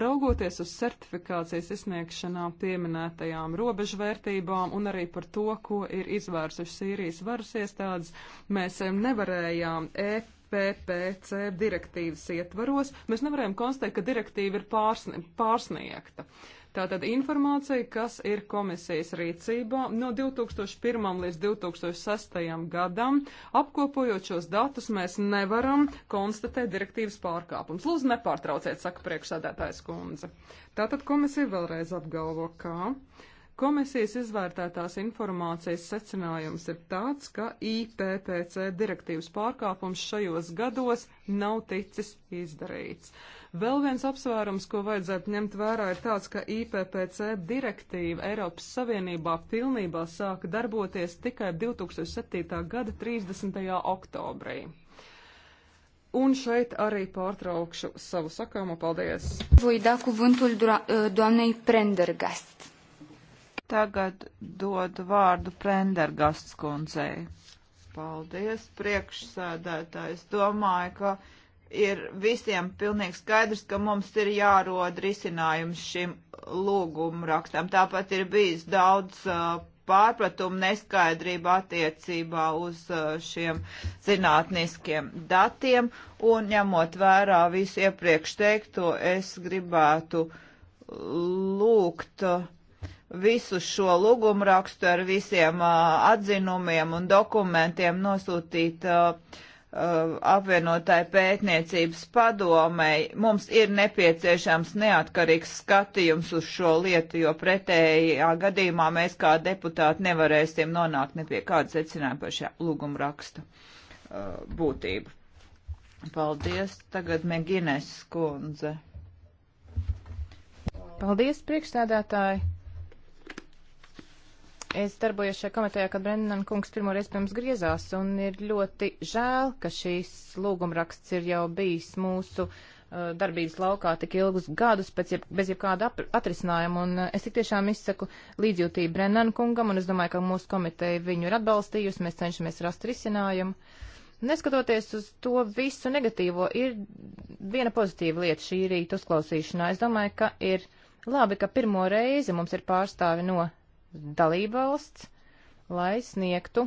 Raugoties uz certifikācijas izsniegšanā pieminētajām robežvērtībām un arī par to, ko ir izvērsuši Sīrijas varas iestādes, mēs nevarējām EP PPC direktīvas ietvaros, mēs nevarējām konstatēt, ka direktīva ir pārsnie, pārsniegta. Tātad informācija, kas ir komisijas rīcībā no 2001. līdz 2006. gadam, apkopojot šos datus, mēs nevaram konstatēt direktīvas pārkāpums. Lūdzu, nepārtrauciet, saka priekšsēdētājs kundze. Tātad komisija vēlreiz apgalvo, ka. Komisijas izvērtētās informācijas secinājums ir tāds, ka IPPC direktīvas pārkāpums šajos gados nav ticis izdarīts. Vēl viens apsvērums, ko vajadzētu ņemt vērā, ir tāds, ka IPPC direktīva Eiropas Savienībā pilnībā sāka darboties tikai 2007. gada 30. oktobrī. Un šeit arī pārtraukšu savu sakāmu. Paldies! Voi da cuvântul doamnei Prendergast. Tagad dod vārdu Prendergast kundzei. Paldies, priekšsēdētājs. Domāju, ka ir visiem pilnīgi skaidrs, ka mums ir jārod risinājums šim lūgumu rakstam. Tāpat ir bijis daudz uh, pārpratumu neskaidrību attiecībā uz uh, šiem zinātniskiem datiem, un ņemot vērā visu iepriekš teikto, es gribētu lūgt uh, visu šo lūgumu rakstu ar visiem uh, atzinumiem un dokumentiem nosūtīt uh, Uh, apvienotāji pētniecības padomei, mums ir nepieciešams neatkarīgs skatījums uz šo lietu, jo pretējā gadījumā mēs kā deputāti nevarēsim nonākt ne pie kāda secinājuma par šā lūguma raksta uh, būtību. Paldies. Tagad Megines skundze. Paldies, priekšstādātāji. Es darbojos šajā komitejā, kad Brennan kungs pirmo reizi pirms griezās, un ir ļoti žēl, ka šīs lūgumraksts ir jau bijis mūsu uh, darbības laukā tik ilgus gadus pēc jeb, bez jebkāda atrisinājuma, un uh, es tik tiešām izsaku līdzjūtību Brennan kungam, un es domāju, ka mūsu komiteja viņu ir atbalstījusi, mēs cenšamies rast risinājumu. Neskatoties uz to visu negatīvo, ir viena pozitīva lieta šī rīta uzklausīšanā. Es domāju, ka ir labi, ka pirmo reizi mums ir pārstāvi no dalībvalsts, lai sniegtu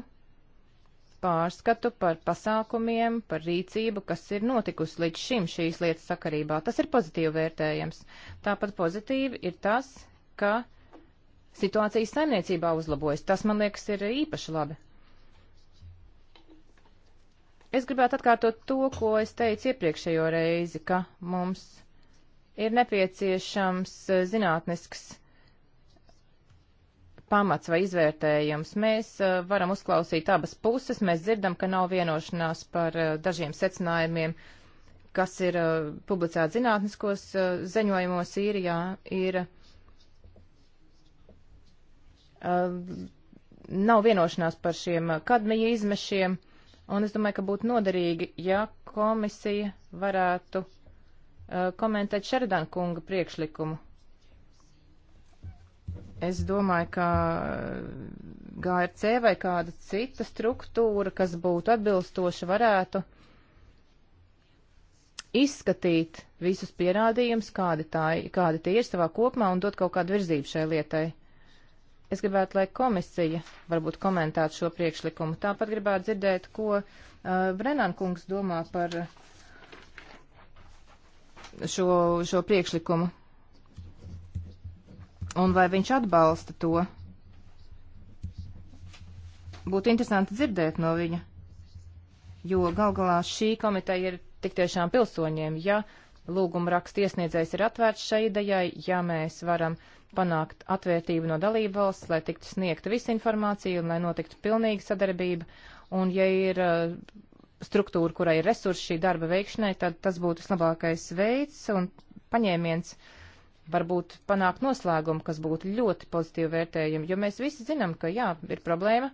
pārskatu par pasākumiem, par rīcību, kas ir notikusi līdz šim šīs lietas sakarībā. Tas ir pozitīvi vērtējams. Tāpat pozitīvi ir tas, ka situācija saimniecībā uzlabojas. Tas, man liekas, ir īpaši labi. Es gribētu atkārtot to, ko es teicu iepriekšējo reizi, ka mums ir nepieciešams zinātnisks pamats vai izvērtējums. Mēs uh, varam uzklausīt abas puses, mēs dzirdam, ka nav vienošanās par uh, dažiem secinājumiem, kas ir uh, publicēti zinātniskos uh, ziņojumos īrijā, ir. Uh, nav vienošanās par šiem uh, kadmija izmešiem, un es domāju, ka būtu noderīgi, ja komisija varētu komentēt Šeridan kunga priekšlikumu Es domāju, ka GRC vai kāda cita struktūra, kas būtu atbilstoša, varētu izskatīt visus pierādījumus, kādi, tā, kādi tie ir savā kopumā un dot kaut kādu virzību šai lietai. Es gribētu, lai komisija varbūt komentētu šo priekšlikumu. Tāpat gribētu dzirdēt, ko uh, Brennan kungs domā par šo, šo priekšlikumu un vai viņš atbalsta to. Būtu interesanti dzirdēt no viņa, jo gal galā šī komiteja ir tik tiešām pilsoņiem. Ja lūguma raksta iesniedzējs ir atvērts šai idejai, ja mēs varam panākt atvērtību no dalību valsts, lai tiktu sniegta visa informācija un lai notiktu pilnīga sadarbība, un ja ir uh, struktūra, kurai ir resursi šī darba veikšanai, tad tas būtu vislabākais veids un paņēmiens uh, varbūt panākt noslēgumu, kas būtu ļoti pozitīvi vērtējumi, jo mēs visi zinām, ka jā, ir problēma.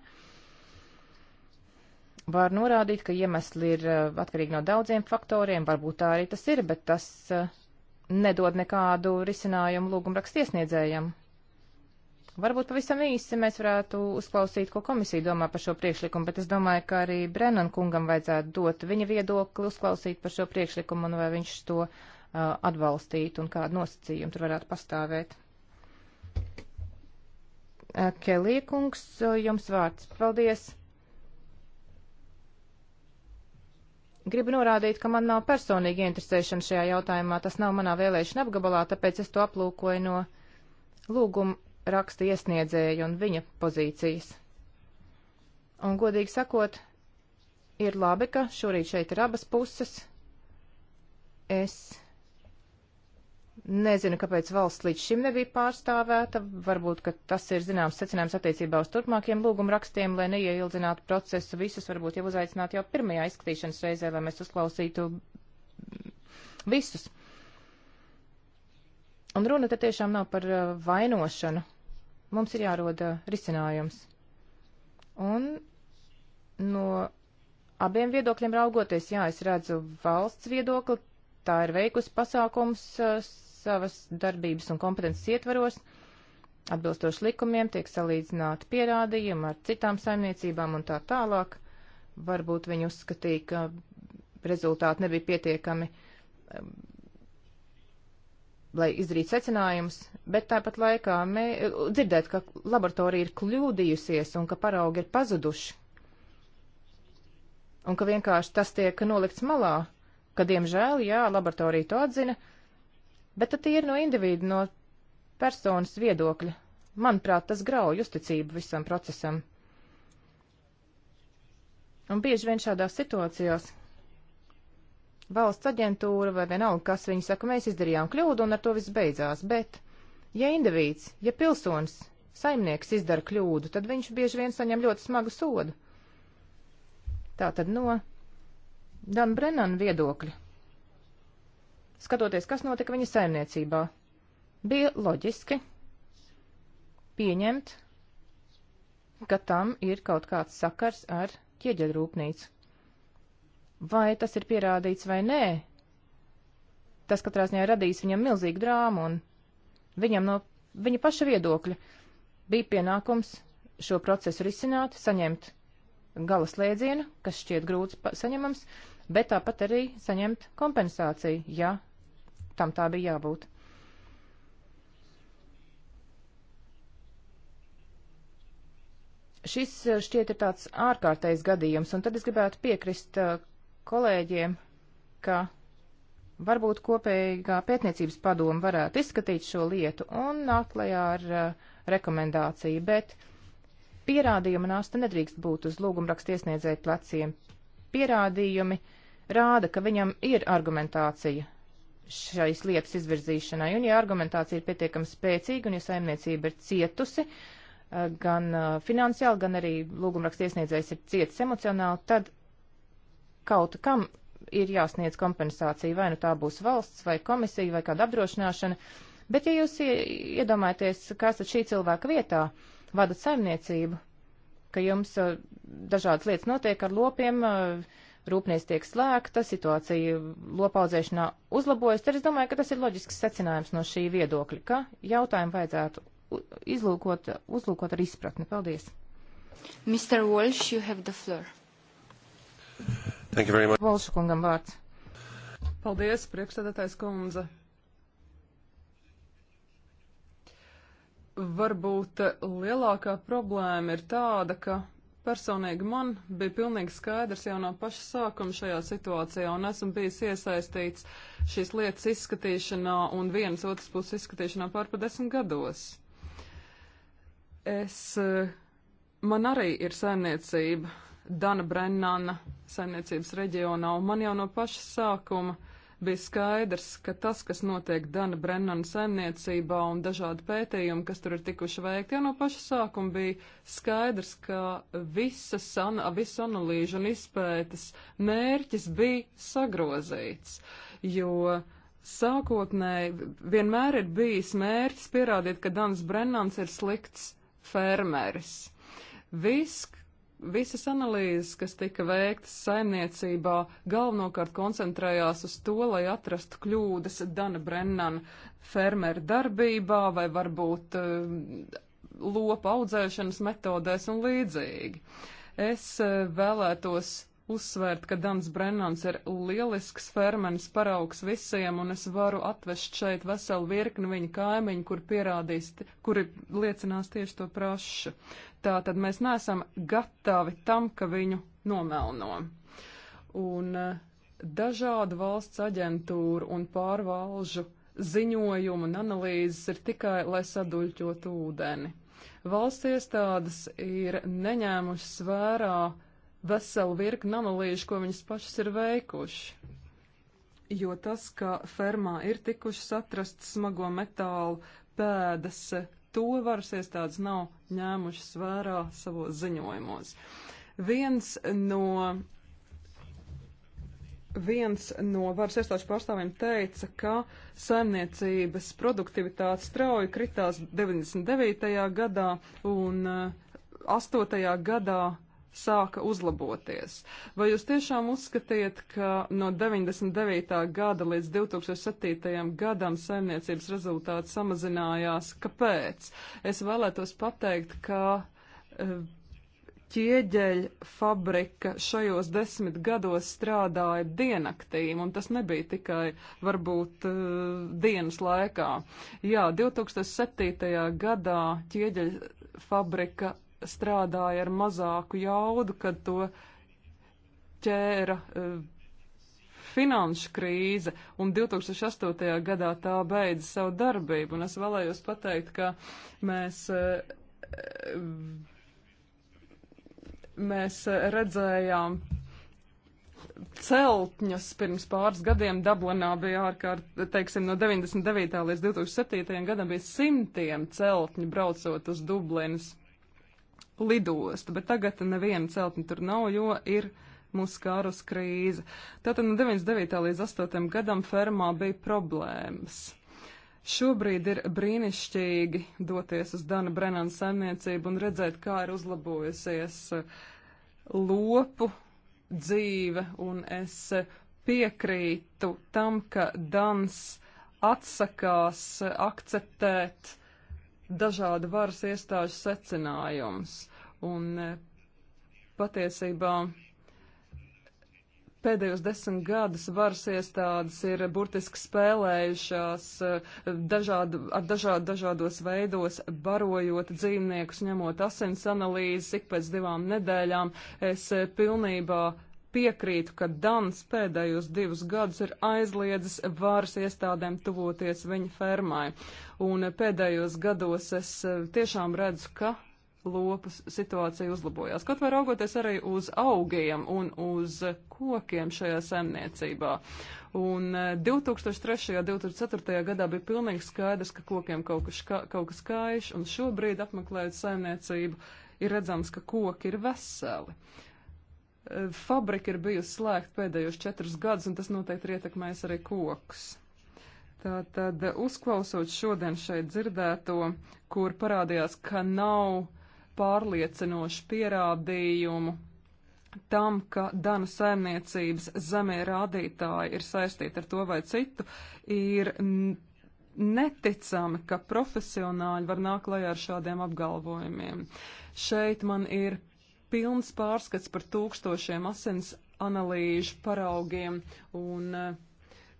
Var norādīt, ka iemesli ir eh, atkarīgi no daudziem faktoriem, varbūt tā arī tas ir, bet tas eh, nedod nekādu risinājumu lūgumrakstiesniedzējam. Varbūt pavisam īsi mēs varētu uzklausīt, ko komisija domā par šo priekšlikumu, bet es domāju, ka arī Brennan kungam vajadzētu dot viņa viedokli uzklausīt par šo priekšlikumu un vai viņš to uh, atbalstīt un kādu nosacījumu tur varētu pastāvēt. Kelī kungs, jums vārds. Paldies! Gribu norādīt, ka man nav personīgi interesēšana šajā jautājumā, tas nav manā vēlēšana apgabalā, tāpēc es to aplūkoju no lūguma raksta iesniedzēja un viņa pozīcijas. Un, godīgi sakot, ir labi, ka šorīt šeit ir abas puses. Es Nezinu, kāpēc valsts līdz šim nebija pārstāvēta. Varbūt, ka tas ir zināms secinājums attiecībā uz turpmākiem lūguma rakstiem, lai neieildzinātu procesu. Visus varbūt jau uzaicināt jau pirmajā izskatīšanas reizē, lai mēs uzklausītu visus. Un runa te tiešām nav par uh, vainošanu. Mums ir jāroda risinājums. Un no abiem viedokļiem raugoties, jā, es redzu valsts viedokli, tā ir veikusi pasākums uh, savas darbības un kompetences ietvaros. Atbilstoši likumiem tiek salīdzināti pierādījumi ar citām saimniecībām un tā tālāk. Varbūt viņi uzskatīja, ka rezultāti nebija pietiekami, um, lai izdarītu secinājumus, bet tāpat laikā mē, dzirdēt, ka laboratorija ir kļūdījusies un ka paraugi ir pazuduši. Un ka vienkārši tas tiek nolikts malā, ka, diemžēl, jā, laboratorija to atzina, uh, Bet tad ir no individu, no personas viedokļa. Manuprāt, tas grauj uzticību visam procesam. Un bieži vien šādās situācijās valsts aģentūra vai vienalga, kas viņi saka, mēs izdarījām kļūdu un ar to viss beidzās. Bet, ja indivīds, ja pilsonis, saimnieks izdara kļūdu, tad viņš bieži vien saņem ļoti smagu sodu. Tā tad no Dan Brennan viedokļa skatoties, kas notika viņa saimniecībā, bija loģiski pieņemt, ka tam ir kaut kāds sakars ar ķieģeļrūpnīcu. Vai tas ir pierādīts vai nē, tas katrā ziņā radīs viņam milzīgu drāmu, un viņam no viņa paša viedokļa bija pienākums šo procesu risināt, saņemt gala slēdzienu, kas šķiet grūts saņemams, bet tāpat arī saņemt kompensāciju, ja tam tā bija jābūt. Šis eh, šķiet ir tāds ārkārtējs gadījums, un tad es gribētu piekrist eh, kolēģiem, ka varbūt kopējā pētniecības padoma varētu izskatīt šo lietu un nākt lejā ar uh, rekomendāciju, bet pierādījuma nasta nedrīkst būt uz lūgumrakstu iesniedzēju pleciem. Pierādījumi rāda, ka viņam ir argumentācija, šais lietas izvirzīšanai. Un, ja argumentācija ir pietiekami spēcīga un ja saimniecība ir cietusi, eh, gan eh, finansiāli, gan arī lūgumraksta iesniedzējs ir cietis emocionāli, tad kaut kam ir jāsniedz kompensācija, vai nu tā būs valsts, vai komisija, vai kāda apdrošināšana. Bet, ja jūs iedomājaties, kā esat šī cilvēka vietā, vadat saimniecību, ka jums eh, dažādas lietas notiek ar lopiem, uh, rūpnīca tiek slēgta, situācija lopaudzēšanā uzlabojas, tad es domāju, ka tas ir loģisks secinājums no šī viedokļa, ka jautājumu vajadzētu izlūkot, uzlūkot ar izpratni. Paldies! Mr. Walsh, you have the floor. Thank you very much. Walsh kungam vārds. Paldies, priekšsēdētājs kundze. Varbūt lielākā problēma ir tāda, ka Personīgi man bija pilnīgi skaidrs jau no paša sākuma šajā situācijā, un esmu bijis iesaistīts šīs lietas izskatīšanā un vienas otras puses izskatīšanā pār pa desmit gados. Es, eh, man arī ir saimniecība Dana Brennana saimniecības reģionā, un man jau no paša sākuma uh, bija skaidrs, ka tas, kas notiek Dana Brennana saimniecībā un dažādi pētījumi, kas tur ir tikuši veikti, jau no paša sākuma bija skaidrs, ka visa sana, visu analīžu un izpētes mērķis bija sagrozīts, jo sākotnēji vienmēr ir bijis mērķis pierādīt, ka Dans Brennans ir slikts fermeris. Viss, Visas analīzes, kas tika veiktas saimniecībā, galvenokārt koncentrējās uz to, lai atrastu kļūdas Dana Brennana fermeru darbībā vai varbūt uh, eh, lopa audzēšanas metodēs un līdzīgi. Es uh, vēlētos uzsvērt, ka Dans Brennans ir lielisks fermenis paraugs visiem, un es varu atvest šeit veselu virkni viņa kaimiņu, kur pierādīs, kuri liecinās tieši to prašu. Uh, Tā tad mēs neesam gatavi tam, ka viņu nomelno. Un eh, dažādu valsts aģentūru un pārvalžu ziņojumu un analīzes ir tikai, lai saduļķotu ūdeni. Valsts iestādes ir neņēmušas vērā veselu virkni analīžu, ko viņas pašas ir veikuši. Jo tas, ka fermā ir tikušas atrastas smago metālu pēdas, to varas iestādes nav ņēmušas vērā savos ziņojumos. Viens no, viens no varas iestāžu pārstāvjiem teica, ka saimniecības produktivitāte strauji kritās 99. gadā un 8. Eh, gadā sāka uzlaboties. Vai jūs tiešām uzskatiet, ka no 99. gada līdz 2007. gadam saimniecības rezultāti samazinājās? Kāpēc? Es vēlētos pateikt, ka eh, ķieģeļa fabrika šajos desmit gados strādāja diennaktīm, un tas nebija tikai varbūt eh, dienas laikā. Jā, 2007. gadā ķieģeļa fabrika strādāja ar mazāku jaudu, kad to ķēra e, finanšu krīze, un 2008. gadā tā beidza savu darbību, un es vēlējos pateikt, ka mēs, e, e, mēs redzējām celtņus pirms pāris gadiem Dablinā bija ārkārt, teiksim, no 99. līdz 2007. gadam bija simtiem celtņu braucot uz Dublinas lidostu, bet tagad neviena celtne tur nav, jo ir mūs skārus krīze. Tātad no 99. līdz 8. gadam fermā bija problēmas. Šobrīd ir brīnišķīgi doties uz Dana Brenana saimniecību un redzēt, kā ir uzlabojusies uh, lopu dzīve, un es uh, piekrītu tam, ka Dans atsakās uh, akceptēt uh, dažādu varas iestāžu secinājums. Un e, patiesībā pēdējos desmit gadus varas iestādes ir burtiski spēlējušās e, dažādu, ar dažādu, dažādos veidos, barojot dzīvniekus, ņemot asins analīzes ik pēc divām nedēļām. Es e, pilnībā piekrītu, ka Dans pēdējos divus gadus ir aizliedzis vāras iestādēm tuvoties viņa fermai. Un pēdējos gados es e, tiešām redzu, ka lopu situācija uzlabojās. Kaut vai raugoties arī uz augiem un uz kokiem šajā saimniecībā. Un 2003. un 2004. gadā bija pilnīgi skaidrs, ka kokiem kaut kas, kaut kas kaiš, un šobrīd apmeklējot saimniecību, ir redzams, ka koki ir veseli. Uh, Fabrika ir bijusi slēgta pēdējos četrus gadus, un tas noteikti ir ietekmējis arī kokus. Tātad, uzklausot šodien šeit dzirdēto, kur parādījās, ka nav pārliecinošu pierādījumu tam, ka danu saimniecības zemē rādītāji ir saistīti ar to vai citu, ir neticami, ka profesionāļi var nākt klajā ar šādiem apgalvojumiem. Šeit man ir pilns pārskats par tūkstošiem asins analīžu paraugiem. Un, eh,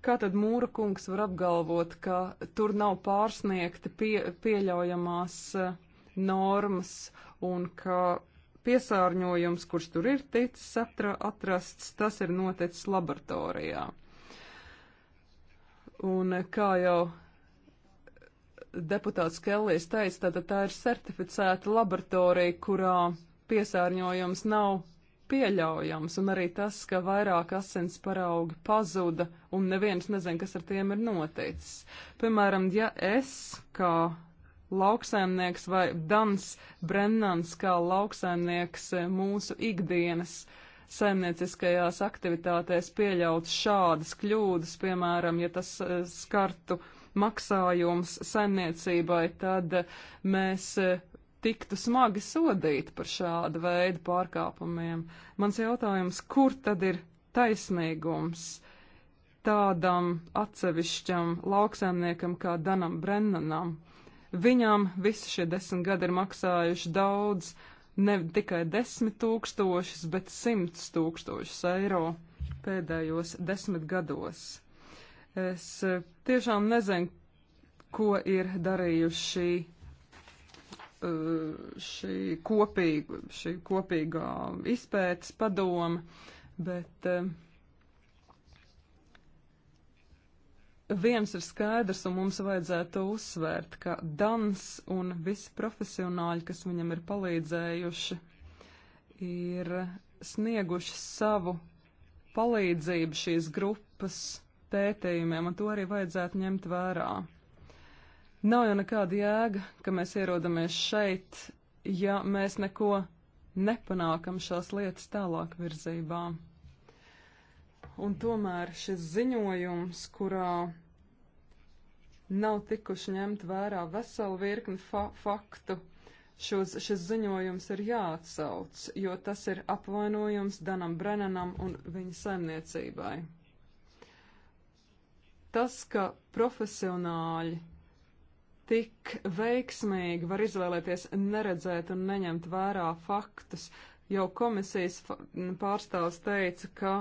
Kā tad Mūra kungs var apgalvot, ka tur nav pārsniegti pie, pieļaujamās eh, normas un ka piesārņojums, kurš tur ir ticis atra, atrasts, tas ir noticis laboratorijā? Un eh, kā jau deputāts Kellijs teica, tad tā ir certificēta laboratorija, kurā piesārņojums nav pieļaujams, un arī tas, ka vairāk asins paraugi pazuda, un neviens nezin, kas ar tiem ir noticis. Piemēram, ja es kā lauksaimnieks vai Dans Brennans kā lauksaimnieks mūsu ikdienas saimnieciskajās aktivitātēs pieļaut šādas kļūdas, piemēram, ja tas eh, skartu maksājums saimniecībai, tad eh, mēs eh, tiktu smagi sodīti par šādu veidu pārkāpumiem. Mans jautājums, kur tad ir taisnīgums tādam atsevišķam lauksēmniekam kā Danam Brennanam? Viņam visi šie desmit gadi ir maksājuši daudz, ne tikai desmit tūkstošus, bet simts tūkstošus eiro pēdējos desmit gados. Es tiešām nezinu, ko ir darījuši Eh, šī, kopīga, šī kopīgā izpētes padoma, bet eh, viens ir skaidrs, un mums vajadzētu to uzsvērt, ka Dans un visi profesionāļi, kas viņam ir palīdzējuši, ir snieguši savu palīdzību šīs grupas pētījumiem, un to arī vajadzētu ņemt vērā. Nav jau nekāda jēga, ka mēs ierodamies šeit, ja mēs neko nepanākam šās lietas tālāk virzībā. Un tomēr šis ziņojums, kurā nav tikuši ņemt vērā veselu virkni fa faktu, šos, šis ziņojums ir jāatsauc, jo tas ir apvainojums Danam Brennanam un viņa saimniecībai. Tas, ka profesionāļi tik veiksmīgi var izvēlēties neredzēt un neņemt vērā faktus. Jau komisijas pārstāvs teica, ka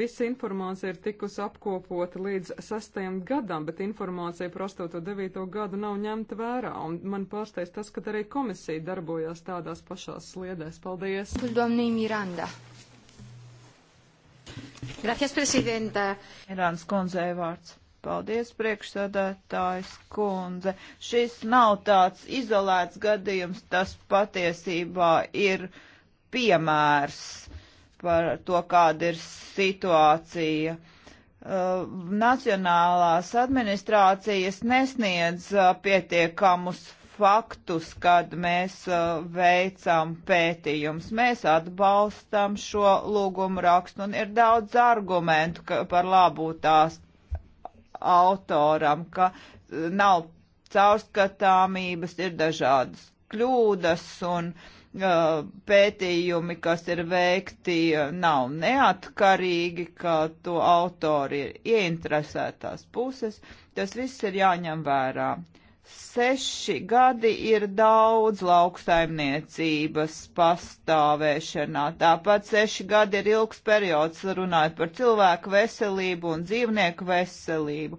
visa informācija ir tikusi apkopota līdz sastajam gadam, bet informācija par 8.9. gadu nav ņemta vērā. Un man pārsteidz tas, ka arī komisija darbojās tādās pašās sliedēs. Paldies! Domnī Miranda. Gracias, prezidenta. Irāns Konzē vārds. Paldies, priekšsādātājs kundze. Šis nav tāds izolēts gadījums, tas patiesībā ir piemērs par to, kāda ir situācija. Uh, nacionālās administrācijas nesniedz uh, pietiekamus faktus, kad mēs uh, veicam pētījums. Mēs atbalstam šo lūgumu rakstu un ir daudz argumentu par labu tās autoram, ka eh, nav caurskatāmības, ir dažādas kļūdas un uh, pētījumi, kas ir veikti, eh, nav neatkarīgi, ka to autori ir ieinteresētās puses. Tas viss ir jāņem vērā. Uh, Seši gadi ir daudz lauksaimniecības pastāvēšanā. Tāpat seši gadi ir ilgs periods runājot par cilvēku veselību un dzīvnieku veselību.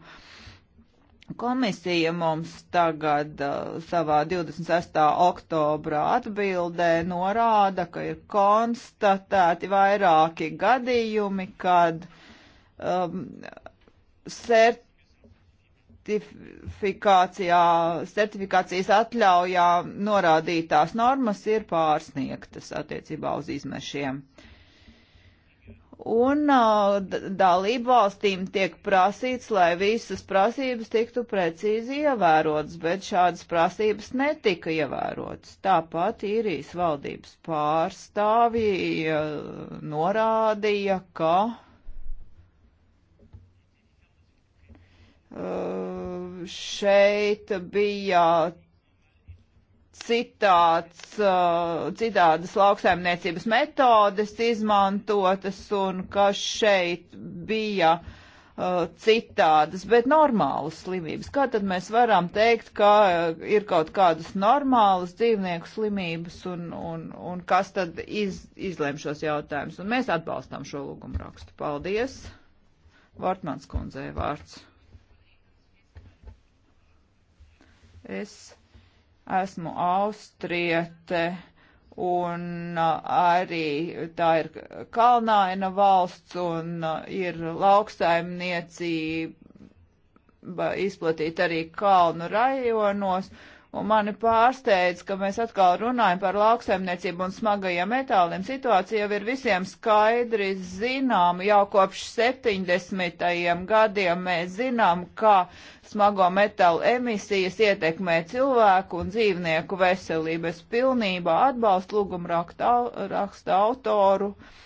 Komisija mums tagad uh, savā 26. oktobrā atbildē norāda, ka ir konstatēti vairāki gadījumi, kad um, sert certifikācijā, certifikācijas atļaujā norādītās normas ir pārsniegtas attiecībā uz izmešiem. Un uh, dalību valstīm tiek prasīts, lai visas prasības tiktu precīzi ievērotas, bet šādas prasības netika ievērotas. Tāpat īrijas valdības pārstāvji uh, norādīja, ka šeit bija citāds, citādas lauksaimniecības metodes izmantotas un ka šeit bija citādas, bet normālas slimības. Kā tad mēs varam teikt, ka ir kaut kādas normālas dzīvnieku slimības un, un, un kas tad iz, izlēm šos jautājumus? Un mēs atbalstām šo lūgumu rakstu. Paldies! Vārtmans kundzei vārds. Es esmu austriete un uh, arī tā ir kalnaina valsts un uh, ir lauksaimniecība izplatīta arī kalnu rajonos. Un mani pārsteidz, ka mēs atkal runājam par lauksaimniecību un smagajiem metāliem. Situācija jau ir visiem skaidri zinām. Jau kopš 70. gadiem mēs zinām, kā smago metālu emisijas ietekmē cilvēku un dzīvnieku veselību. Es pilnībā atbalstu lūgumu raksta autoru. Uh,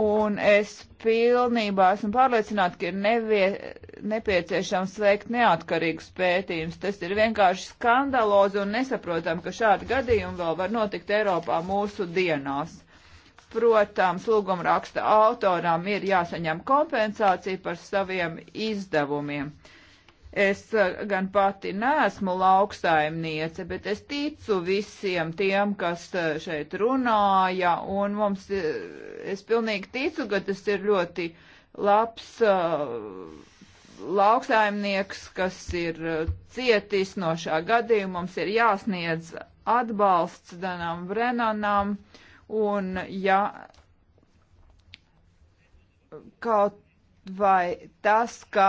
un es pilnībā esmu pārliecināta, ka ir nevie, nepieciešams veikt neatkarīgus pētījumus. Tas ir vienkārši skandalozi un nesaprotam, ka šādi gadījumi vēl var notikt Eiropā mūsu dienās. Protams, lūguma raksta autoram ir jāsaņem kompensācija par saviem izdevumiem. Uh, Es eh, gan pati neesmu lauksaimniece, bet es ticu visiem tiem, kas eh, šeit runāja, un mums, eh, es pilnīgi ticu, ka tas ir ļoti labs uh, lauksaimnieks, kas ir cietis no šā gadījuma. Mums ir jāsniedz atbalsts Danam Vrenanam, un ja kaut vai tas, ka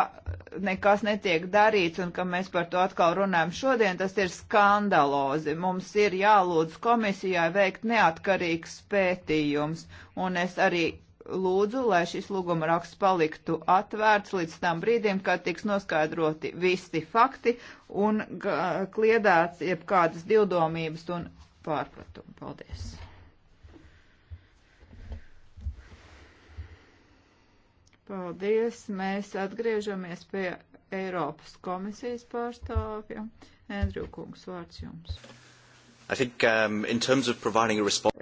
nekas netiek darīts un ka mēs par to atkal runājam šodien, tas ir skandalozi. Mums ir jālūdz komisijai veikt neatkarīgs pētījums, un es arī lūdzu, lai šis lūguma raksts paliktu atvērts līdz tam brīdim, kad tiks noskaidroti visi fakti un kliedēts jebkādas divdomības un pārpratumi. Paldies! Paldies. Mēs atgriežamies pie Eiropas komisijas pārstāvja. Andriju Kungs, vārds jums. Think, um,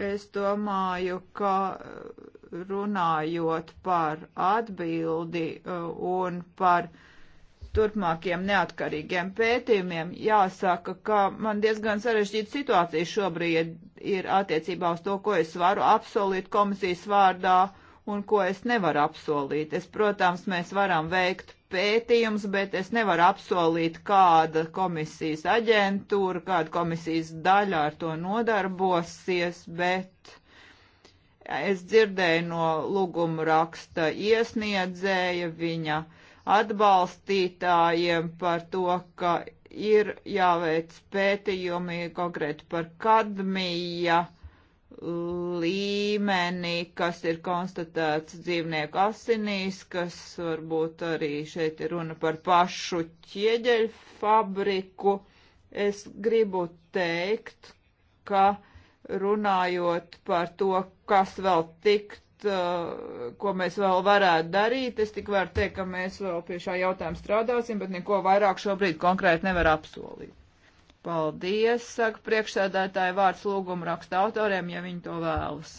es domāju, ka uh, runājot par atbildi uh, un par turpmākiem neatkarīgiem pētījumiem, jāsaka, ka man diezgan sarežģīta situācija šobrīd ir attiecībā uz to, ko es varu apsolīt komisijas vārdā un ko es nevaru apsolīt. Es, protams, mēs varam veikt pētījums, bet es nevaru apsolīt, kāda komisijas aģentūra, kāda komisijas daļa ar to nodarbosies, bet es dzirdēju no lūguma raksta iesniedzēja viņa atbalstītājiem par to, ka ir jāveic pētījumi konkrēti par kadmija uh, līmenī, kas ir konstatēts dzīvnieku asinīs, kas varbūt arī šeit ir runa par pašu ķieģeļu fabriku. Es gribu teikt, ka runājot par to, kas vēl tikt, eh, ko mēs vēl varētu darīt, es tik varu teikt, ka mēs vēl pie šā jautājuma strādāsim, bet neko vairāk šobrīd konkrēti nevar apsolīt. Paldies, saka priekšsēdētāja vārds lūguma raksta autoriem, ja viņi to vēlas.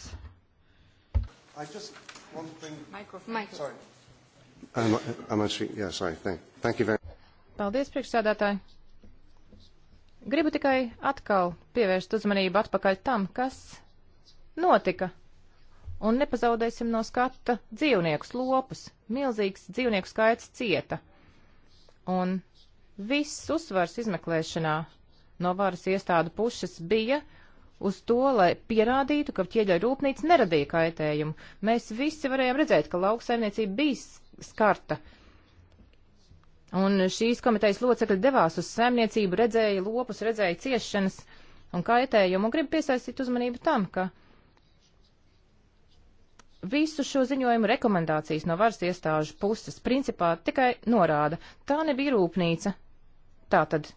I'm, I'm actually, yeah, sorry, thank, thank you very... Paldies, priekšsēdētāji. Gribu tikai atkal pievērst uzmanību atpakaļ tam, kas notika. Un nepazaudēsim no skata dzīvniekus lopus. Milzīgs dzīvnieku skaits cieta. Un viss uzsvars izmeklēšanā no varas iestādu puses bija uz to, lai pierādītu, ka ķieģeļa rūpnīca neradīja kaitējumu. Mēs visi varējām redzēt, ka lauksaimniecība bija skarta. Un šīs komitejas locekļi devās uz saimniecību, redzēja lopus, redzēja ciešanas un kaitējumu. Un gribu piesaistīt uzmanību tam, ka visu šo ziņojumu rekomendācijas no varas iestāžu puses principā tikai norāda, tā nebija rūpnīca. Tātad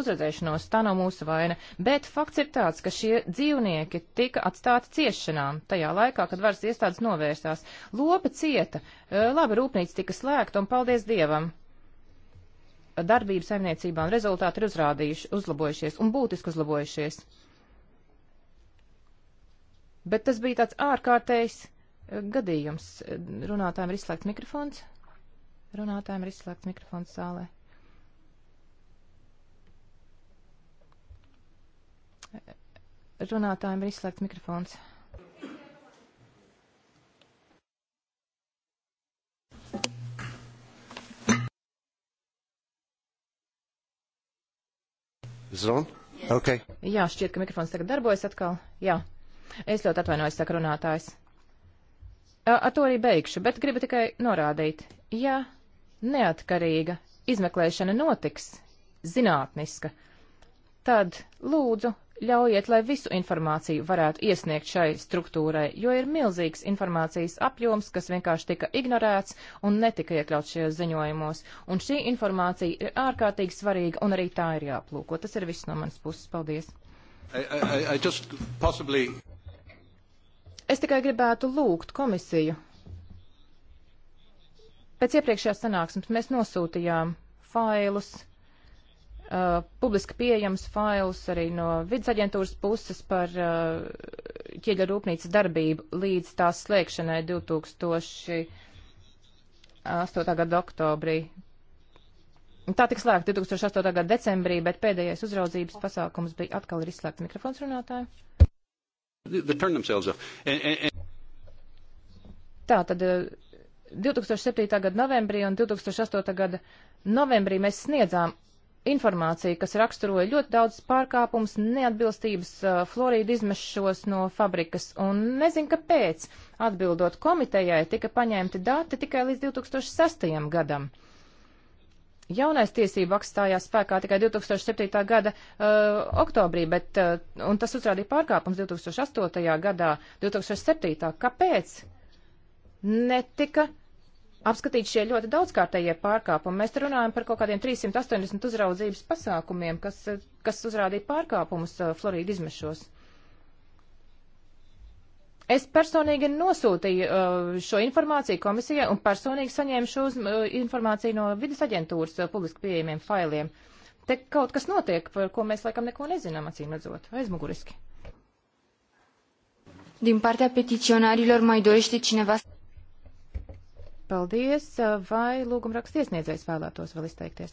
uzredzēšanos, tā nav mūsu vaina. Bet fakts ir tāds, ka šie dzīvnieki tika atstāti ciešanām tajā laikā, kad varas iestādes novērsās. Lopa cieta, eh, labi, rūpnīca tika slēgta un paldies Dievam. Darbības saimniecībā un rezultāti ir uzrādījuši, uzlabojušies un būtiski uzlabojušies. Bet tas bija tāds ārkārtējs eh, gadījums. Eh, runātājiem ir izslēgts mikrofons. Runātājiem ir izslēgts mikrofons zālē. Runātājiem ir izslēgts mikrofons. Zvon? Okay. Jā, šķiet, ka mikrofons tagad darbojas atkal. Jā. Es ļoti atvainojos, saka runātājs. Ar to arī beigšu, bet gribu tikai norādīt. Ja neatkarīga izmeklēšana notiks, zinātniska, tad lūdzu ļaujiet, lai visu informāciju varētu iesniegt šai struktūrai, jo ir milzīgs informācijas apjoms, kas vienkārši tika ignorēts un netika iekļauts šajos ziņojumos. Un šī informācija ir ārkārtīgi svarīga, un arī tā ir jāplūko. Tas ir viss no manas puses. Paldies! I, I, I just possibly... Es tikai gribētu lūgt komisiju. Pēc iepriekšējās sanāksmes mēs nosūtījām failus uh, publiski pieejams fails arī no vidas aģentūras puses par uh, ķieģa rūpnīcas darbību līdz tās slēgšanai 2008. gada oktobrī. Tā tiks slēgta 2008. gada decembrī, bet pēdējais uzraudzības pasākums bija atkal ir izslēgts mikrofons runātāju. Tā tad 2007. Uh, gada novembrī un 2008. gada novembrī mēs sniedzām informācija, kas raksturoja ļoti daudz pārkāpums, neatbilstības uh, florīdu izmešos no fabrikas, un nezinu, kāpēc, atbildot komitejai, tika paņemti dati tikai līdz 2006. gadam. Jaunais tiesība akts stājās spēkā tikai 2007. gada uh, oktobrī, bet, uh, un tas uzrādīja pārkāpums 2008. gadā, 2007. Kāpēc netika apskatīt šie ļoti daudzkārtējie pārkāpumi. Mēs runājam par kaut kādiem 380 uzraudzības pasākumiem, kas, kas uzrādīja pārkāpumus uh, Florīda izmešos. Es personīgi nosūtīju uh, šo informāciju komisijai un personīgi saņēmu šo uh, informāciju no vidas aģentūras publiski pieejamiem failiem. Te kaut kas notiek, par ko mēs laikam neko nezinām, acīm redzot, aizmuguriski. Din partea peticionarilor mai dorește cineva Paldies. Vai lūguma raksts iesniedzējs vēlētos vēl izteikties?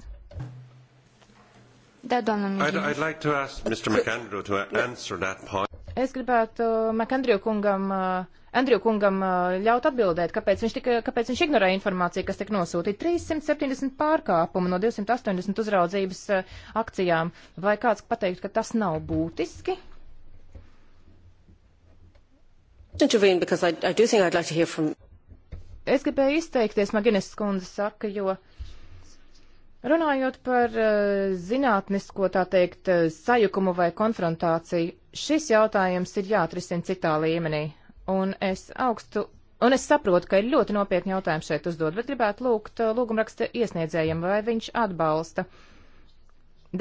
Da, like es gribētu uh, Makandriju kungam, uh, Andriju kungam uh, ļaut atbildēt, kāpēc viņš, tika, kāpēc viņš ignorēja informāciju, kas tika nosūtīta. 370 pārkāpumu no 280 uzraudzības akcijām. Vai kāds pateikt, ka tas nav būtiski? Intervene because I, I do think I'd like to hear from Es gribēju izteikties, Maginis skundze saka, jo runājot par eh, zinātnisko, tā teikt, eh, sajukumu vai konfrontāciju, šis jautājums ir jāatrisina citā līmenī. Un es augstu, un es saprotu, ka ir ļoti nopietni jautājumi šeit uzdod, bet gribētu lūgt eh, lūgumraksta iesniedzējiem, vai viņš atbalsta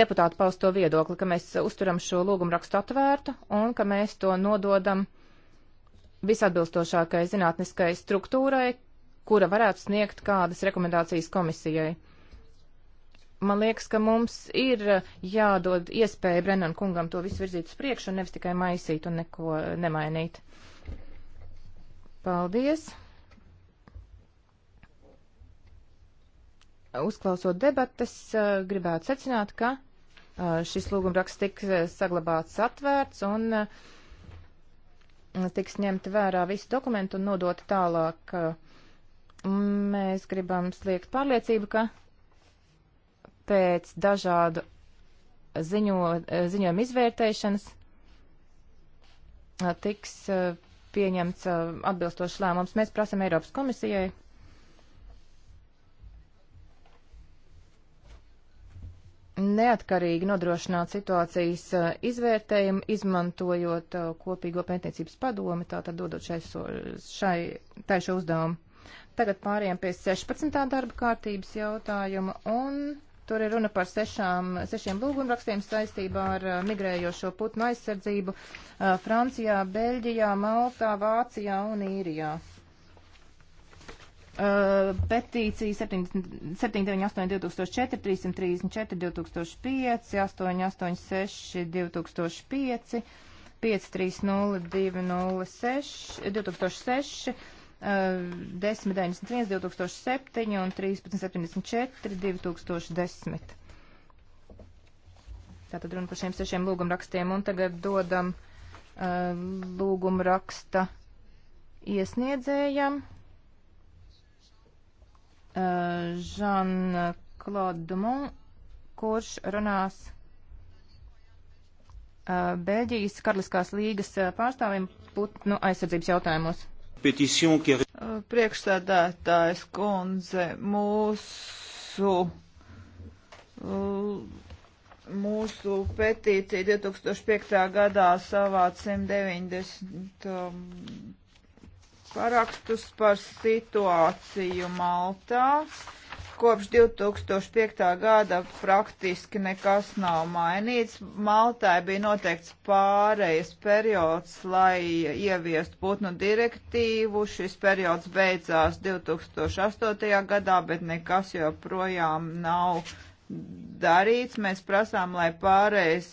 deputātu pausto viedokli, ka mēs uzturam šo lūgumrakstu atvērtu un ka mēs to nododam visatbilstošākai zinātniskai struktūrai, kura varētu sniegt kādas rekomendācijas komisijai. Man liekas, ka mums ir eh, jādod iespēja Brennan kungam to visu virzīt uz priekšu un nevis tikai maisīt un neko eh, nemainīt. Paldies! Uzklausot debates, eh, gribētu secināt, ka šis lūgumraksts tiks saglabāts atvērts un tiks ņemti vērā visi dokumenti un nodoti tālāk uh, Mēs gribam sliegt pārliecību, ka pēc dažādu ziņo, ziņojumu izvērtēšanas tiks pieņemts atbilstošs lēmums. Mēs prasam Eiropas komisijai. Neatkarīgi nodrošināt situācijas izvērtējumu, izmantojot kopīgo pētniecības padomi, tātad dodot šai, šai, tai šo uzdevumu. Tagad pāriem pie 16. darba kārtības jautājuma, un tur ir runa par sešām, sešiem lūgumrakstiem saistībā ar uh, migrējošo putnu aizsardzību uh, Francijā, Beļģijā, Maltā, Vācijā un Īrijā. Uh, petīcija 798-2004, 334-2005, 886-2005, 530-2006, 1091, eh, 2007 un 1374, 2010. Tātad runa par šiem sešiem lūgumrakstiem un tagad dodam uh, eh, lūgumraksta iesniedzējam. Žan-Claude eh, uh, Dumont, kurš runās uh, Beļģijas Karliskās līgas pārstāvim putnu aizsardzības jautājumos. Uh, priekšsēdētājs kundze, mūsu, uh, mūsu petīcija 2005. gadā savāca 190 um, parakstus par situāciju Maltā. Kopš 2005. gada praktiski nekas nav mainīts. Maltai bija noteikts pārējais periods, lai ieviest putnu direktīvu. Šis periods beidzās 2008. gadā, bet nekas joprojām nav darīts. Mēs prasām, lai pārējais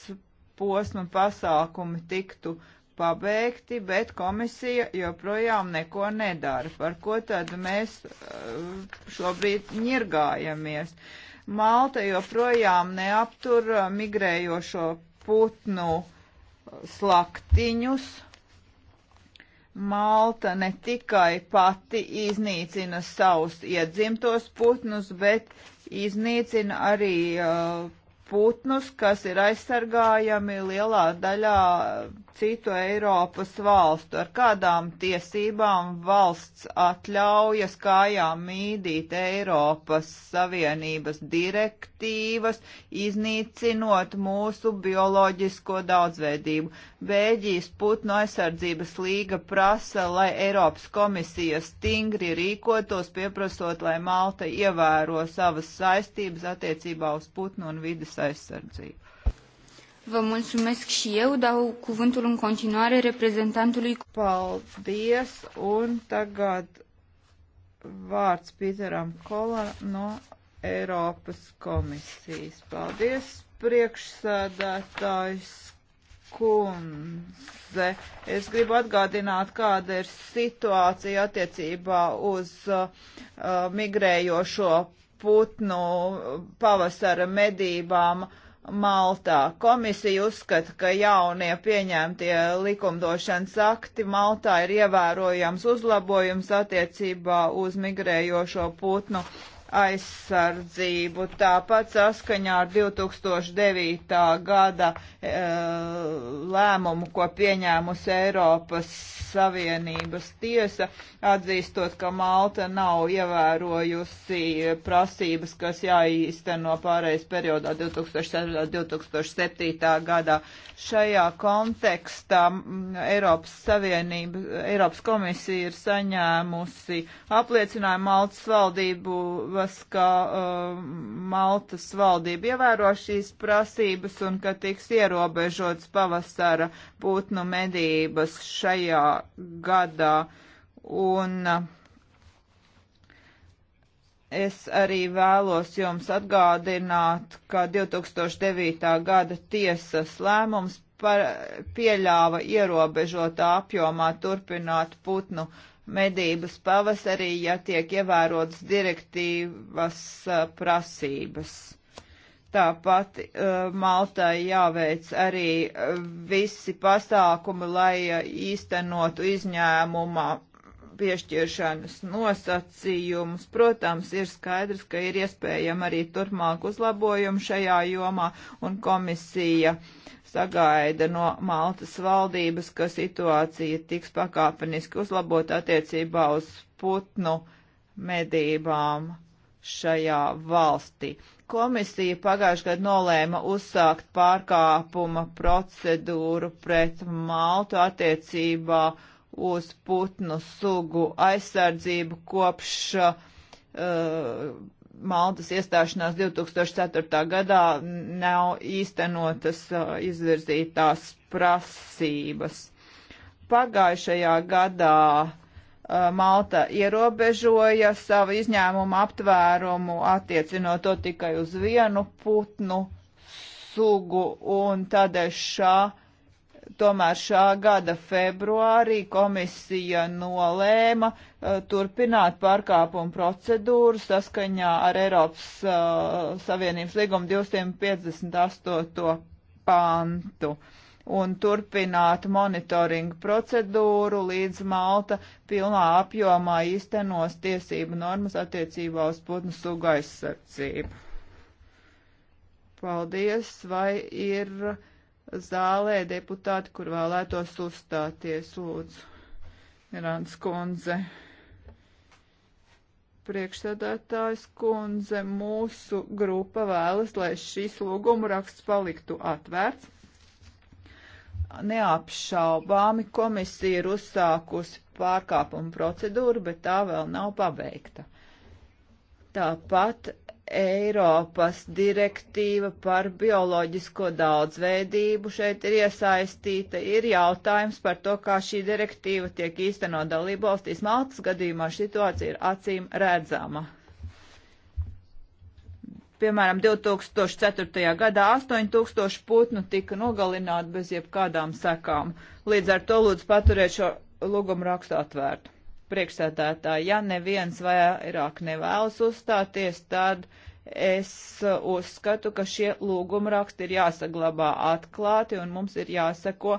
posma pasākumi tiktu pabeigti, bet komisija joprojām neko nedara. Par ko tad mēs eh, šobrīd ņirgājamies? Malta joprojām neaptur eh, migrējošo putnu eh, slaktiņus. Malta ne tikai pati iznīcina savus iedzimtos putnus, bet iznīcina arī uh, putnus, kas ir aizsargājami lielā daļā citu Eiropas valstu, ar kādām tiesībām valsts atļaujas kājām mīdīt Eiropas Savienības direktīvas, iznīcinot mūsu bioloģisko daudzveidību. Bēģijas putnu aizsardzības līga prasa, lai Eiropas komisija stingri rīkotos, pieprasot, lai Malta ievēro savas saistības attiecībā uz putnu un vidas aizsardzību. Vă mulțumesc și eu, dau cuvântul în continuare reprezentantului. Paldies, un tagad vārds Pīteram Kola no Eiropas komisijas. Paldies, priekšsēdētājs kundze. Es gribu atgādināt, kāda ir situācija attiecībā uz uh, migrējošo putnu pavasara medībām. Uh, Maltā. Komisija uzskata, ka jaunie pieņemtie likumdošanas akti Maltā ir ievērojams uzlabojums attiecībā uz migrējošo putnu aizsardzību. Tāpat saskaņā ar 2009. gada e, lēmumu, ko pieņēmusi Eiropas Savienības tiesa, atzīstot, ka Malta nav ievērojusi prasības, kas jāīsteno pārējais periodā 2004.-2007. gadā. Šajā kontekstā Eiropas Savienība, Eiropas komisija ir saņēmusi apliecinājumu Maltas valdību prasības, ka uh, Maltas valdība ievēro šīs prasības un ka tiks ierobežots pavasara putnu medības šajā gadā. Un uh, es arī vēlos jums atgādināt, ka 2009. gada tiesas lēmums par, pieļāva ierobežotā apjomā turpināt putnu medību medības pavasarī, ja tiek ievērotas direktīvas uh, prasības. Tāpat uh, Maltai jāveic arī uh, visi pasākumi, lai īstenotu izņēmuma piešķiršanas nosacījumus. Protams, ir skaidrs, ka ir iespējama arī turpmāk uzlabojumi šajā jomā, un komisija sagaida no Maltas valdības, ka situācija tiks pakāpeniski uzlabot attiecībā uz putnu medībām šajā valstī. Komisija pagājušajā gadā nolēma uzsākt pārkāpuma procedūru pret Maltu attiecībā uz uz putnu sugu aizsardzību kopš uh, Maltas iestāšanās 2004. gadā nav īstenotas uh, izvirzītās prasības. Pagājušajā gadā uh, Malta ierobežoja savu izņēmumu aptvērumu, attiecinot to tikai uz vienu putnu sugu, un tādēļ šā Tomēr šā gada februārī komisija nolēma uh, turpināt pārkāpumu procedūru saskaņā ar Eiropas uh, Savienības līgumu 258. pantu un turpināt monitoringu procedūru līdz Malta pilnā apjomā īstenos tiesību normas attiecībā uz putnu sugu aizsardzību. Paldies, vai ir zālē deputāti, kur vēlētos uzstāties, lūdzu. Irāns kundze. Priekšsēdētājs kundze, mūsu grupa vēlas, lai šis lūguma raksts paliktu atvērts. Neapšaubāmi komisija ir uzsākusi pārkāpumu procedūru, bet tā vēl nav pabeigta. Tāpat Eiropas direktīva par bioloģisko daudzveidību šeit ir iesaistīta. Ir jautājums par to, kā šī direktīva tiek īstenot dalību valstīs. Maltas gadījumā situācija ir acīm redzama. Piemēram, 2004. gadā 8000 putnu tika nogalināti bez jebkādām sekām. Līdz ar to lūdzu paturēt šo lūgumu rakstu atvērtu priekšsēdētāji, ja neviens vairāk nevēlas uzstāties, tad es uzskatu, ka šie lūguma raksti ir jāsaglabā atklāti un mums ir jāseko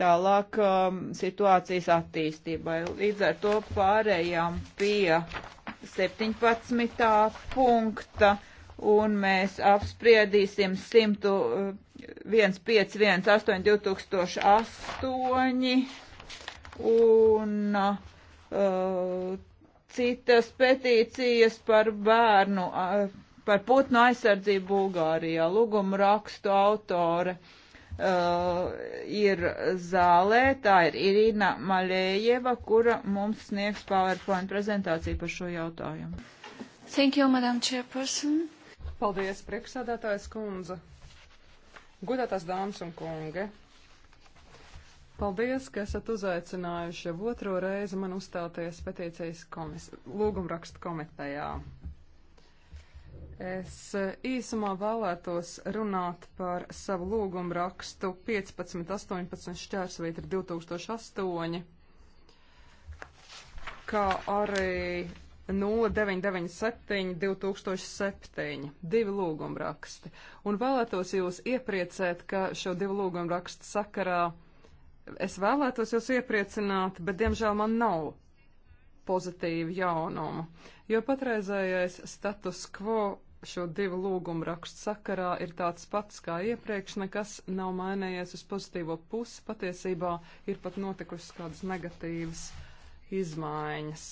tālāk um, situācijas attīstībai. Līdz ar to pārējām pie 17. punkta un mēs apspriedīsim 101.518.2008 un uh, uh, citas petīcijas par bērnu, uh, par putnu aizsardzību Bulgārijā. Lūguma rakstu autore uh, ir zālē, tā ir Irina Maļējeva, kura mums sniegs PowerPoint prezentāciju par šo jautājumu. Thank you, Madam Chairperson. Paldies, priekšsādātājs kundze. Gudētās dāmas un kungi, Paldies, ka esat uzaicinājuši jau otro reizi man uzstāties petīcijas komis lūgumrakstu komitejā. Es eh, īsumā vēlētos runāt par savu lūgumu rakstu 1518 šķērsvīt ir 2008, kā arī 0997 2007 divi lūgumu raksti. Un vēlētos jūs iepriecēt, ka šo divu lūgumu rakstu sakarā Es vēlētos jūs iepriecināt, bet diemžēl man nav pozitīvu jaunumu, jo patreizējais status quo šo divu lūgumu rakstu sakarā ir tāds pats kā iepriekš, nekas nav mainījies uz pozitīvo pusi, patiesībā ir pat notikusi kādas negatīvas izmaiņas.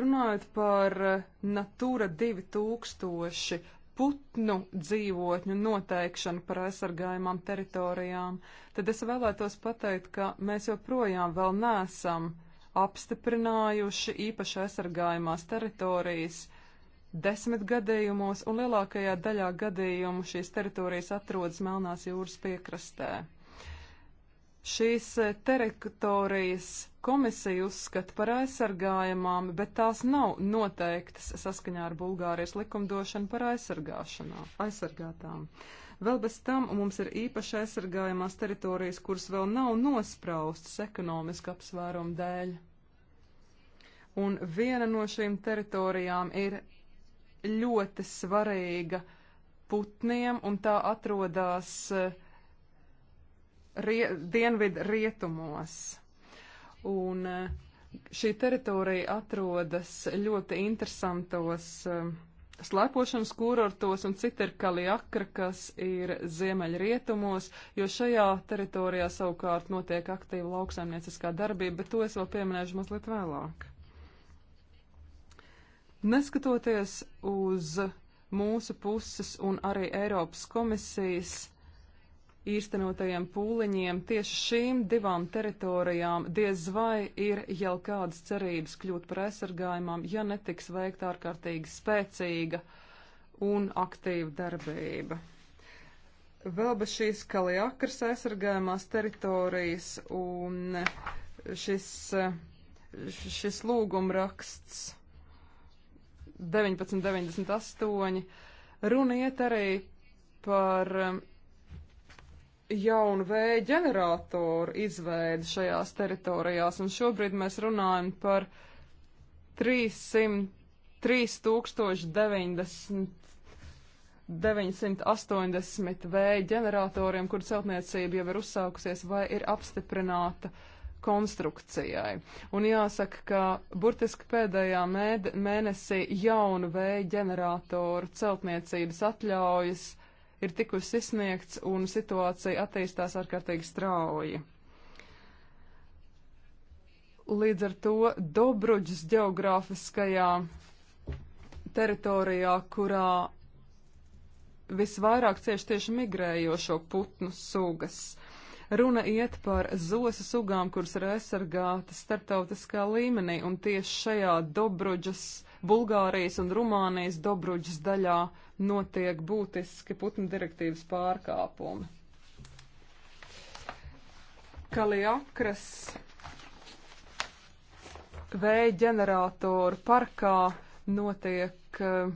Runājot par Natūra 2000 putnu dzīvotņu noteikšanu par aizsargājumām teritorijām, tad es vēlētos pateikt, ka mēs joprojām vēl nesam apstiprinājuši īpaši aizsargājumās teritorijas desmit gadījumos, un lielākajā daļā gadījumu šīs teritorijas atrodas Melnās jūras piekrastē. Šīs teritorijas komisija uzskata par aizsargājamām, bet tās nav noteiktas saskaņā ar Bulgārijas likumdošanu par aizsargātām. Vēl bez tam mums ir īpaši aizsargājamās teritorijas, kuras vēl nav nospraustas ekonomiska apsvēruma dēļ. Un viena no šīm teritorijām ir ļoti svarīga putniem, un tā atrodas eh, rie, dienvidu rietumos. Un eh, šī teritorija atrodas ļoti interesantos eh, slēpošanas kurortos un cita ir Kaliakra, kas ir ziemeļrietumos, jo šajā teritorijā savukārt notiek aktīva lauksaimnieciskā darbība, bet to es vēl pieminēšu mazliet vēlāk. Neskatoties uz mūsu puses un arī Eiropas komisijas īstenotajiem pūliņiem tieši šīm divām teritorijām diez vai ir jau kādas cerības kļūt par aizsargājumām, ja netiks veikta ārkārtīgi spēcīga un aktīva darbība. Vēl bez šīs Kaliakras aizsargājumās teritorijas un šis, šis lūgumraksts 1998 runiet arī par jaunu vēja ģeneratoru izveidi šajās teritorijās, un šobrīd mēs runājam par 300, 3090, 980 vēja ģeneratoriem, kur celtniecība jau ir uzsākusies vai ir apstiprināta konstrukcijai. Un jāsaka, ka burtiski pēdējā mēd, mēnesī jaunu vēja ģeneratoru celtniecības atļaujas ir tikusi izsniegts un situācija attīstās ārkārtīgi strauji. Līdz ar to Dobruģis geogrāfiskajā teritorijā, kurā visvairāk cieši tieši migrējošo putnu sugas. Runa iet par zosu sugām, kuras ir aizsargātas starptautiskā līmenī, un tieši šajā Dobruģas Bulgārijas un Rumānijas Dobruģas daļā notiek būtiski putnu direktīvas pārkāpumi. Kaliakras vēja ģeneratoru parkā notiek uh,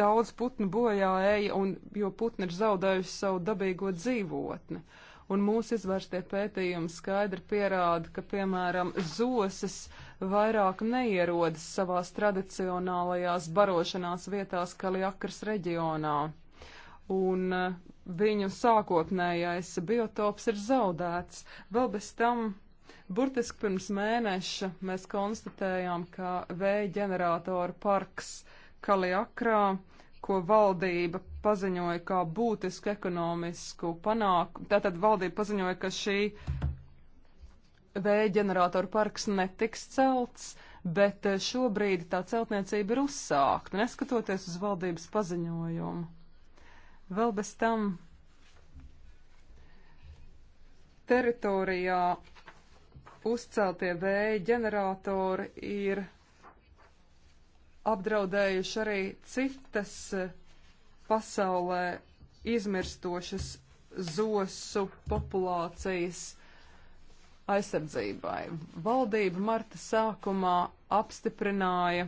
daudz putnu bojā eja, un, jo putni ir zaudējuši savu dabīgo dzīvotni. Un mūsu izvērstie pētījumi skaidri pierāda, ka, piemēram, zosas uh, vairāk neierodas savās tradicionālajās barošanās vietās Kaliakras reģionā. Un eh, viņu sākotnējais biotops ir zaudēts. Vēl bez tam Burtiski pirms mēneša mēs konstatējām, ka vēja ģenerātora parks Kaliakrā, ko valdība paziņoja kā būtisku ekonomisku panākumu, tātad valdība paziņoja, ka šī vēja ģeneratoru parks netiks celts, bet eh, šobrīd tā celtniecība ir uzsākta, neskatoties uz valdības paziņojumu. Vēl bez tam teritorijā uzceltie vēja ģeneratori ir apdraudējuši arī citas eh, pasaulē izmirstošas zosu populācijas aizsardzībai. Valdība marta sākumā apstiprināja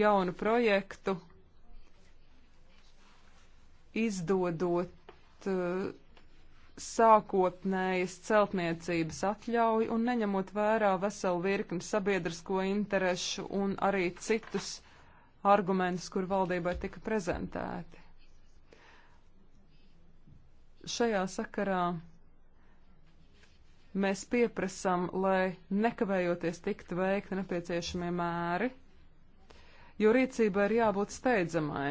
jaunu projektu, izdodot uh, sākotnējas celtniecības atļauju un neņemot vērā veselu virkni sabiedrisko interešu un arī citus argumentus, kur valdībai tika prezentēti. Šajā sakarā Mēs pieprasām, lai nekavējoties tiktu veikti nepieciešamie mēri, jo rīcība ir jābūt steidzamai.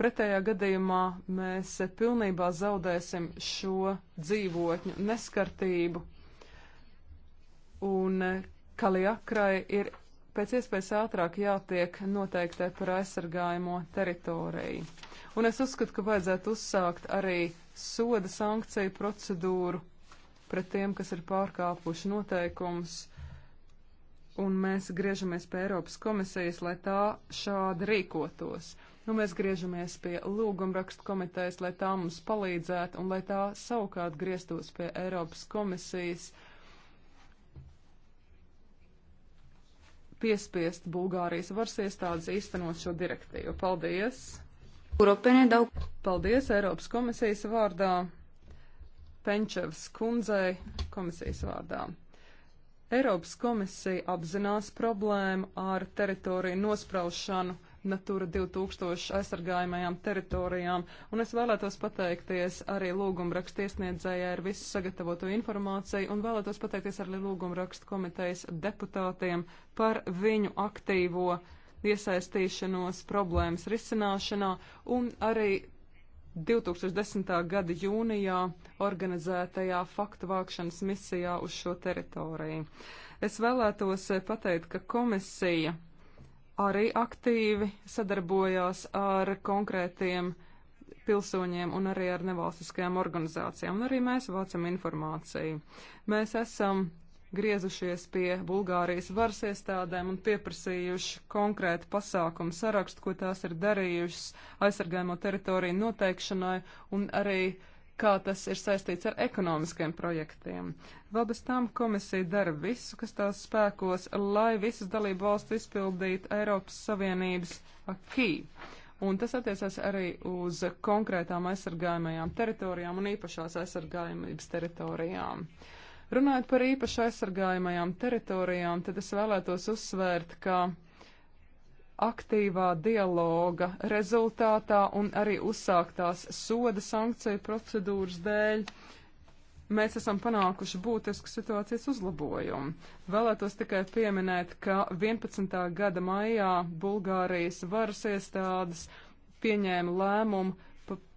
Pretējā gadījumā mēs pilnībā zaudēsim šo dzīvotņu neskartību, un Kaliakrai ir pēc iespējas ātrāk jātiek noteiktai par aizsargājamo teritoriju. Un es uzskatu, ka vajadzētu uzsākt arī soda sankciju procedūru pret tiem, kas ir pārkāpuši noteikumus, un mēs griežamies pie Eiropas komisijas, lai tā šādi rīkotos. Nu, mēs griežamies pie lūgumrakstu komitejas, lai tā mums palīdzētu un lai tā savukārt grieztos pie Eiropas komisijas, piespiest Bulgārijas varas iestādes īstenot šo direktīvu. Paldies! Paldies Eiropas komisijas vārdā! Penčevs kundzei komisijas vārdā. Eiropas komisija apzinās problēmu ar teritoriju nospraušanu Natura 2000 aizsargājumajām teritorijām, un es vēlētos pateikties arī lūgumrakstu iesniedzējai ar visu sagatavoto informāciju, un vēlētos pateikties arī lūgumrakstu komitejas deputātiem par viņu aktīvo iesaistīšanos problēmas risināšanā un arī 2010. gada jūnijā organizētajā faktu vākšanas misijā uz šo teritoriju. Es vēlētos pateikt, ka komisija arī aktīvi sadarbojās ar konkrētiem pilsoņiem un arī ar nevalstiskajām organizācijām, un arī mēs vācam informāciju. Mēs esam griezušies pie Bulgārijas varas iestādēm un pieprasījuši konkrētu pasākumu sarakstu, ko tās ir darījušas aizsargājumo teritoriju noteikšanai un arī kā tas ir saistīts ar ekonomiskiem projektiem. Vēl bez tam komisija dara visu, kas tās spēkos, lai visas dalību valsts izpildītu Eiropas Savienības akī. Un tas attiecas arī uz konkrētām aizsargājumajām teritorijām un īpašās aizsargājumības teritorijām. Uh, Runājot par īpaši aizsargājumajām teritorijām, tad es vēlētos uzsvērt, ka aktīvā dialoga rezultātā un arī uzsāktās soda sankciju procedūras dēļ mēs esam panākuši būtisku situācijas uzlabojumu. Vēlētos tikai pieminēt, ka 11. gada maijā Bulgārijas varas iestādes pieņēma lēmumu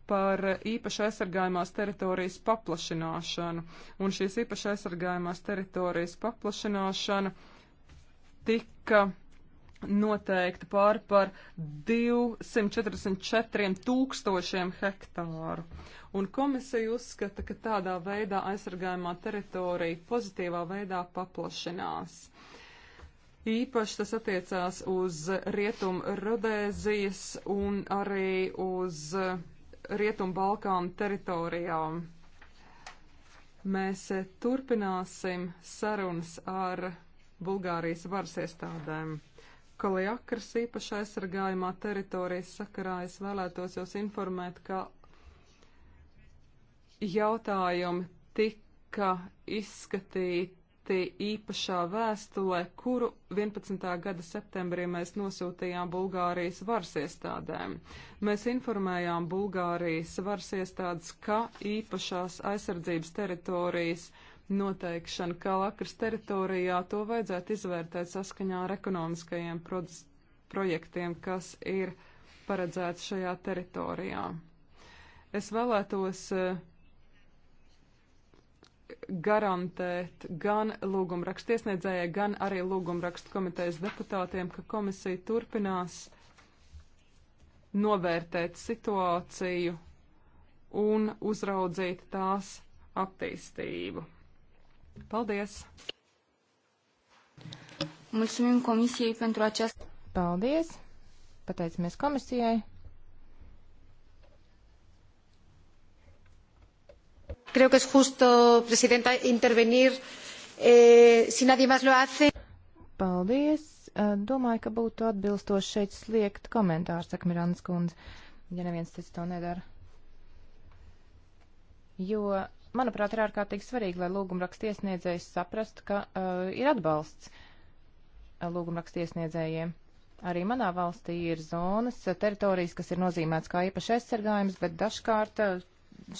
par īpaši aizsargājumās teritorijas paplašināšanu, un šīs īpaši aizsargājumās teritorijas paplašināšana tika noteikta pār par 244 tūkstošiem hektāru. Un komisija uzskata, ka tādā veidā aizsargājumā teritorija pozitīvā veidā paplašinās. Īpaši tas attiecās uz rietumu Rodēzijas un arī uz uh, Rietumbalkānu teritorijām. Mēs eh, turpināsim sarunas ar Bulgārijas varas iestādēm. Kaliakras īpaši aizsargājumā teritorijas sakarā es vēlētos jūs informēt, ka jautājumi tika izskatīti rakstīja īpašā vēstulē, kuru 11. gada septembrī mēs nosūtījām Bulgārijas varas iestādēm. Mēs informējām Bulgārijas varas iestādes, ka īpašās aizsardzības teritorijas noteikšana Kalakras teritorijā to vajadzētu izvērtēt saskaņā ar ekonomiskajiem projektiem, kas ir paredzēti šajā teritorijā. Es vēlētos uh, garantēt gan lūgumrakstu iesniedzējai, gan arī lūgumrakstu komitejas deputātiem, ka komisija turpinās novērtēt situāciju un uzraudzīt tās attīstību. Paldies! Mulțumim Comisiei pentru această. Paldies! Pateicamies komisijai creo que es justo, Presidenta, intervenir eh, si nadie más lo hace. Paldies. Eh, domāju, ka būtu atbilstoši šeit sliegt komentāru, saka Mirānas kundze, ja neviens cits to nedara. Jo, manuprāt, ir ārkārtīgi svarīgi, lai lūgumraksta iesniedzējs saprastu, ka uh, ir atbalsts eh, lūgumraksta iesniedzējiem. Arī manā valstī ir zonas, teritorijas, kas ir nozīmētas kā īpaši aizsargājums, bet dažkārt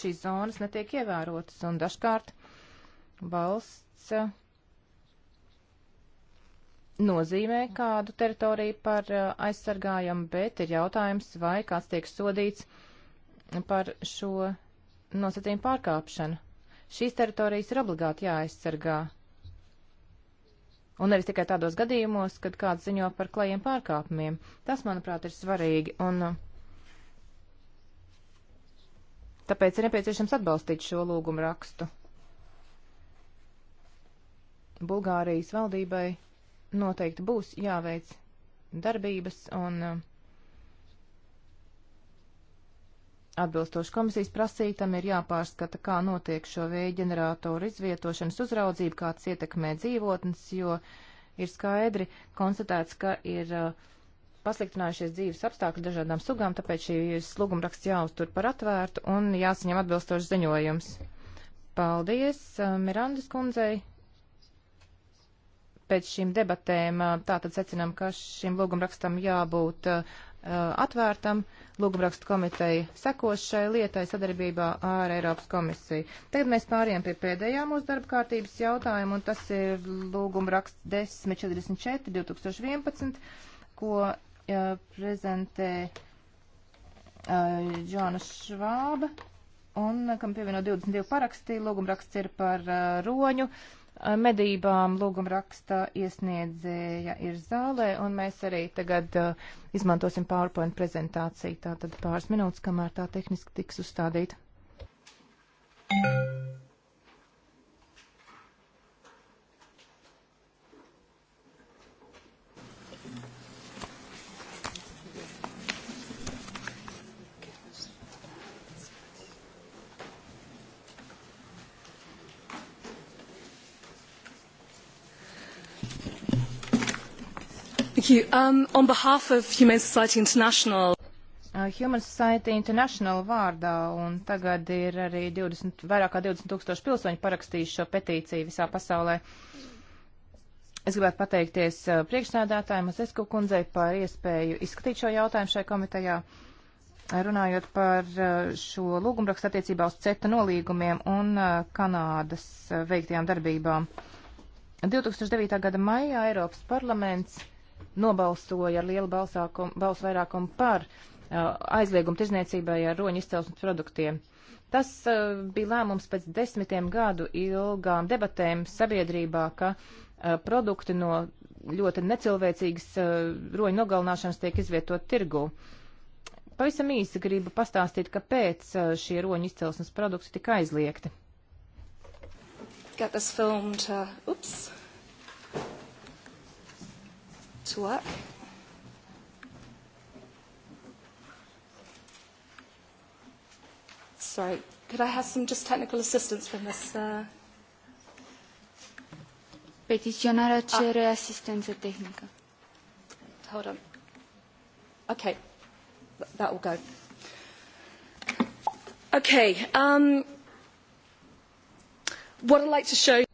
šīs zonas netiek ievērotas, un dažkārt valsts eh, nozīmē kādu teritoriju par eh, aizsargājumu, bet ir jautājums, vai kāds tiek sodīts par šo nosacījumu pārkāpšanu. Šīs teritorijas ir obligāti jāaizsargā. Un nevis tikai tādos gadījumos, kad kāds ziņo par klajiem pārkāpumiem. Tas, manuprāt, ir svarīgi. Un, uh, Tāpēc ir nepieciešams atbalstīt šo lūgumu rakstu. Bulgārijas valdībai noteikti būs jāveic darbības un uh, atbilstoši komisijas prasītam ir jāpārskata, kā notiek šo vēja ģeneratoru izvietošanas uzraudzību, kāds ietekmē dzīvotnes, jo ir skaidri konstatēts, ka ir uh, pasliktinājušies dzīves apstākļi dažādām sugām, tāpēc šīs lūgumraksts jāuztur par atvērtu un jāsaņem atbilstošs ziņojums. Paldies uh, Mirandas kundzei. Pēc šīm debatēm uh, tātad secinām, ka šim lūgumrakstam jābūt uh, atvērtam. Lūgumrakstu komiteja sekos šai lietai sadarbībā ar Eiropas komisiju. Tagad mēs pāriem pie pēdējā mūsu darba kārtības jautājuma, un tas ir lūgumraksts 1044 2011, ko Uh, prezentē Džona uh, Švāba, un uh, kam pievieno 22 parakstī. Lūgumraksts ir par roņu medībām. Lūgumraksta iesniedzēja ir zālē, un mēs arī tagad izmantosim PowerPoint prezentāciju. Tātad pāris minūtes, kamēr tā tehniski tiks uzstādīta. Thank you. Thank you. Um, on behalf of Humane Society International. Uh, Human Society International vārdā, un tagad ir arī 20, vairāk kā 20 tūkstoši pilsoņu parakstījuši šo petīciju visā pasaulē. Es gribētu pateikties uh, priekšsēdētājiem Zesku kundzei par iespēju izskatīt šo jautājumu šai komitejā, runājot par uh, šo lūgumrakstu attiecībā uz CETA nolīgumiem un Kanādas veiktajām darbībām. 2009. gada maijā Eiropas parlaments nobalsoja ar lielu balsākum, balsu vairākumu par uh, aizliegumu tirzniecībai ar roņu izcelsmes produktiem. Tas uh, bija lēmums pēc desmitiem gadu ilgām debatēm sabiedrībā, ka uh, produkti no ļoti necilvēcīgas uh, roņu nogalināšanas tiek izvietot tirgu. Pavisam īsi gribu pastāstīt, kāpēc uh, šie roņu izcelsmes produkti tika aizliegti. Got this filmed. Uh, oops zur Sorry, could I have some just technical assistance from this? Uh... Petiționarea ah. cere ah. asistență tehnică. Hold on. Okay, that will go. Okay, um, what I'd like to show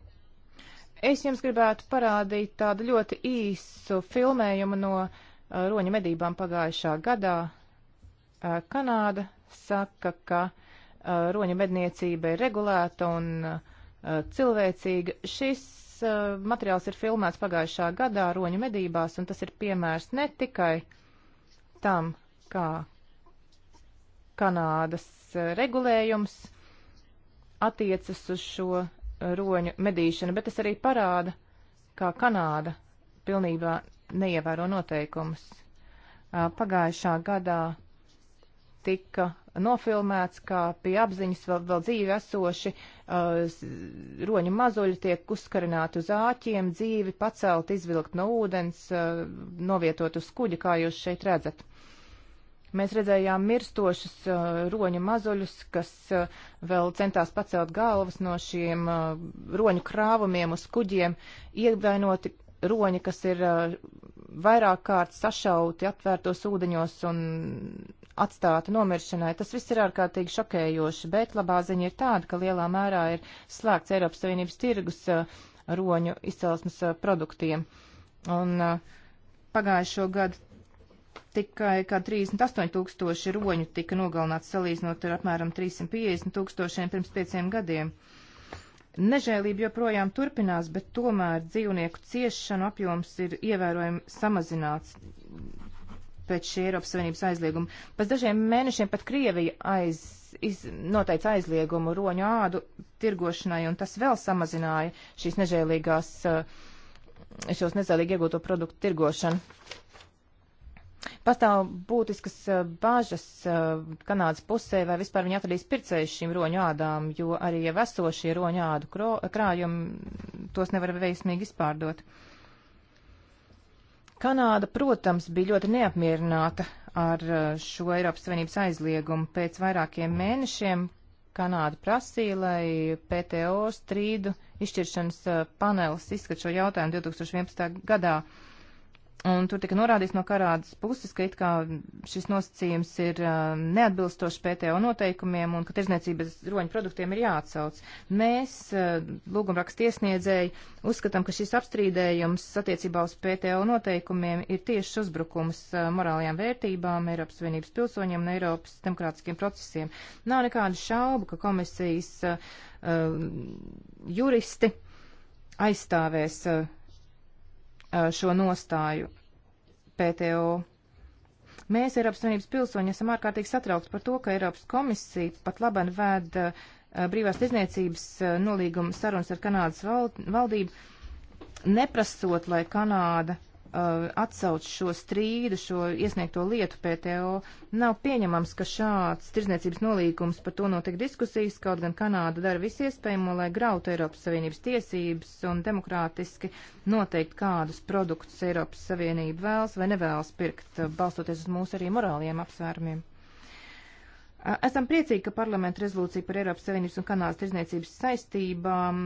Es jums gribētu parādīt tādu ļoti īsu filmējumu no uh, roņa medībām pagājušā gadā. Uh, Kanāda saka, ka uh, roņa medniecība ir regulēta un uh, cilvēcīga. Šis uh, materiāls ir filmēts pagājušā gadā roņa medībās, un tas ir piemērs ne tikai tam, kā Kanādas uh, regulējums attiecas uz šo roņu medīšana, bet tas arī parāda, kā Kanāda pilnībā neievēro noteikumus. Pagājušā gadā tika nofilmēts, kā pie apziņas vēl, vēl dzīvi esoši uh, roņu mazuļi tiek uzkarināti uz āķiem, dzīvi pacelt, izvilkt no ūdens, uh, novietot uz kuģa, kā jūs šeit redzat. Mēs redzējām mirstošus uh, roņu mazuļus, kas uh, vēl centās pacelt galvas no šiem uh, roņu krāvumiem uz kuģiem, iedainoti roņi, kas ir uh, vairāk kārt sašauti atvērtos ūdeņos un atstāti nomiršanai. Tas viss ir ārkārtīgi šokējoši, bet labā ziņa ir tāda, ka lielā mērā ir slēgts Eiropas Savienības tirgus uh, roņu izcelsmes uh, produktiem. Un uh, pagājušo gadu tikai kā 38 tūkstoši roņu tika nogalināts salīdzinot ar apmēram 350 tūkstošiem pirms pieciem gadiem. Nežēlība joprojām turpinās, bet tomēr dzīvnieku ciešanu apjoms ir ievērojami samazināts pēc šī Eiropas Savienības aizlieguma. Pēc dažiem mēnešiem pat Krievija aiz, iz, noteica aizliegumu roņu ādu tirgošanai, un tas vēl samazināja šīs nežēlīgās, eh, šos nežēlīgi iegūto produktu tirgošanu. Pastāv būtiskas eh, bāžas eh, Kanādas pusē, vai vispār viņi atradīs pircējus šīm roņu ādām, jo arī jau esošie roņu ādu krājumi tos nevar veiksmīgi izpārdot. Kanāda, protams, bija ļoti neapmierināta ar eh, šo Eiropas Savienības aizliegumu. Pēc vairākiem mēnešiem Kanāda prasīja, lai PTO strīdu izšķiršanas panelis izskat šo jautājumu 2011. gadā. Un tur tika norādīts no karādas puses, ka it kā šis nosacījums ir um, neatbilstošs PTO noteikumiem un ka tirzniecības roņu produktiem ir jāatsauc. Mēs, uh, lūgumraksta iesniedzēji, uzskatām, ka šis apstrīdējums attiecībā uz PTO noteikumiem ir tieši uzbrukums uh, morālajām vērtībām, Eiropas Savienības pilsoņiem un Eiropas demokrātiskiem procesiem. Nav nekādu šaubu, ka komisijas uh, uh juristi aizstāvēs. Uh, šo nostāju PTO. Mēs, Eiropas Savienības pilsoņi, esam ārkārtīgi satraukti par to, ka Eiropas komisija pat labam vēd brīvās tirzniecības nolīguma sarunas ar Kanādas valdību, neprasot, lai Kanāda uh, Uh, atsauc šo strīdu, šo iesniegto lietu PTO. Nav pieņemams, ka šāds tirdzniecības nolīgums par to notiek diskusijas, kaut gan Kanāda dara visu iespējamo, lai grautu Eiropas Savienības tiesības un demokrātiski noteikt, kādus produktus Eiropas Savienība vēlas vai nevēlas pirkt, uh, balstoties uz mūsu arī morāliem apsvērumiem. Esam priecīgi, ka parlamenta rezolūcija par Eiropas Savienības un Kanādas tirzniecības saistībām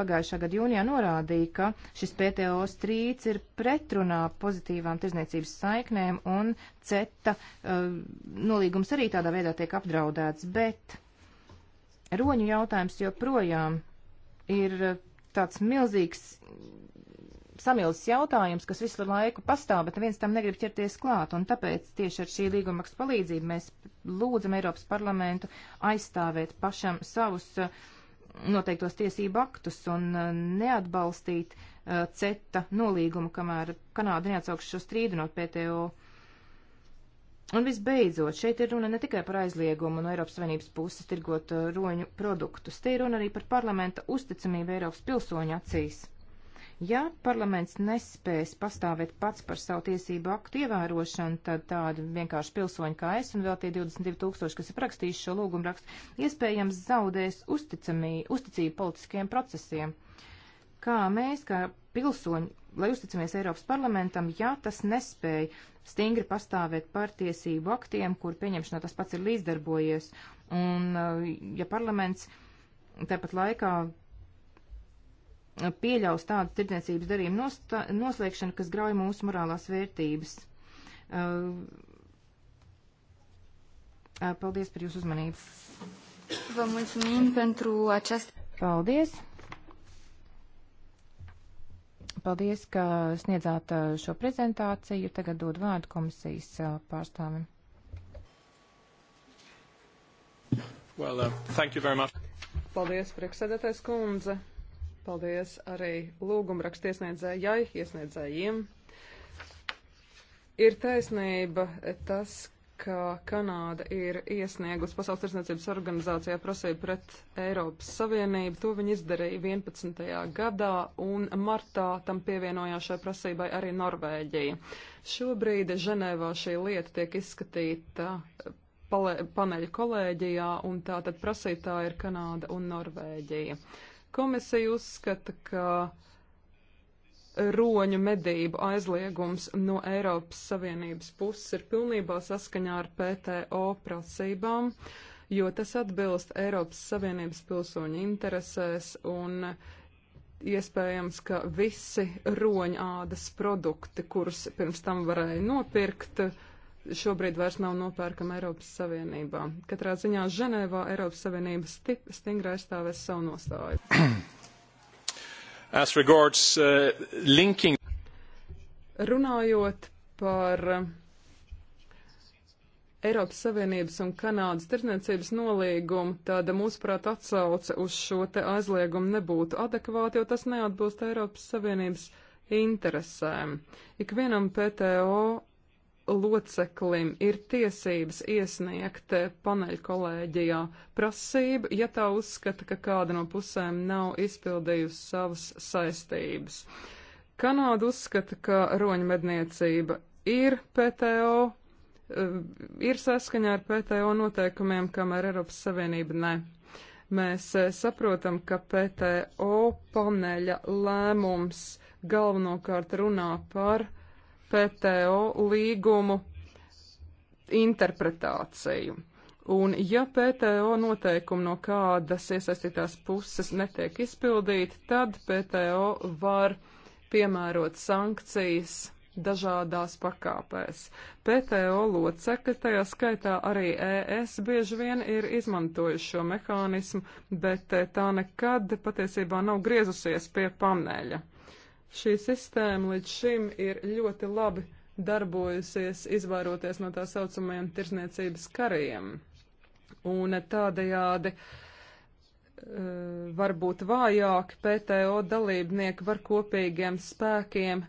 pagājušā gada jūnijā norādīja, ka šis PTO strīds ir pretrunā pozitīvām tirzniecības saiknēm un CETA uh, nolīgums arī tādā veidā tiek apdraudēts, bet roņu jautājums joprojām ir tāds milzīgs samilzis jautājums, kas visu laiku pastāv, bet neviens tam negrib ķerties klāt. Un tāpēc tieši ar šī līgumaksta palīdzību mēs lūdzam Eiropas parlamentu aizstāvēt pašam savus uh, noteiktos tiesību aktus un uh, neatbalstīt uh, CETA nolīgumu, kamēr Kanāda neatsauks šo strīdu no PTO. Un visbeidzot, šeit ir runa ne tikai par aizliegumu no Eiropas Savienības puses tirgot uh, roņu produktus, te ir runa arī par parlamenta uzticamību Eiropas pilsoņu acīs. Ja parlaments nespēs pastāvēt pats par savu tiesību aktu ievērošanu, tad tādi vienkārši pilsoņi kā es un vēl tie 22 tūkstoši, kas ir rakstījuši šo lūgumu rakstu, iespējams zaudēs uzticību politiskajiem procesiem. Kā mēs, kā pilsoņi, lai uzticamies Eiropas parlamentam, ja tas nespēja stingri pastāvēt par tiesību aktiem, kur pieņemšanā tas pats ir līdzdarbojies, un uh, ja parlaments tāpat laikā pieļaus tādu tirdzniecības darījumu noslēgšanu, kas grauj mūsu morālās vērtības. Uh, uh, paldies par jūsu uzmanību. Vă mulțumim pentru această... Paldies! Paldies, ka sniedzāt uh, šo prezentāciju. Tagad dod vārdu komisijas pārstāvim. Well, uh, thank you very much. Paldies, priekšsēdētais kundze. Paldies arī lūgumrakstu iesniedzējai, iesniedzējiem. Ir taisnība tas, ka Kanāda ir iesniegusi Pasaules tirsniecības organizācijā prasību pret Eiropas Savienību. To viņi izdarīja 11. gadā, un martā tam pievienojās šai prasībai arī Norvēģija. Šobrīd Ženēvā šī lieta tiek izskatīta eh, paneļa kolēģijā, un tātad prasītāji ir Kanāda un Norvēģija. Komisija uzskata, ka roņu medību aizliegums no Eiropas Savienības puses ir pilnībā saskaņā ar PTO prasībām, jo tas atbilst Eiropas Savienības pilsoņu interesēs un iespējams, ka visi roņādas produkti, kurus pirms tam varēja nopirkt, šobrīd vairs nav nopērkama Eiropas Savienībā. Katrā ziņā Ženēvā Eiropas Savienība sti stingri aizstāvēs savu nostāju. As regards uh, linking. Runājot par uh, Eiropas Savienības un Kanādas tirdzniecības nolīgumu, tad mūsuprāt atsauce uz šo te aizliegumu nebūtu adekvāta, jo tas neatbilst Eiropas Savienības interesēm. Ikvienam PTO loceklim ir tiesības iesniegt paneļkolēģijā prasību, ja tā uzskata, ka kāda no pusēm nav izpildījusi savas saistības. Kanāda uzskata, ka roņmedniecība ir PTO, eh, ir saskaņā ar PTO noteikumiem, kamēr Eiropas Savienība ne. Mēs eh, saprotam, ka PTO paneļa lēmums galvenokārt runā par PTO līgumu interpretāciju. Un, ja PTO noteikumi no kādas iesaistītās puses netiek izpildīti, tad PTO var piemērot sankcijas dažādās pakāpēs. PTO locekļi, tajā skaitā arī ES, bieži vien ir izmantojuši šo mehānismu, bet eh, tā nekad patiesībā nav griezusies pie paneļa. Šī sistēma līdz šim ir ļoti labi darbojusies, izvairoties no tā saucamajiem tirsniecības kariem. Un tādējādi eh, varbūt vājāki PTO dalībnieki var kopīgiem spēkiem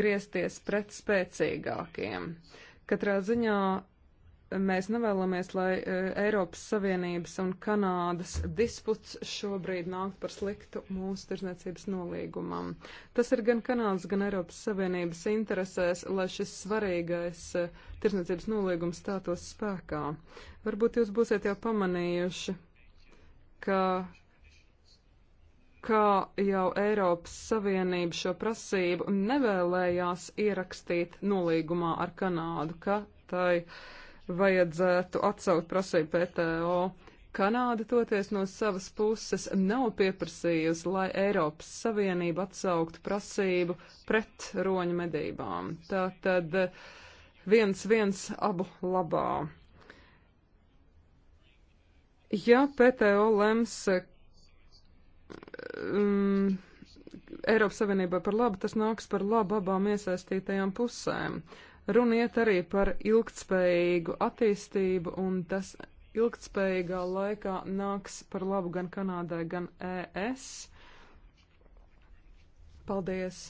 griezties pret spēcīgākiem. Katrā ziņā mēs nevēlamies, lai eh, Eiropas Savienības un Kanādas disputs šobrīd nāk par sliktu mūsu tirzniecības nolīgumam. Tas ir gan Kanādas, gan Eiropas Savienības interesēs, lai šis svarīgais eh, tirzniecības nolīgums stātos spēkā. Varbūt jūs būsiet jau pamanījuši, ka kā jau Eiropas Savienība šo prasību nevēlējās ierakstīt nolīgumā ar Kanādu, ka tai uh, vajadzētu atsaukt prasību PTO. Kanāda toties no savas puses nav pieprasījusi, lai Eiropas Savienība atsauktu prasību pret roņu medībām. Tā tad viens viens abu labā. Ja PTO lems um, Eiropas Savienībai par labu, tas nāks par labu abām iesaistītajām pusēm. Runa iet arī par ilgtspējīgu attīstību, un tas ilgtspējīgā laikā nāks par labu gan Kanādai, gan ES. Paldies!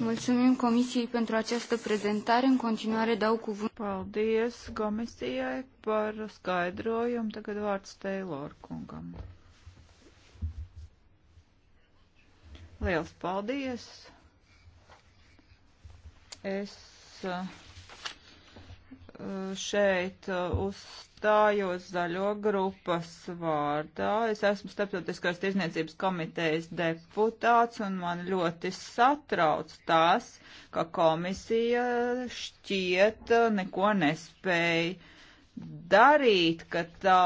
Mulțumim Comisiei pentru această prezentare. În continuare dau cuvântul. Paldies Komisijai par skaidrojumu. Tagad vārds Taylor kungam. Liels paldies! Es Eh, šeit eh, uzstājos zaļo grupas vārdā. Es esmu starptautiskās tirzniecības komitejas deputāts un man ļoti satrauc tas, ka komisija šķiet eh, neko nespēja darīt, ka tā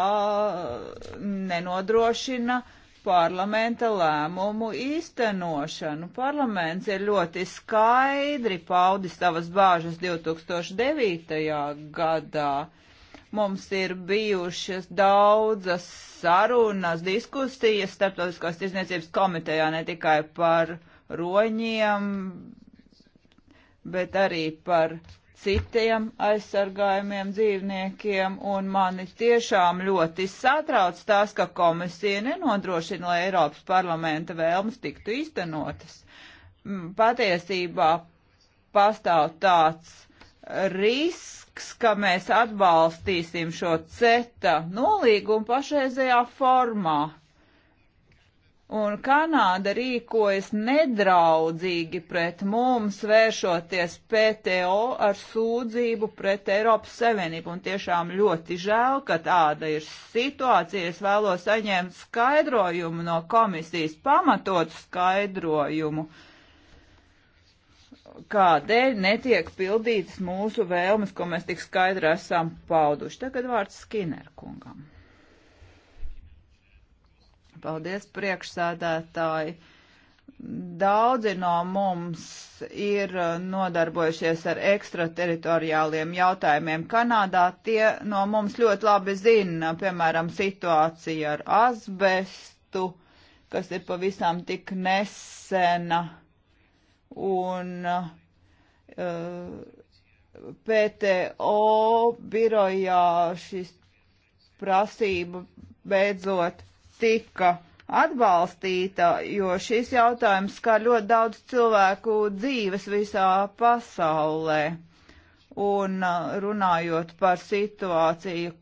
nenodrošina uh, parlamenta lēmumu īstenošanu. Parlaments ir ļoti skaidri paudi savas bāžas 2009. gadā. Mums ir bijušas daudzas sarunas, diskusijas starptautiskās tirzniecības komitejā ne tikai par roņiem, bet arī par uh, citiem aizsargājumiem dzīvniekiem, un mani tiešām ļoti satrauc tās, ka komisija nenodrošina, lai Eiropas parlamenta vēlmes tiktu īstenotas. Mm, patiesībā pastāv tāds risks, ka mēs atbalstīsim šo CETA nolīgumu pašreizējā formā un Kanāda rīkojas nedraudzīgi pret mums, vēršoties PTO ar sūdzību pret Eiropas Savienību. Un tiešām ļoti žēl, ka tāda ir situācija. Es vēlos saņemt skaidrojumu no komisijas, pamatotu skaidrojumu, kādēļ netiek pildītas mūsu vēlmes, ko mēs tik skaidri esam pauduši. Tagad vārds Skinner kungam. Paldies, priekšsēdētāji. Daudzi no mums ir uh, nodarbojušies ar ekstrateritoriāliem jautājumiem Kanādā. Tie no mums ļoti labi zina, piemēram, situācija ar asbestu, kas ir pavisam tik nesena. Un uh, PTO birojā šis prasība beidzot tika atbalstīta, jo šis jautājums skar ļoti daudz cilvēku dzīves visā pasaulē. Un uh, runājot par situāciju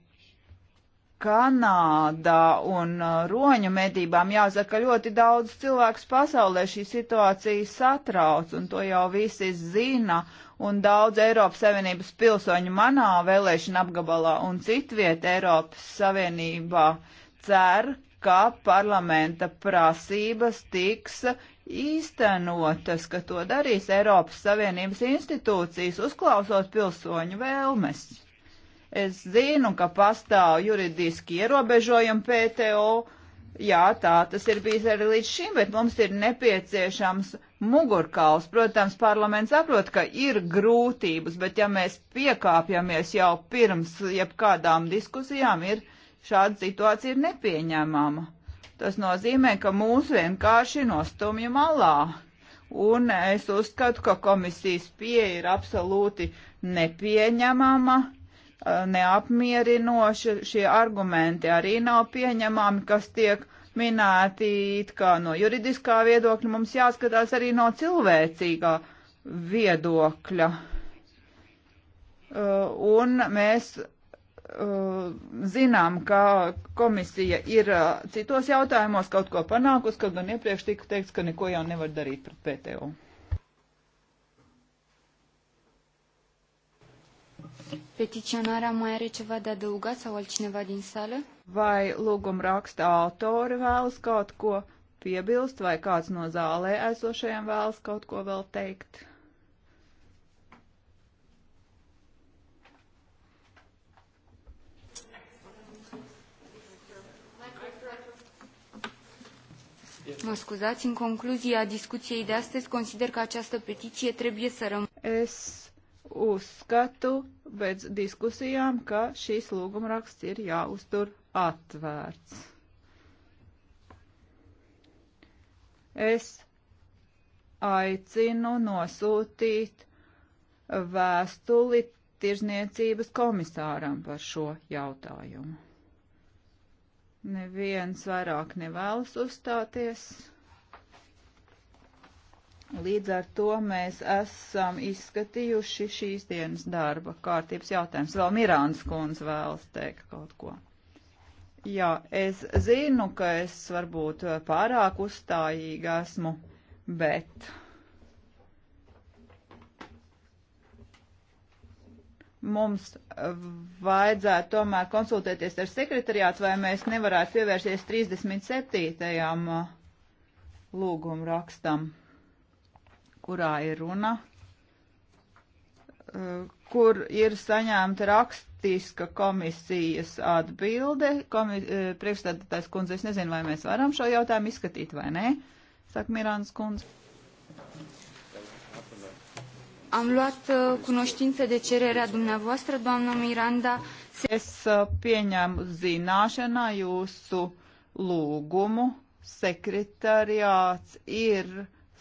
Kanādā un uh, roņu medībām, jāsaka, ļoti daudz cilvēks pasaulē šī situācija satrauc, un to jau visi zina, un daudz Eiropas Savienības pilsoņu manā vēlēšana apgabalā un citviet Eiropas Savienībā cer, ka parlamenta prasības tiks īstenotas, ka to darīs Eiropas Savienības institūcijas, uzklausot pilsoņu vēlmes. Es zinu, ka pastāv juridiski ierobežojumi PTO. Jā, tā tas ir bijis arī līdz šim, bet mums ir nepieciešams mugurkauls. Protams, parlaments saprot, ka ir grūtības, bet ja mēs piekāpjamies jau pirms jebkādām diskusijām, ir Šāda situācija ir nepieņemama. Tas nozīmē, ka mūs vienkārši nostumja malā. Un es uzskatu, ka komisijas pieeja ir absolūti nepieņemama, neapmierinoša. Šie argumenti arī nav pieņemami, kas tiek minēti, kā no juridiskā viedokļa mums jāskatās arī no cilvēcīgā viedokļa. Uh, un mēs Uh, zinām, ka komisija ir uh, citos jautājumos kaut ko panākusi, kaut gan iepriekš tika teikts, ka neko jau nevar darīt pret PTO. Peticionarea mai are ceva de adăugat sau altcineva din sală? Vai lūguma raksta autori vēlas kaut ko piebilst, vai kāds no zālē esošajiem vēlas kaut ko vēl teikt? Mă scuzați, în concluzie a discuției de astăzi, consider că această petiție trebuie să rămână. Es uzskatu bez diskusijām, ka šīs lūgumraksts ir jāuztur atvērts. Es aicinu nosūtīt vēstuli tirzniecības komisāram par šo jautājumu. Neviens vairāk nevēlas uzstāties. Līdz ar to mēs esam izskatījuši šīs dienas darba kārtības jautājums. Vēl Mirāns kundze vēlas teikt kaut ko. Jā, es zinu, ka es varbūt pārāk uzstājīgi esmu, bet. mums vajadzētu tomēr konsultēties ar sekretariātu, vai mēs nevarētu pievērsties 37. lūgumu rakstam, kurā ir runa, uh, kur ir saņemta rakstiska komisijas atbilde. Komi uh, Priekšstādātājs kundze, es nezinu, vai mēs varam šo jautājumu izskatīt vai nē, saka Mirāns kundze. Am luat uh, cunoștință de cererea dumneavoastră, doamna Miranda. Es uh, pieņēmu zināšanā jūsu lūgumu. Sekretariāts ir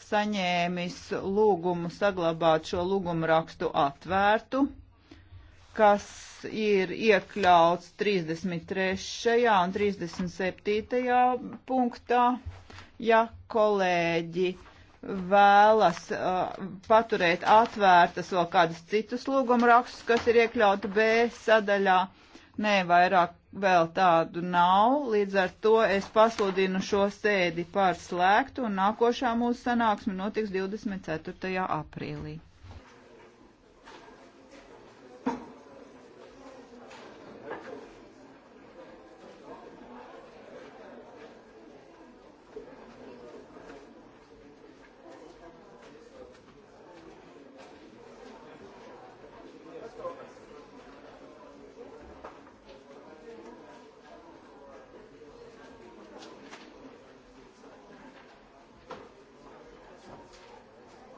saņēmis lūgumu saglabāt šo lūgumu rakstu atvērtu, kas ir iekļauts 33. un 37. punktā. Ja kolēģi vēlas uh, paturēt atvērtas vēl kādas citus lūgumu rakstus, kas ir iekļauti B sadaļā. Nē, vairāk vēl tādu nav, līdz ar to es pasludinu šo sēdi par slēgtu un nākošā mūsu sanāksme notiks 24. aprīlī.